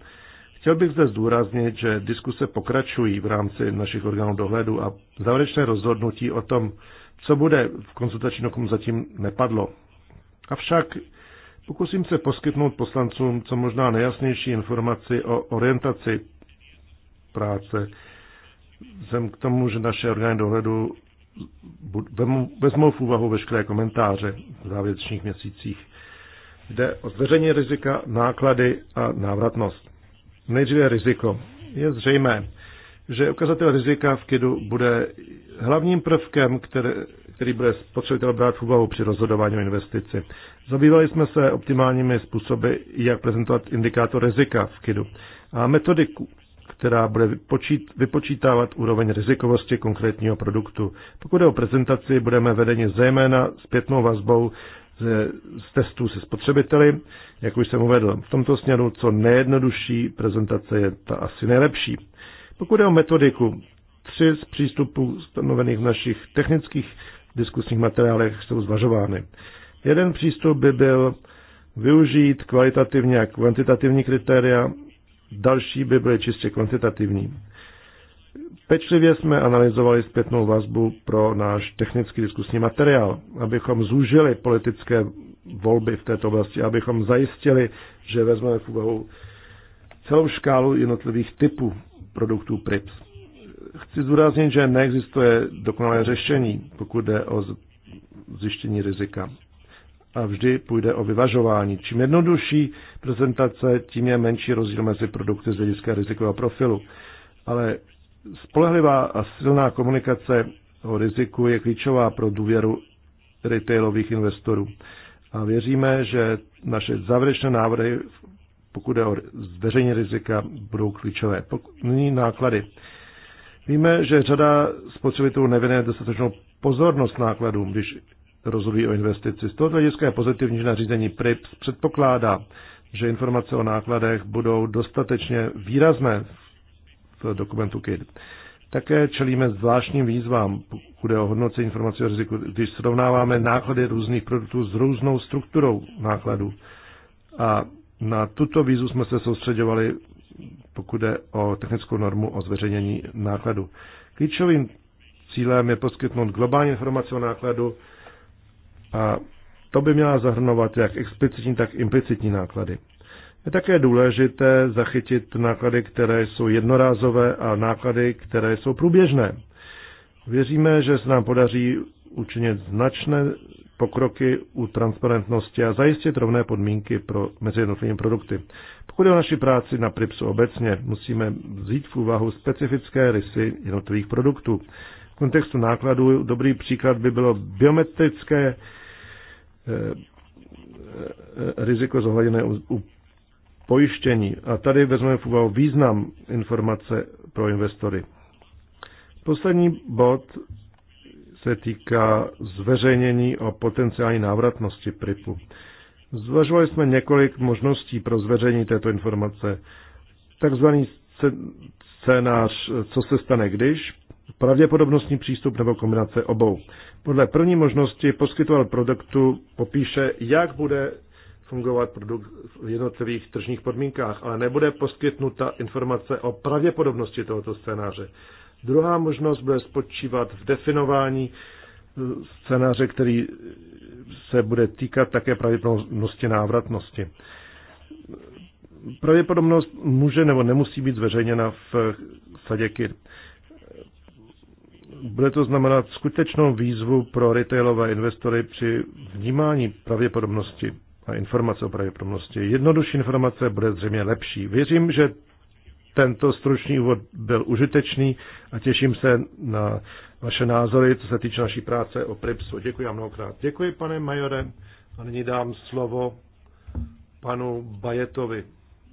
Chtěl bych zde zdůraznit, že diskuse pokračují v rámci našich orgánů dohledu a závěrečné rozhodnutí o tom, co bude v konzultační okum zatím nepadlo. Avšak pokusím se poskytnout poslancům co možná nejasnější informaci o orientaci práce. Jsem k tomu, že naše orgány dohledu vezmou v úvahu veškeré komentáře v závěrečných měsících. Jde o zveřejnění rizika, náklady a návratnost. Nejdříve riziko. Je zřejmé, že ukazatel rizika v KIDu bude hlavním prvkem, který, který bude spotřebitel brát v úvahu při rozhodování o investici. Zabývali jsme se optimálními způsoby, jak prezentovat indikátor rizika v KIDu a metodiku, která bude vypočít, vypočítávat úroveň rizikovosti konkrétního produktu. Pokud je o prezentaci, budeme vedeni zejména zpětnou vazbou z, z testů se spotřebiteli. Jak už jsem uvedl, v tomto směru co nejjednodušší prezentace je ta asi nejlepší. Pokud je o metodiku, tři z přístupů stanovených v našich technických diskusních materiálech jsou zvažovány. Jeden přístup by byl využít kvalitativně a kvantitativní kritéria, další by byly čistě kvantitativní. Pečlivě jsme analyzovali zpětnou vazbu pro náš technický diskusní materiál, abychom zúžili politické volby v této oblasti, abychom zajistili, že vezmeme v úvahu celou škálu jednotlivých typů produktů PRIPS. Chci zdůraznit, že neexistuje dokonalé řešení, pokud jde o zjištění rizika. A vždy půjde o vyvažování. Čím jednodušší prezentace, tím je menší rozdíl mezi produkty z hlediska rizikového profilu. Ale spolehlivá a silná komunikace o riziku je klíčová pro důvěru retailových investorů. A věříme, že naše závěrečné návrhy pokud je o zveřejně rizika, budou klíčové. Nyní náklady. Víme, že řada spotřebitelů nevěnuje dostatečnou pozornost nákladům, když rozhodují o investici. Z toho hlediska je pozitivní, že nařízení PRIPS předpokládá, že informace o nákladech budou dostatečně výrazné v dokumentu KID. Také čelíme zvláštním výzvám, pokud je o hodnocení informací o riziku, když srovnáváme náklady různých produktů s různou strukturou nákladů. A na tuto výzvu jsme se soustředovali, pokud jde o technickou normu o zveřejnění nákladu. Klíčovým cílem je poskytnout globální informaci o nákladu a to by měla zahrnovat jak explicitní, tak implicitní náklady. Je také důležité zachytit náklady, které jsou jednorázové a náklady, které jsou průběžné. Věříme, že se nám podaří učinit značné pokroky u transparentnosti a zajistit rovné podmínky pro mezi produkty. Pokud je o naší práci na PRIPSu obecně, musíme vzít v úvahu specifické rysy jednotlivých produktů. V kontextu nákladů dobrý příklad by bylo biometrické eh, eh, riziko zohledněné u pojištění. A tady vezmeme v úvahu význam informace pro investory. Poslední bod se týká zveřejnění o potenciální návratnosti PRIPu. Zvažovali jsme několik možností pro zveřejnění této informace. Takzvaný scénář, co se stane když, pravděpodobnostní přístup nebo kombinace obou. Podle první možnosti poskytoval produktu popíše, jak bude fungovat produkt v jednotlivých tržních podmínkách, ale nebude poskytnuta informace o pravděpodobnosti tohoto scénáře. Druhá možnost bude spočívat v definování eh, scénáře, který se bude týkat také pravděpodobnosti návratnosti. Pravděpodobnost může nebo nemusí být zveřejněna v eh, sadě KIR. Bude to znamenat skutečnou výzvu pro retailové investory při vnímání pravděpodobnosti a informace o pravděpodobnosti. Jednodušší informace bude zřejmě lepší. Věřím, že tento stručný úvod byl užitečný a těším se na vaše názory, co se týče naší práce o PRIPSu. Děkuji vám mnohokrát. Děkuji, pane Majore. A nyní dám slovo panu Bajetovi.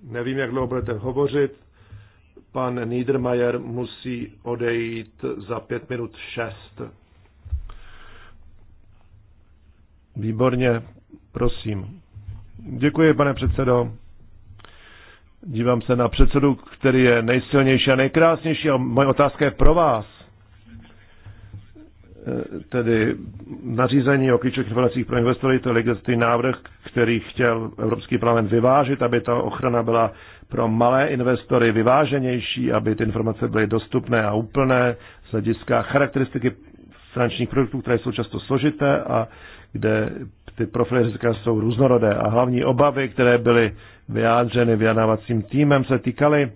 Nevím, jak dlouho budete hovořit. Pan Niedermayer musí odejít za pět minut šest. Výborně, prosím. Děkuji, pane předsedo. Dívám se na předsedu, který je nejsilnější a nejkrásnější a moje otázka je pro vás. Eh, tedy nařízení o klíčových informacích pro investory, to je legislativní návrh, který chtěl Evropský parlament vyvážit, aby ta ochrana byla pro malé investory vyváženější, aby ty informace byly dostupné a úplné z hlediska charakteristiky finančních produktů, které jsou často složité a kde ty profily rizika jsou různorodé. A hlavní obavy, které byly vyjádřeny vyjadávacím týmem, se týkaly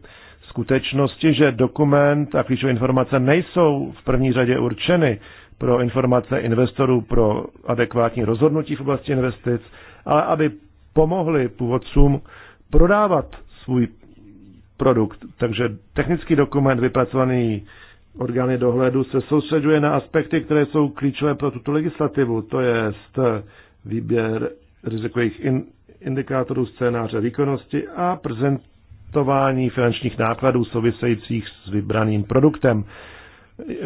skutečnosti, že dokument a klíčové informace nejsou v první řadě určeny pro informace investorů pro adekvátní rozhodnutí v oblasti investic, ale aby pomohli původcům prodávat svůj produkt. Takže technický dokument vypracovaný orgány dohledu se soustředuje na aspekty, které jsou klíčové pro tuto legislativu, to je výběr rizikových in, indikátorů scénáře výkonnosti a prezentování finančních nákladů souvisejících s vybraným produktem.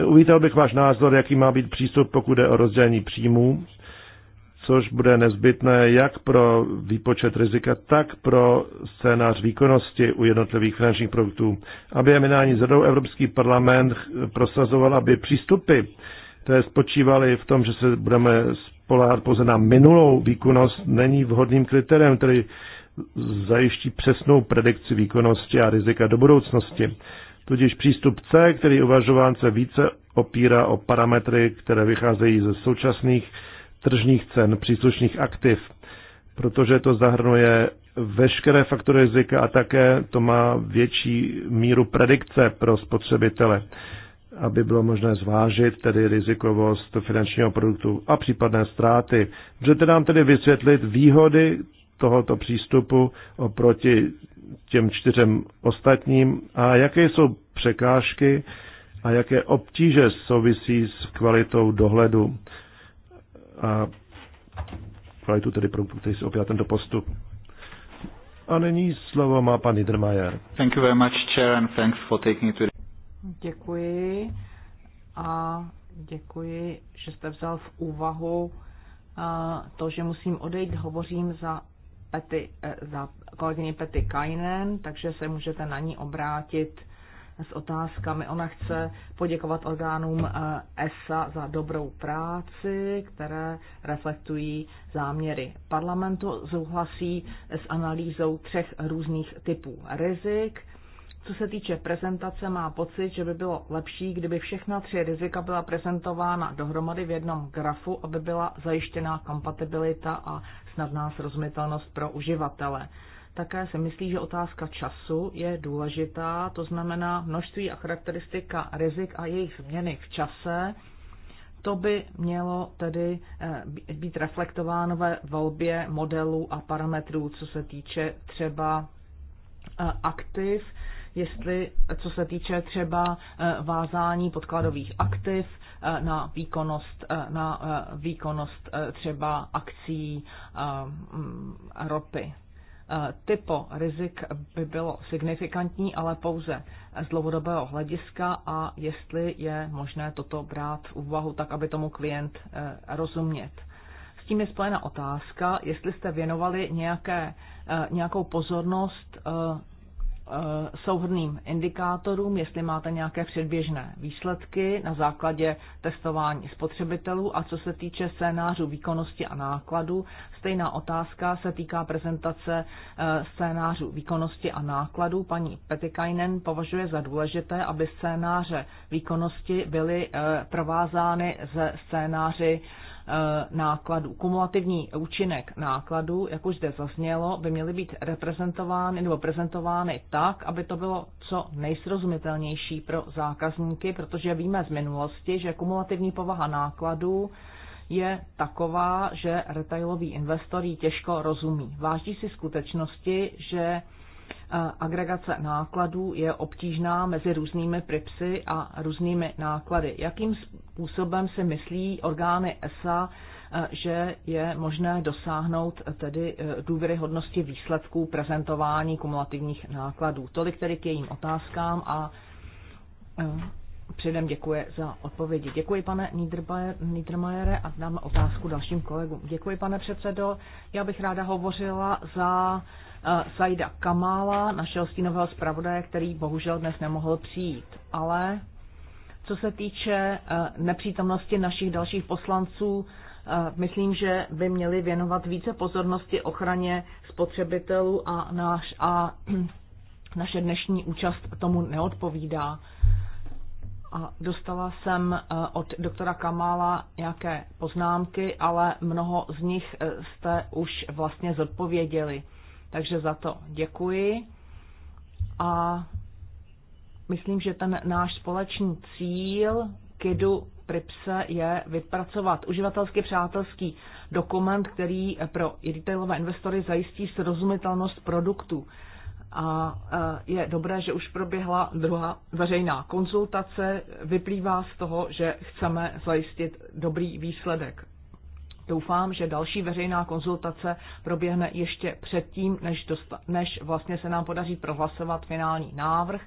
Uvítal bych váš názor, jaký má být přístup, pokud jde o rozdělení příjmů což bude nezbytné jak pro výpočet rizika, tak pro scénář výkonnosti u jednotlivých finančních produktů. Aby je minání zadou Evropský parlament prosazoval, aby přístupy, které spočívaly v tom, že se budeme spolehat pouze na minulou výkonnost, není vhodným kritériem, který zajiští přesnou predikci výkonnosti a rizika do budoucnosti. Tudíž přístup C, který uvažován se více opírá o parametry, které vycházejí ze současných tržních cen příslušných aktiv, protože to zahrnuje veškeré faktory rizika a také to má větší míru predikce pro spotřebitele, aby bylo možné zvážit tedy rizikovost finančního produktu a případné ztráty. Můžete nám tedy vysvětlit výhody tohoto přístupu oproti těm čtyřem ostatním a jaké jsou překážky a jaké obtíže souvisí s kvalitou dohledu a kvalitu tedy produktu, který se opět tento postup. A nyní slovo má pan Niedermayer. Thank you very much, Chair, and thanks for taking it to... Děkuji a děkuji, že jste vzal v úvahu uh, to, že musím odejít. Hovořím za, Pety, e, za kolegyně Pety Kainen, takže se můžete na ní obrátit s otázkami. Ona chce poděkovat orgánům eh, ESA za dobrou práci, které reflektují záměry parlamentu, souhlasí s analýzou třech různých typů rizik. Co se týče prezentace, má pocit, že by bylo lepší, kdyby všechna tři rizika byla prezentována dohromady v jednom grafu, aby byla zajištěná kompatibilita a snadná srozumitelnost pro uživatele. Také si myslí, že otázka času je důležitá, to znamená množství a charakteristika rizik a jejich změny v čase. To by mělo tedy eh, být reflektováno ve volbě modelů a parametrů, co se týče třeba eh, aktiv, jestli co se týče třeba eh, vázání podkladových aktiv na výkonnost, na výkonnost třeba akcí mm, ropy. Eh, typo rizik by bylo signifikantní, ale pouze z dlouhodobého hlediska a jestli je možné toto brát v úvahu tak, aby tomu klient eh, rozumět. S tím je spojena otázka, jestli jste věnovali nějaké, eh, nějakou pozornost souhrným indikátorům, jestli máte nějaké předběžné výsledky na základě testování spotřebitelů a co se týče scénářů výkonnosti a nákladu, Stejná otázka se týká prezentace eh, scénářů výkonnosti a nákladů. Paní Petikainen považuje za důležité, aby scénáře výkonnosti byly eh, provázány ze scénáři eh, nákladů. Kumulativní účinek nákladů, jak už zde zaznělo, by měly být reprezentovány nebo prezentovány tak, aby to bylo co nejsrozumitelnější pro zákazníky, protože víme z minulosti, že kumulativní povaha nákladů je taková, že retailový investor ji těžko rozumí. Váží si skutečnosti, že eh, agregace nákladů je obtížná mezi různými pripsy a různými náklady. Jakým způsobem si myslí orgány ESA, eh, že je možné dosáhnout eh, tedy důvěryhodnosti výsledků prezentování kumulativních nákladů. Tolik tedy k jejím otázkám a Předem děkuji za odpovědi. Děkuji, pane Niedermayere, a dám otázku dalším kolegům. Děkuji, pane předsedo. Já bych ráda hovořila za uh, Saida Kamala, našeho stínového zpravodaje, který bohužel dnes nemohl přijít. Ale co se týče uh, nepřítomnosti našich dalších poslanců, uh, myslím, že by měli věnovat více pozornosti ochraně spotřebitelů a, náš, a naše dnešní účast tomu neodpovídá. Uh, Dostala jsem eh, od doktora Kamala nějaké poznámky, ale mnoho z nich eh, jste už vlastně zodpověděli. Takže za to děkuji. A myslím, že ten náš společný cíl KIDu Pripse je vypracovat uživatelsky přátelský dokument, který pro retailové investory zajistí srozumitelnost produktů a e, je dobré, že už proběhla druhá veřejná konzultace. Vyplývá z toho, že chceme zajistit dobrý výsledek. Doufám, že další veřejná konzultace proběhne ještě předtím, než, dosta- než vlastně se nám podaří prohlasovat finální návrh.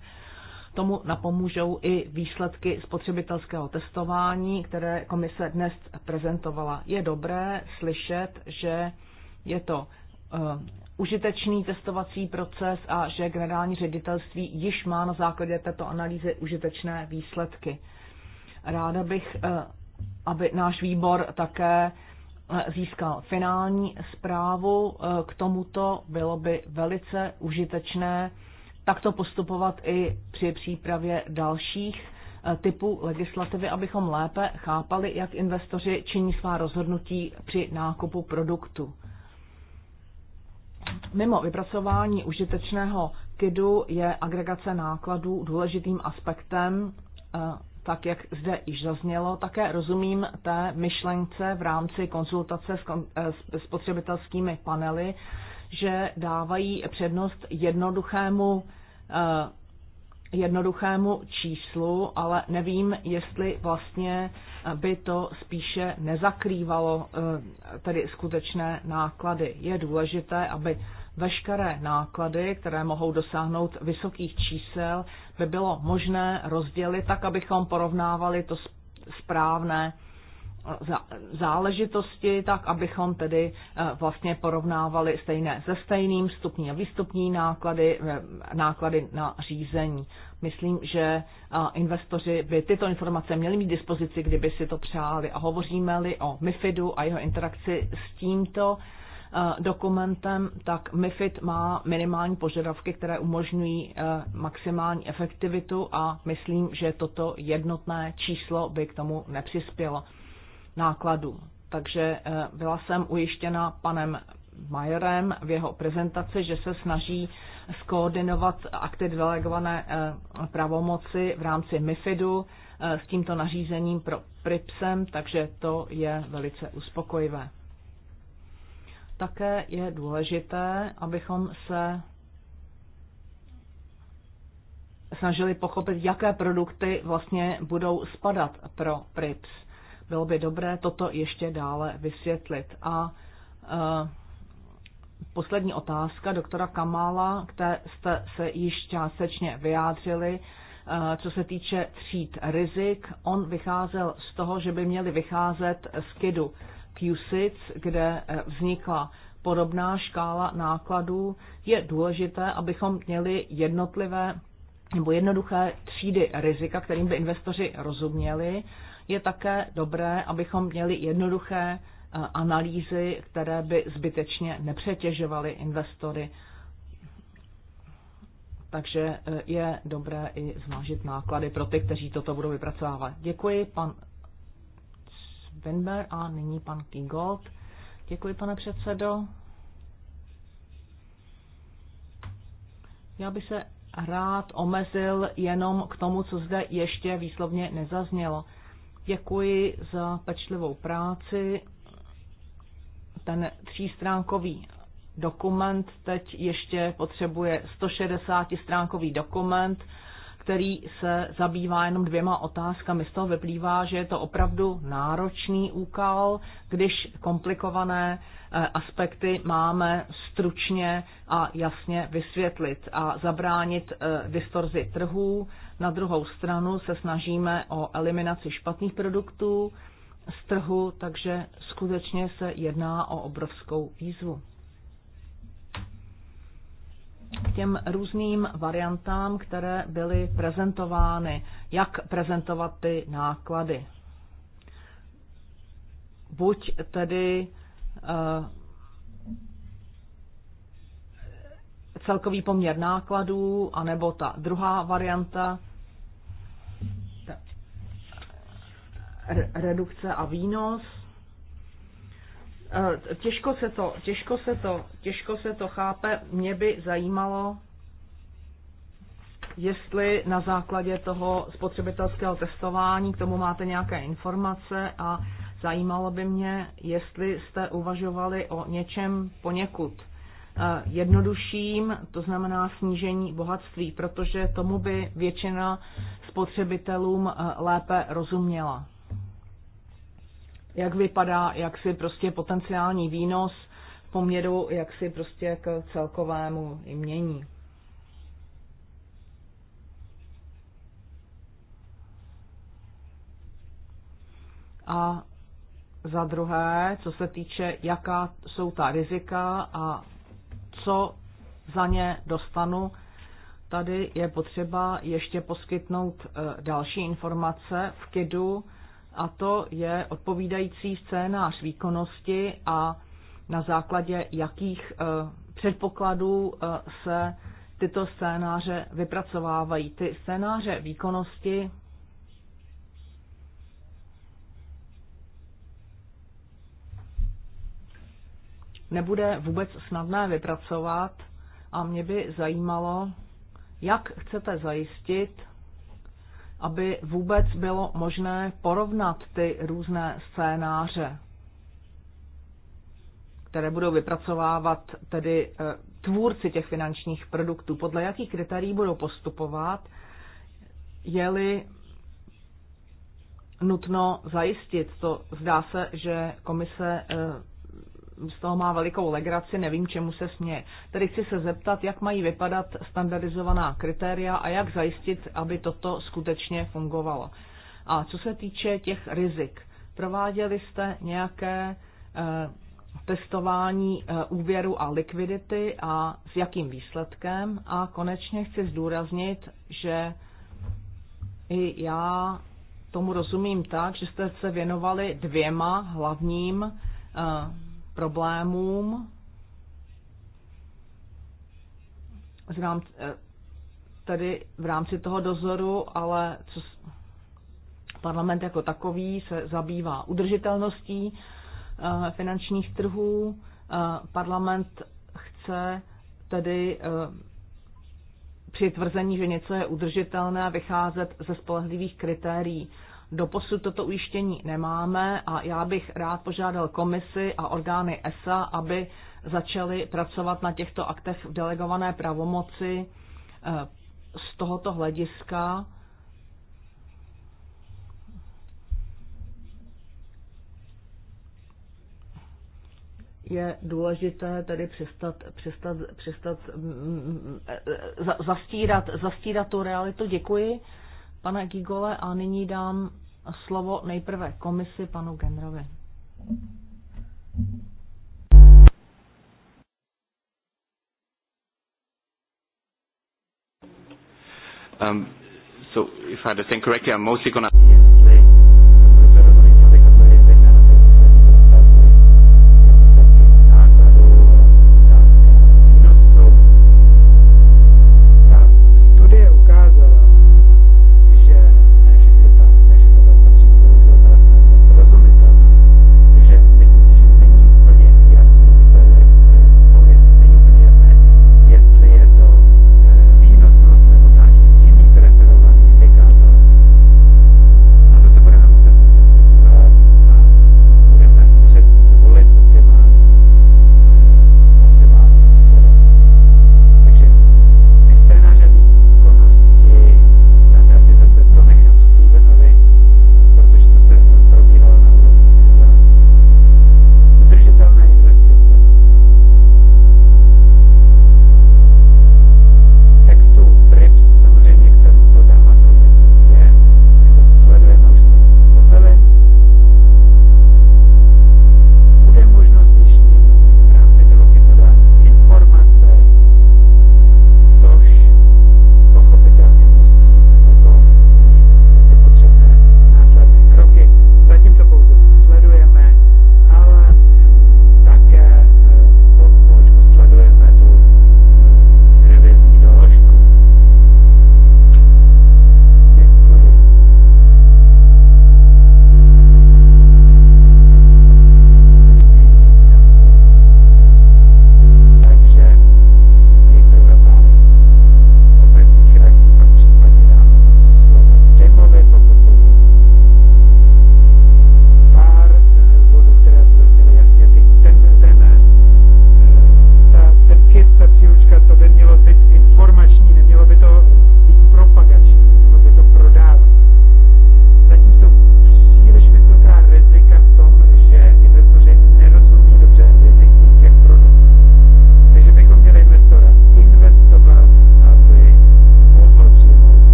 Tomu napomůžou i výsledky spotřebitelského testování, které komise dnes prezentovala. Je dobré slyšet, že je to e, užitečný testovací proces a že generální ředitelství již má na základě této analýzy užitečné výsledky. Ráda bych, eh, aby náš výbor také eh, získal finální zprávu eh, k tomuto, bylo by velice užitečné takto postupovat i při přípravě dalších typů legislativy, abychom lépe chápali, jak investoři činí svá rozhodnutí při nákupu produktu. Mimo vypracování užitečného KIDu je agregace nákladů důležitým aspektem, eh, tak jak zde již zaznělo. Také rozumím té myšlence v rámci konzultace s eh, spotřebitelskými panely, že dávají přednost jednoduchému eh, jednoduchému číslu, ale nevím, jestli vlastně eh, by to spíše nezakrývalo eh, tedy skutečné náklady. Je důležité, aby veškeré náklady, které mohou dosáhnout vysokých čísel, by bylo možné rozdělit tak, abychom porovnávali to správné záležitosti, tak abychom tedy eh, vlastně porovnávali stejné se stejným, vstupní a výstupní náklady, eh, náklady na řízení. Myslím, že eh, investoři by tyto informace měli mít dispozici, kdyby si to přáli. A hovoříme-li o MIFIDu a jeho interakci s tímto dokumentem, tak MIFID má minimální požadavky, které umožňují maximální efektivitu a myslím, že toto jednotné číslo by k tomu nepřispělo nákladům. Takže eh, byla jsem ujištěna panem Majerem v jeho prezentaci, že se snaží skoordinovat akty delegované eh, pravomoci v rámci MIFIDu eh, s tímto nařízením pro PRIPSem, takže to je velice uspokojivé. Také je důležité, abychom se snažili pochopit, jaké produkty vlastně budou spadat pro PRIPS bylo by dobré toto ještě dále vysvětlit. A eh, poslední otázka doktora Kamala, které jste se již částečně vyjádřili, eh, co se týče tříd rizik. On vycházel z toho, že by měli vycházet z KIDu QSIC, kde eh, vznikla podobná škála nákladů. Je důležité, abychom měli jednotlivé nebo jednoduché třídy rizika, kterým by investoři rozuměli je také dobré, abychom měli jednoduché eh, analýzy, které by zbytečně nepřetěžovaly investory. Takže eh, je dobré i zvážit náklady pro ty, kteří toto budou vypracovávat. Děkuji, pan Svinber a nyní pan Kingold. Děkuji, pane předsedo. Já bych se rád omezil jenom k tomu, co zde ještě výslovně nezaznělo. Děkuji za pečlivou práci. Ten třístránkový dokument teď ještě potřebuje 160 stránkový dokument, který se zabývá jenom dvěma otázkami. Z toho vyplývá, že je to opravdu náročný úkol, když komplikované eh, aspekty máme stručně a jasně vysvětlit a zabránit eh, distorzi trhů na druhou stranu se snažíme o eliminaci špatných produktů z trhu, takže skutečně se jedná o obrovskou výzvu. K těm různým variantám, které byly prezentovány, jak prezentovat ty náklady. Buď tedy uh, celkový poměr nákladů, anebo ta druhá varianta, redukce a výnos. E, těžko se to, těžko se to, těžko se to chápe. Mě by zajímalo, jestli na základě toho spotřebitelského testování k tomu máte nějaké informace a zajímalo by mě, jestli jste uvažovali o něčem poněkud jednodušším, to znamená snížení bohatství, protože tomu by většina spotřebitelům eh, lépe rozuměla. Jak vypadá, jak si prostě potenciální výnos v poměru, jak si prostě k celkovému jmění. A za druhé, co se týče, jaká jsou ta rizika a co za ně dostanu. Tady je potřeba ještě poskytnout e, další informace v KIDu a to je odpovídající scénář výkonnosti a na základě jakých e, předpokladů e, se tyto scénáře vypracovávají. Ty scénáře výkonnosti nebude vůbec snadné vypracovat a mě by zajímalo, jak chcete zajistit, aby vůbec bylo možné porovnat ty různé scénáře, které budou vypracovávat tedy eh, tvůrci těch finančních produktů, podle jakých kritérií budou postupovat, je-li nutno zajistit. To zdá se, že komise eh, z toho má velikou legraci, nevím, čemu se směje. Tedy chci se zeptat, jak mají vypadat standardizovaná kritéria a jak zajistit, aby toto skutečně fungovalo. A co se týče těch rizik, prováděli jste nějaké eh, testování eh, úvěru a likvidity a s jakým výsledkem. A konečně chci zdůraznit, že i já tomu rozumím tak, že jste se věnovali dvěma hlavním eh, problémům v rámci, eh, tedy v rámci toho dozoru, ale co parlament jako takový se zabývá udržitelností eh, finančních trhů. Eh, parlament chce tedy při tvrzení, že něco je udržitelné, vycházet ze spolehlivých kritérií Doposud toto ujištění nemáme a já bych rád požádal komisi a orgány ESA, aby začaly pracovat na těchto aktech v delegované pravomoci eh, z tohoto hlediska. je důležité tedy přestat, přestat, přestat mm, mm, mm, eh, zastírat, zastírat tu realitu. Děkuji pane Gigole, a nyní dám slovo nejprve komisi panu Genrovi. Um, so if I understand correctly, I'm mostly gonna...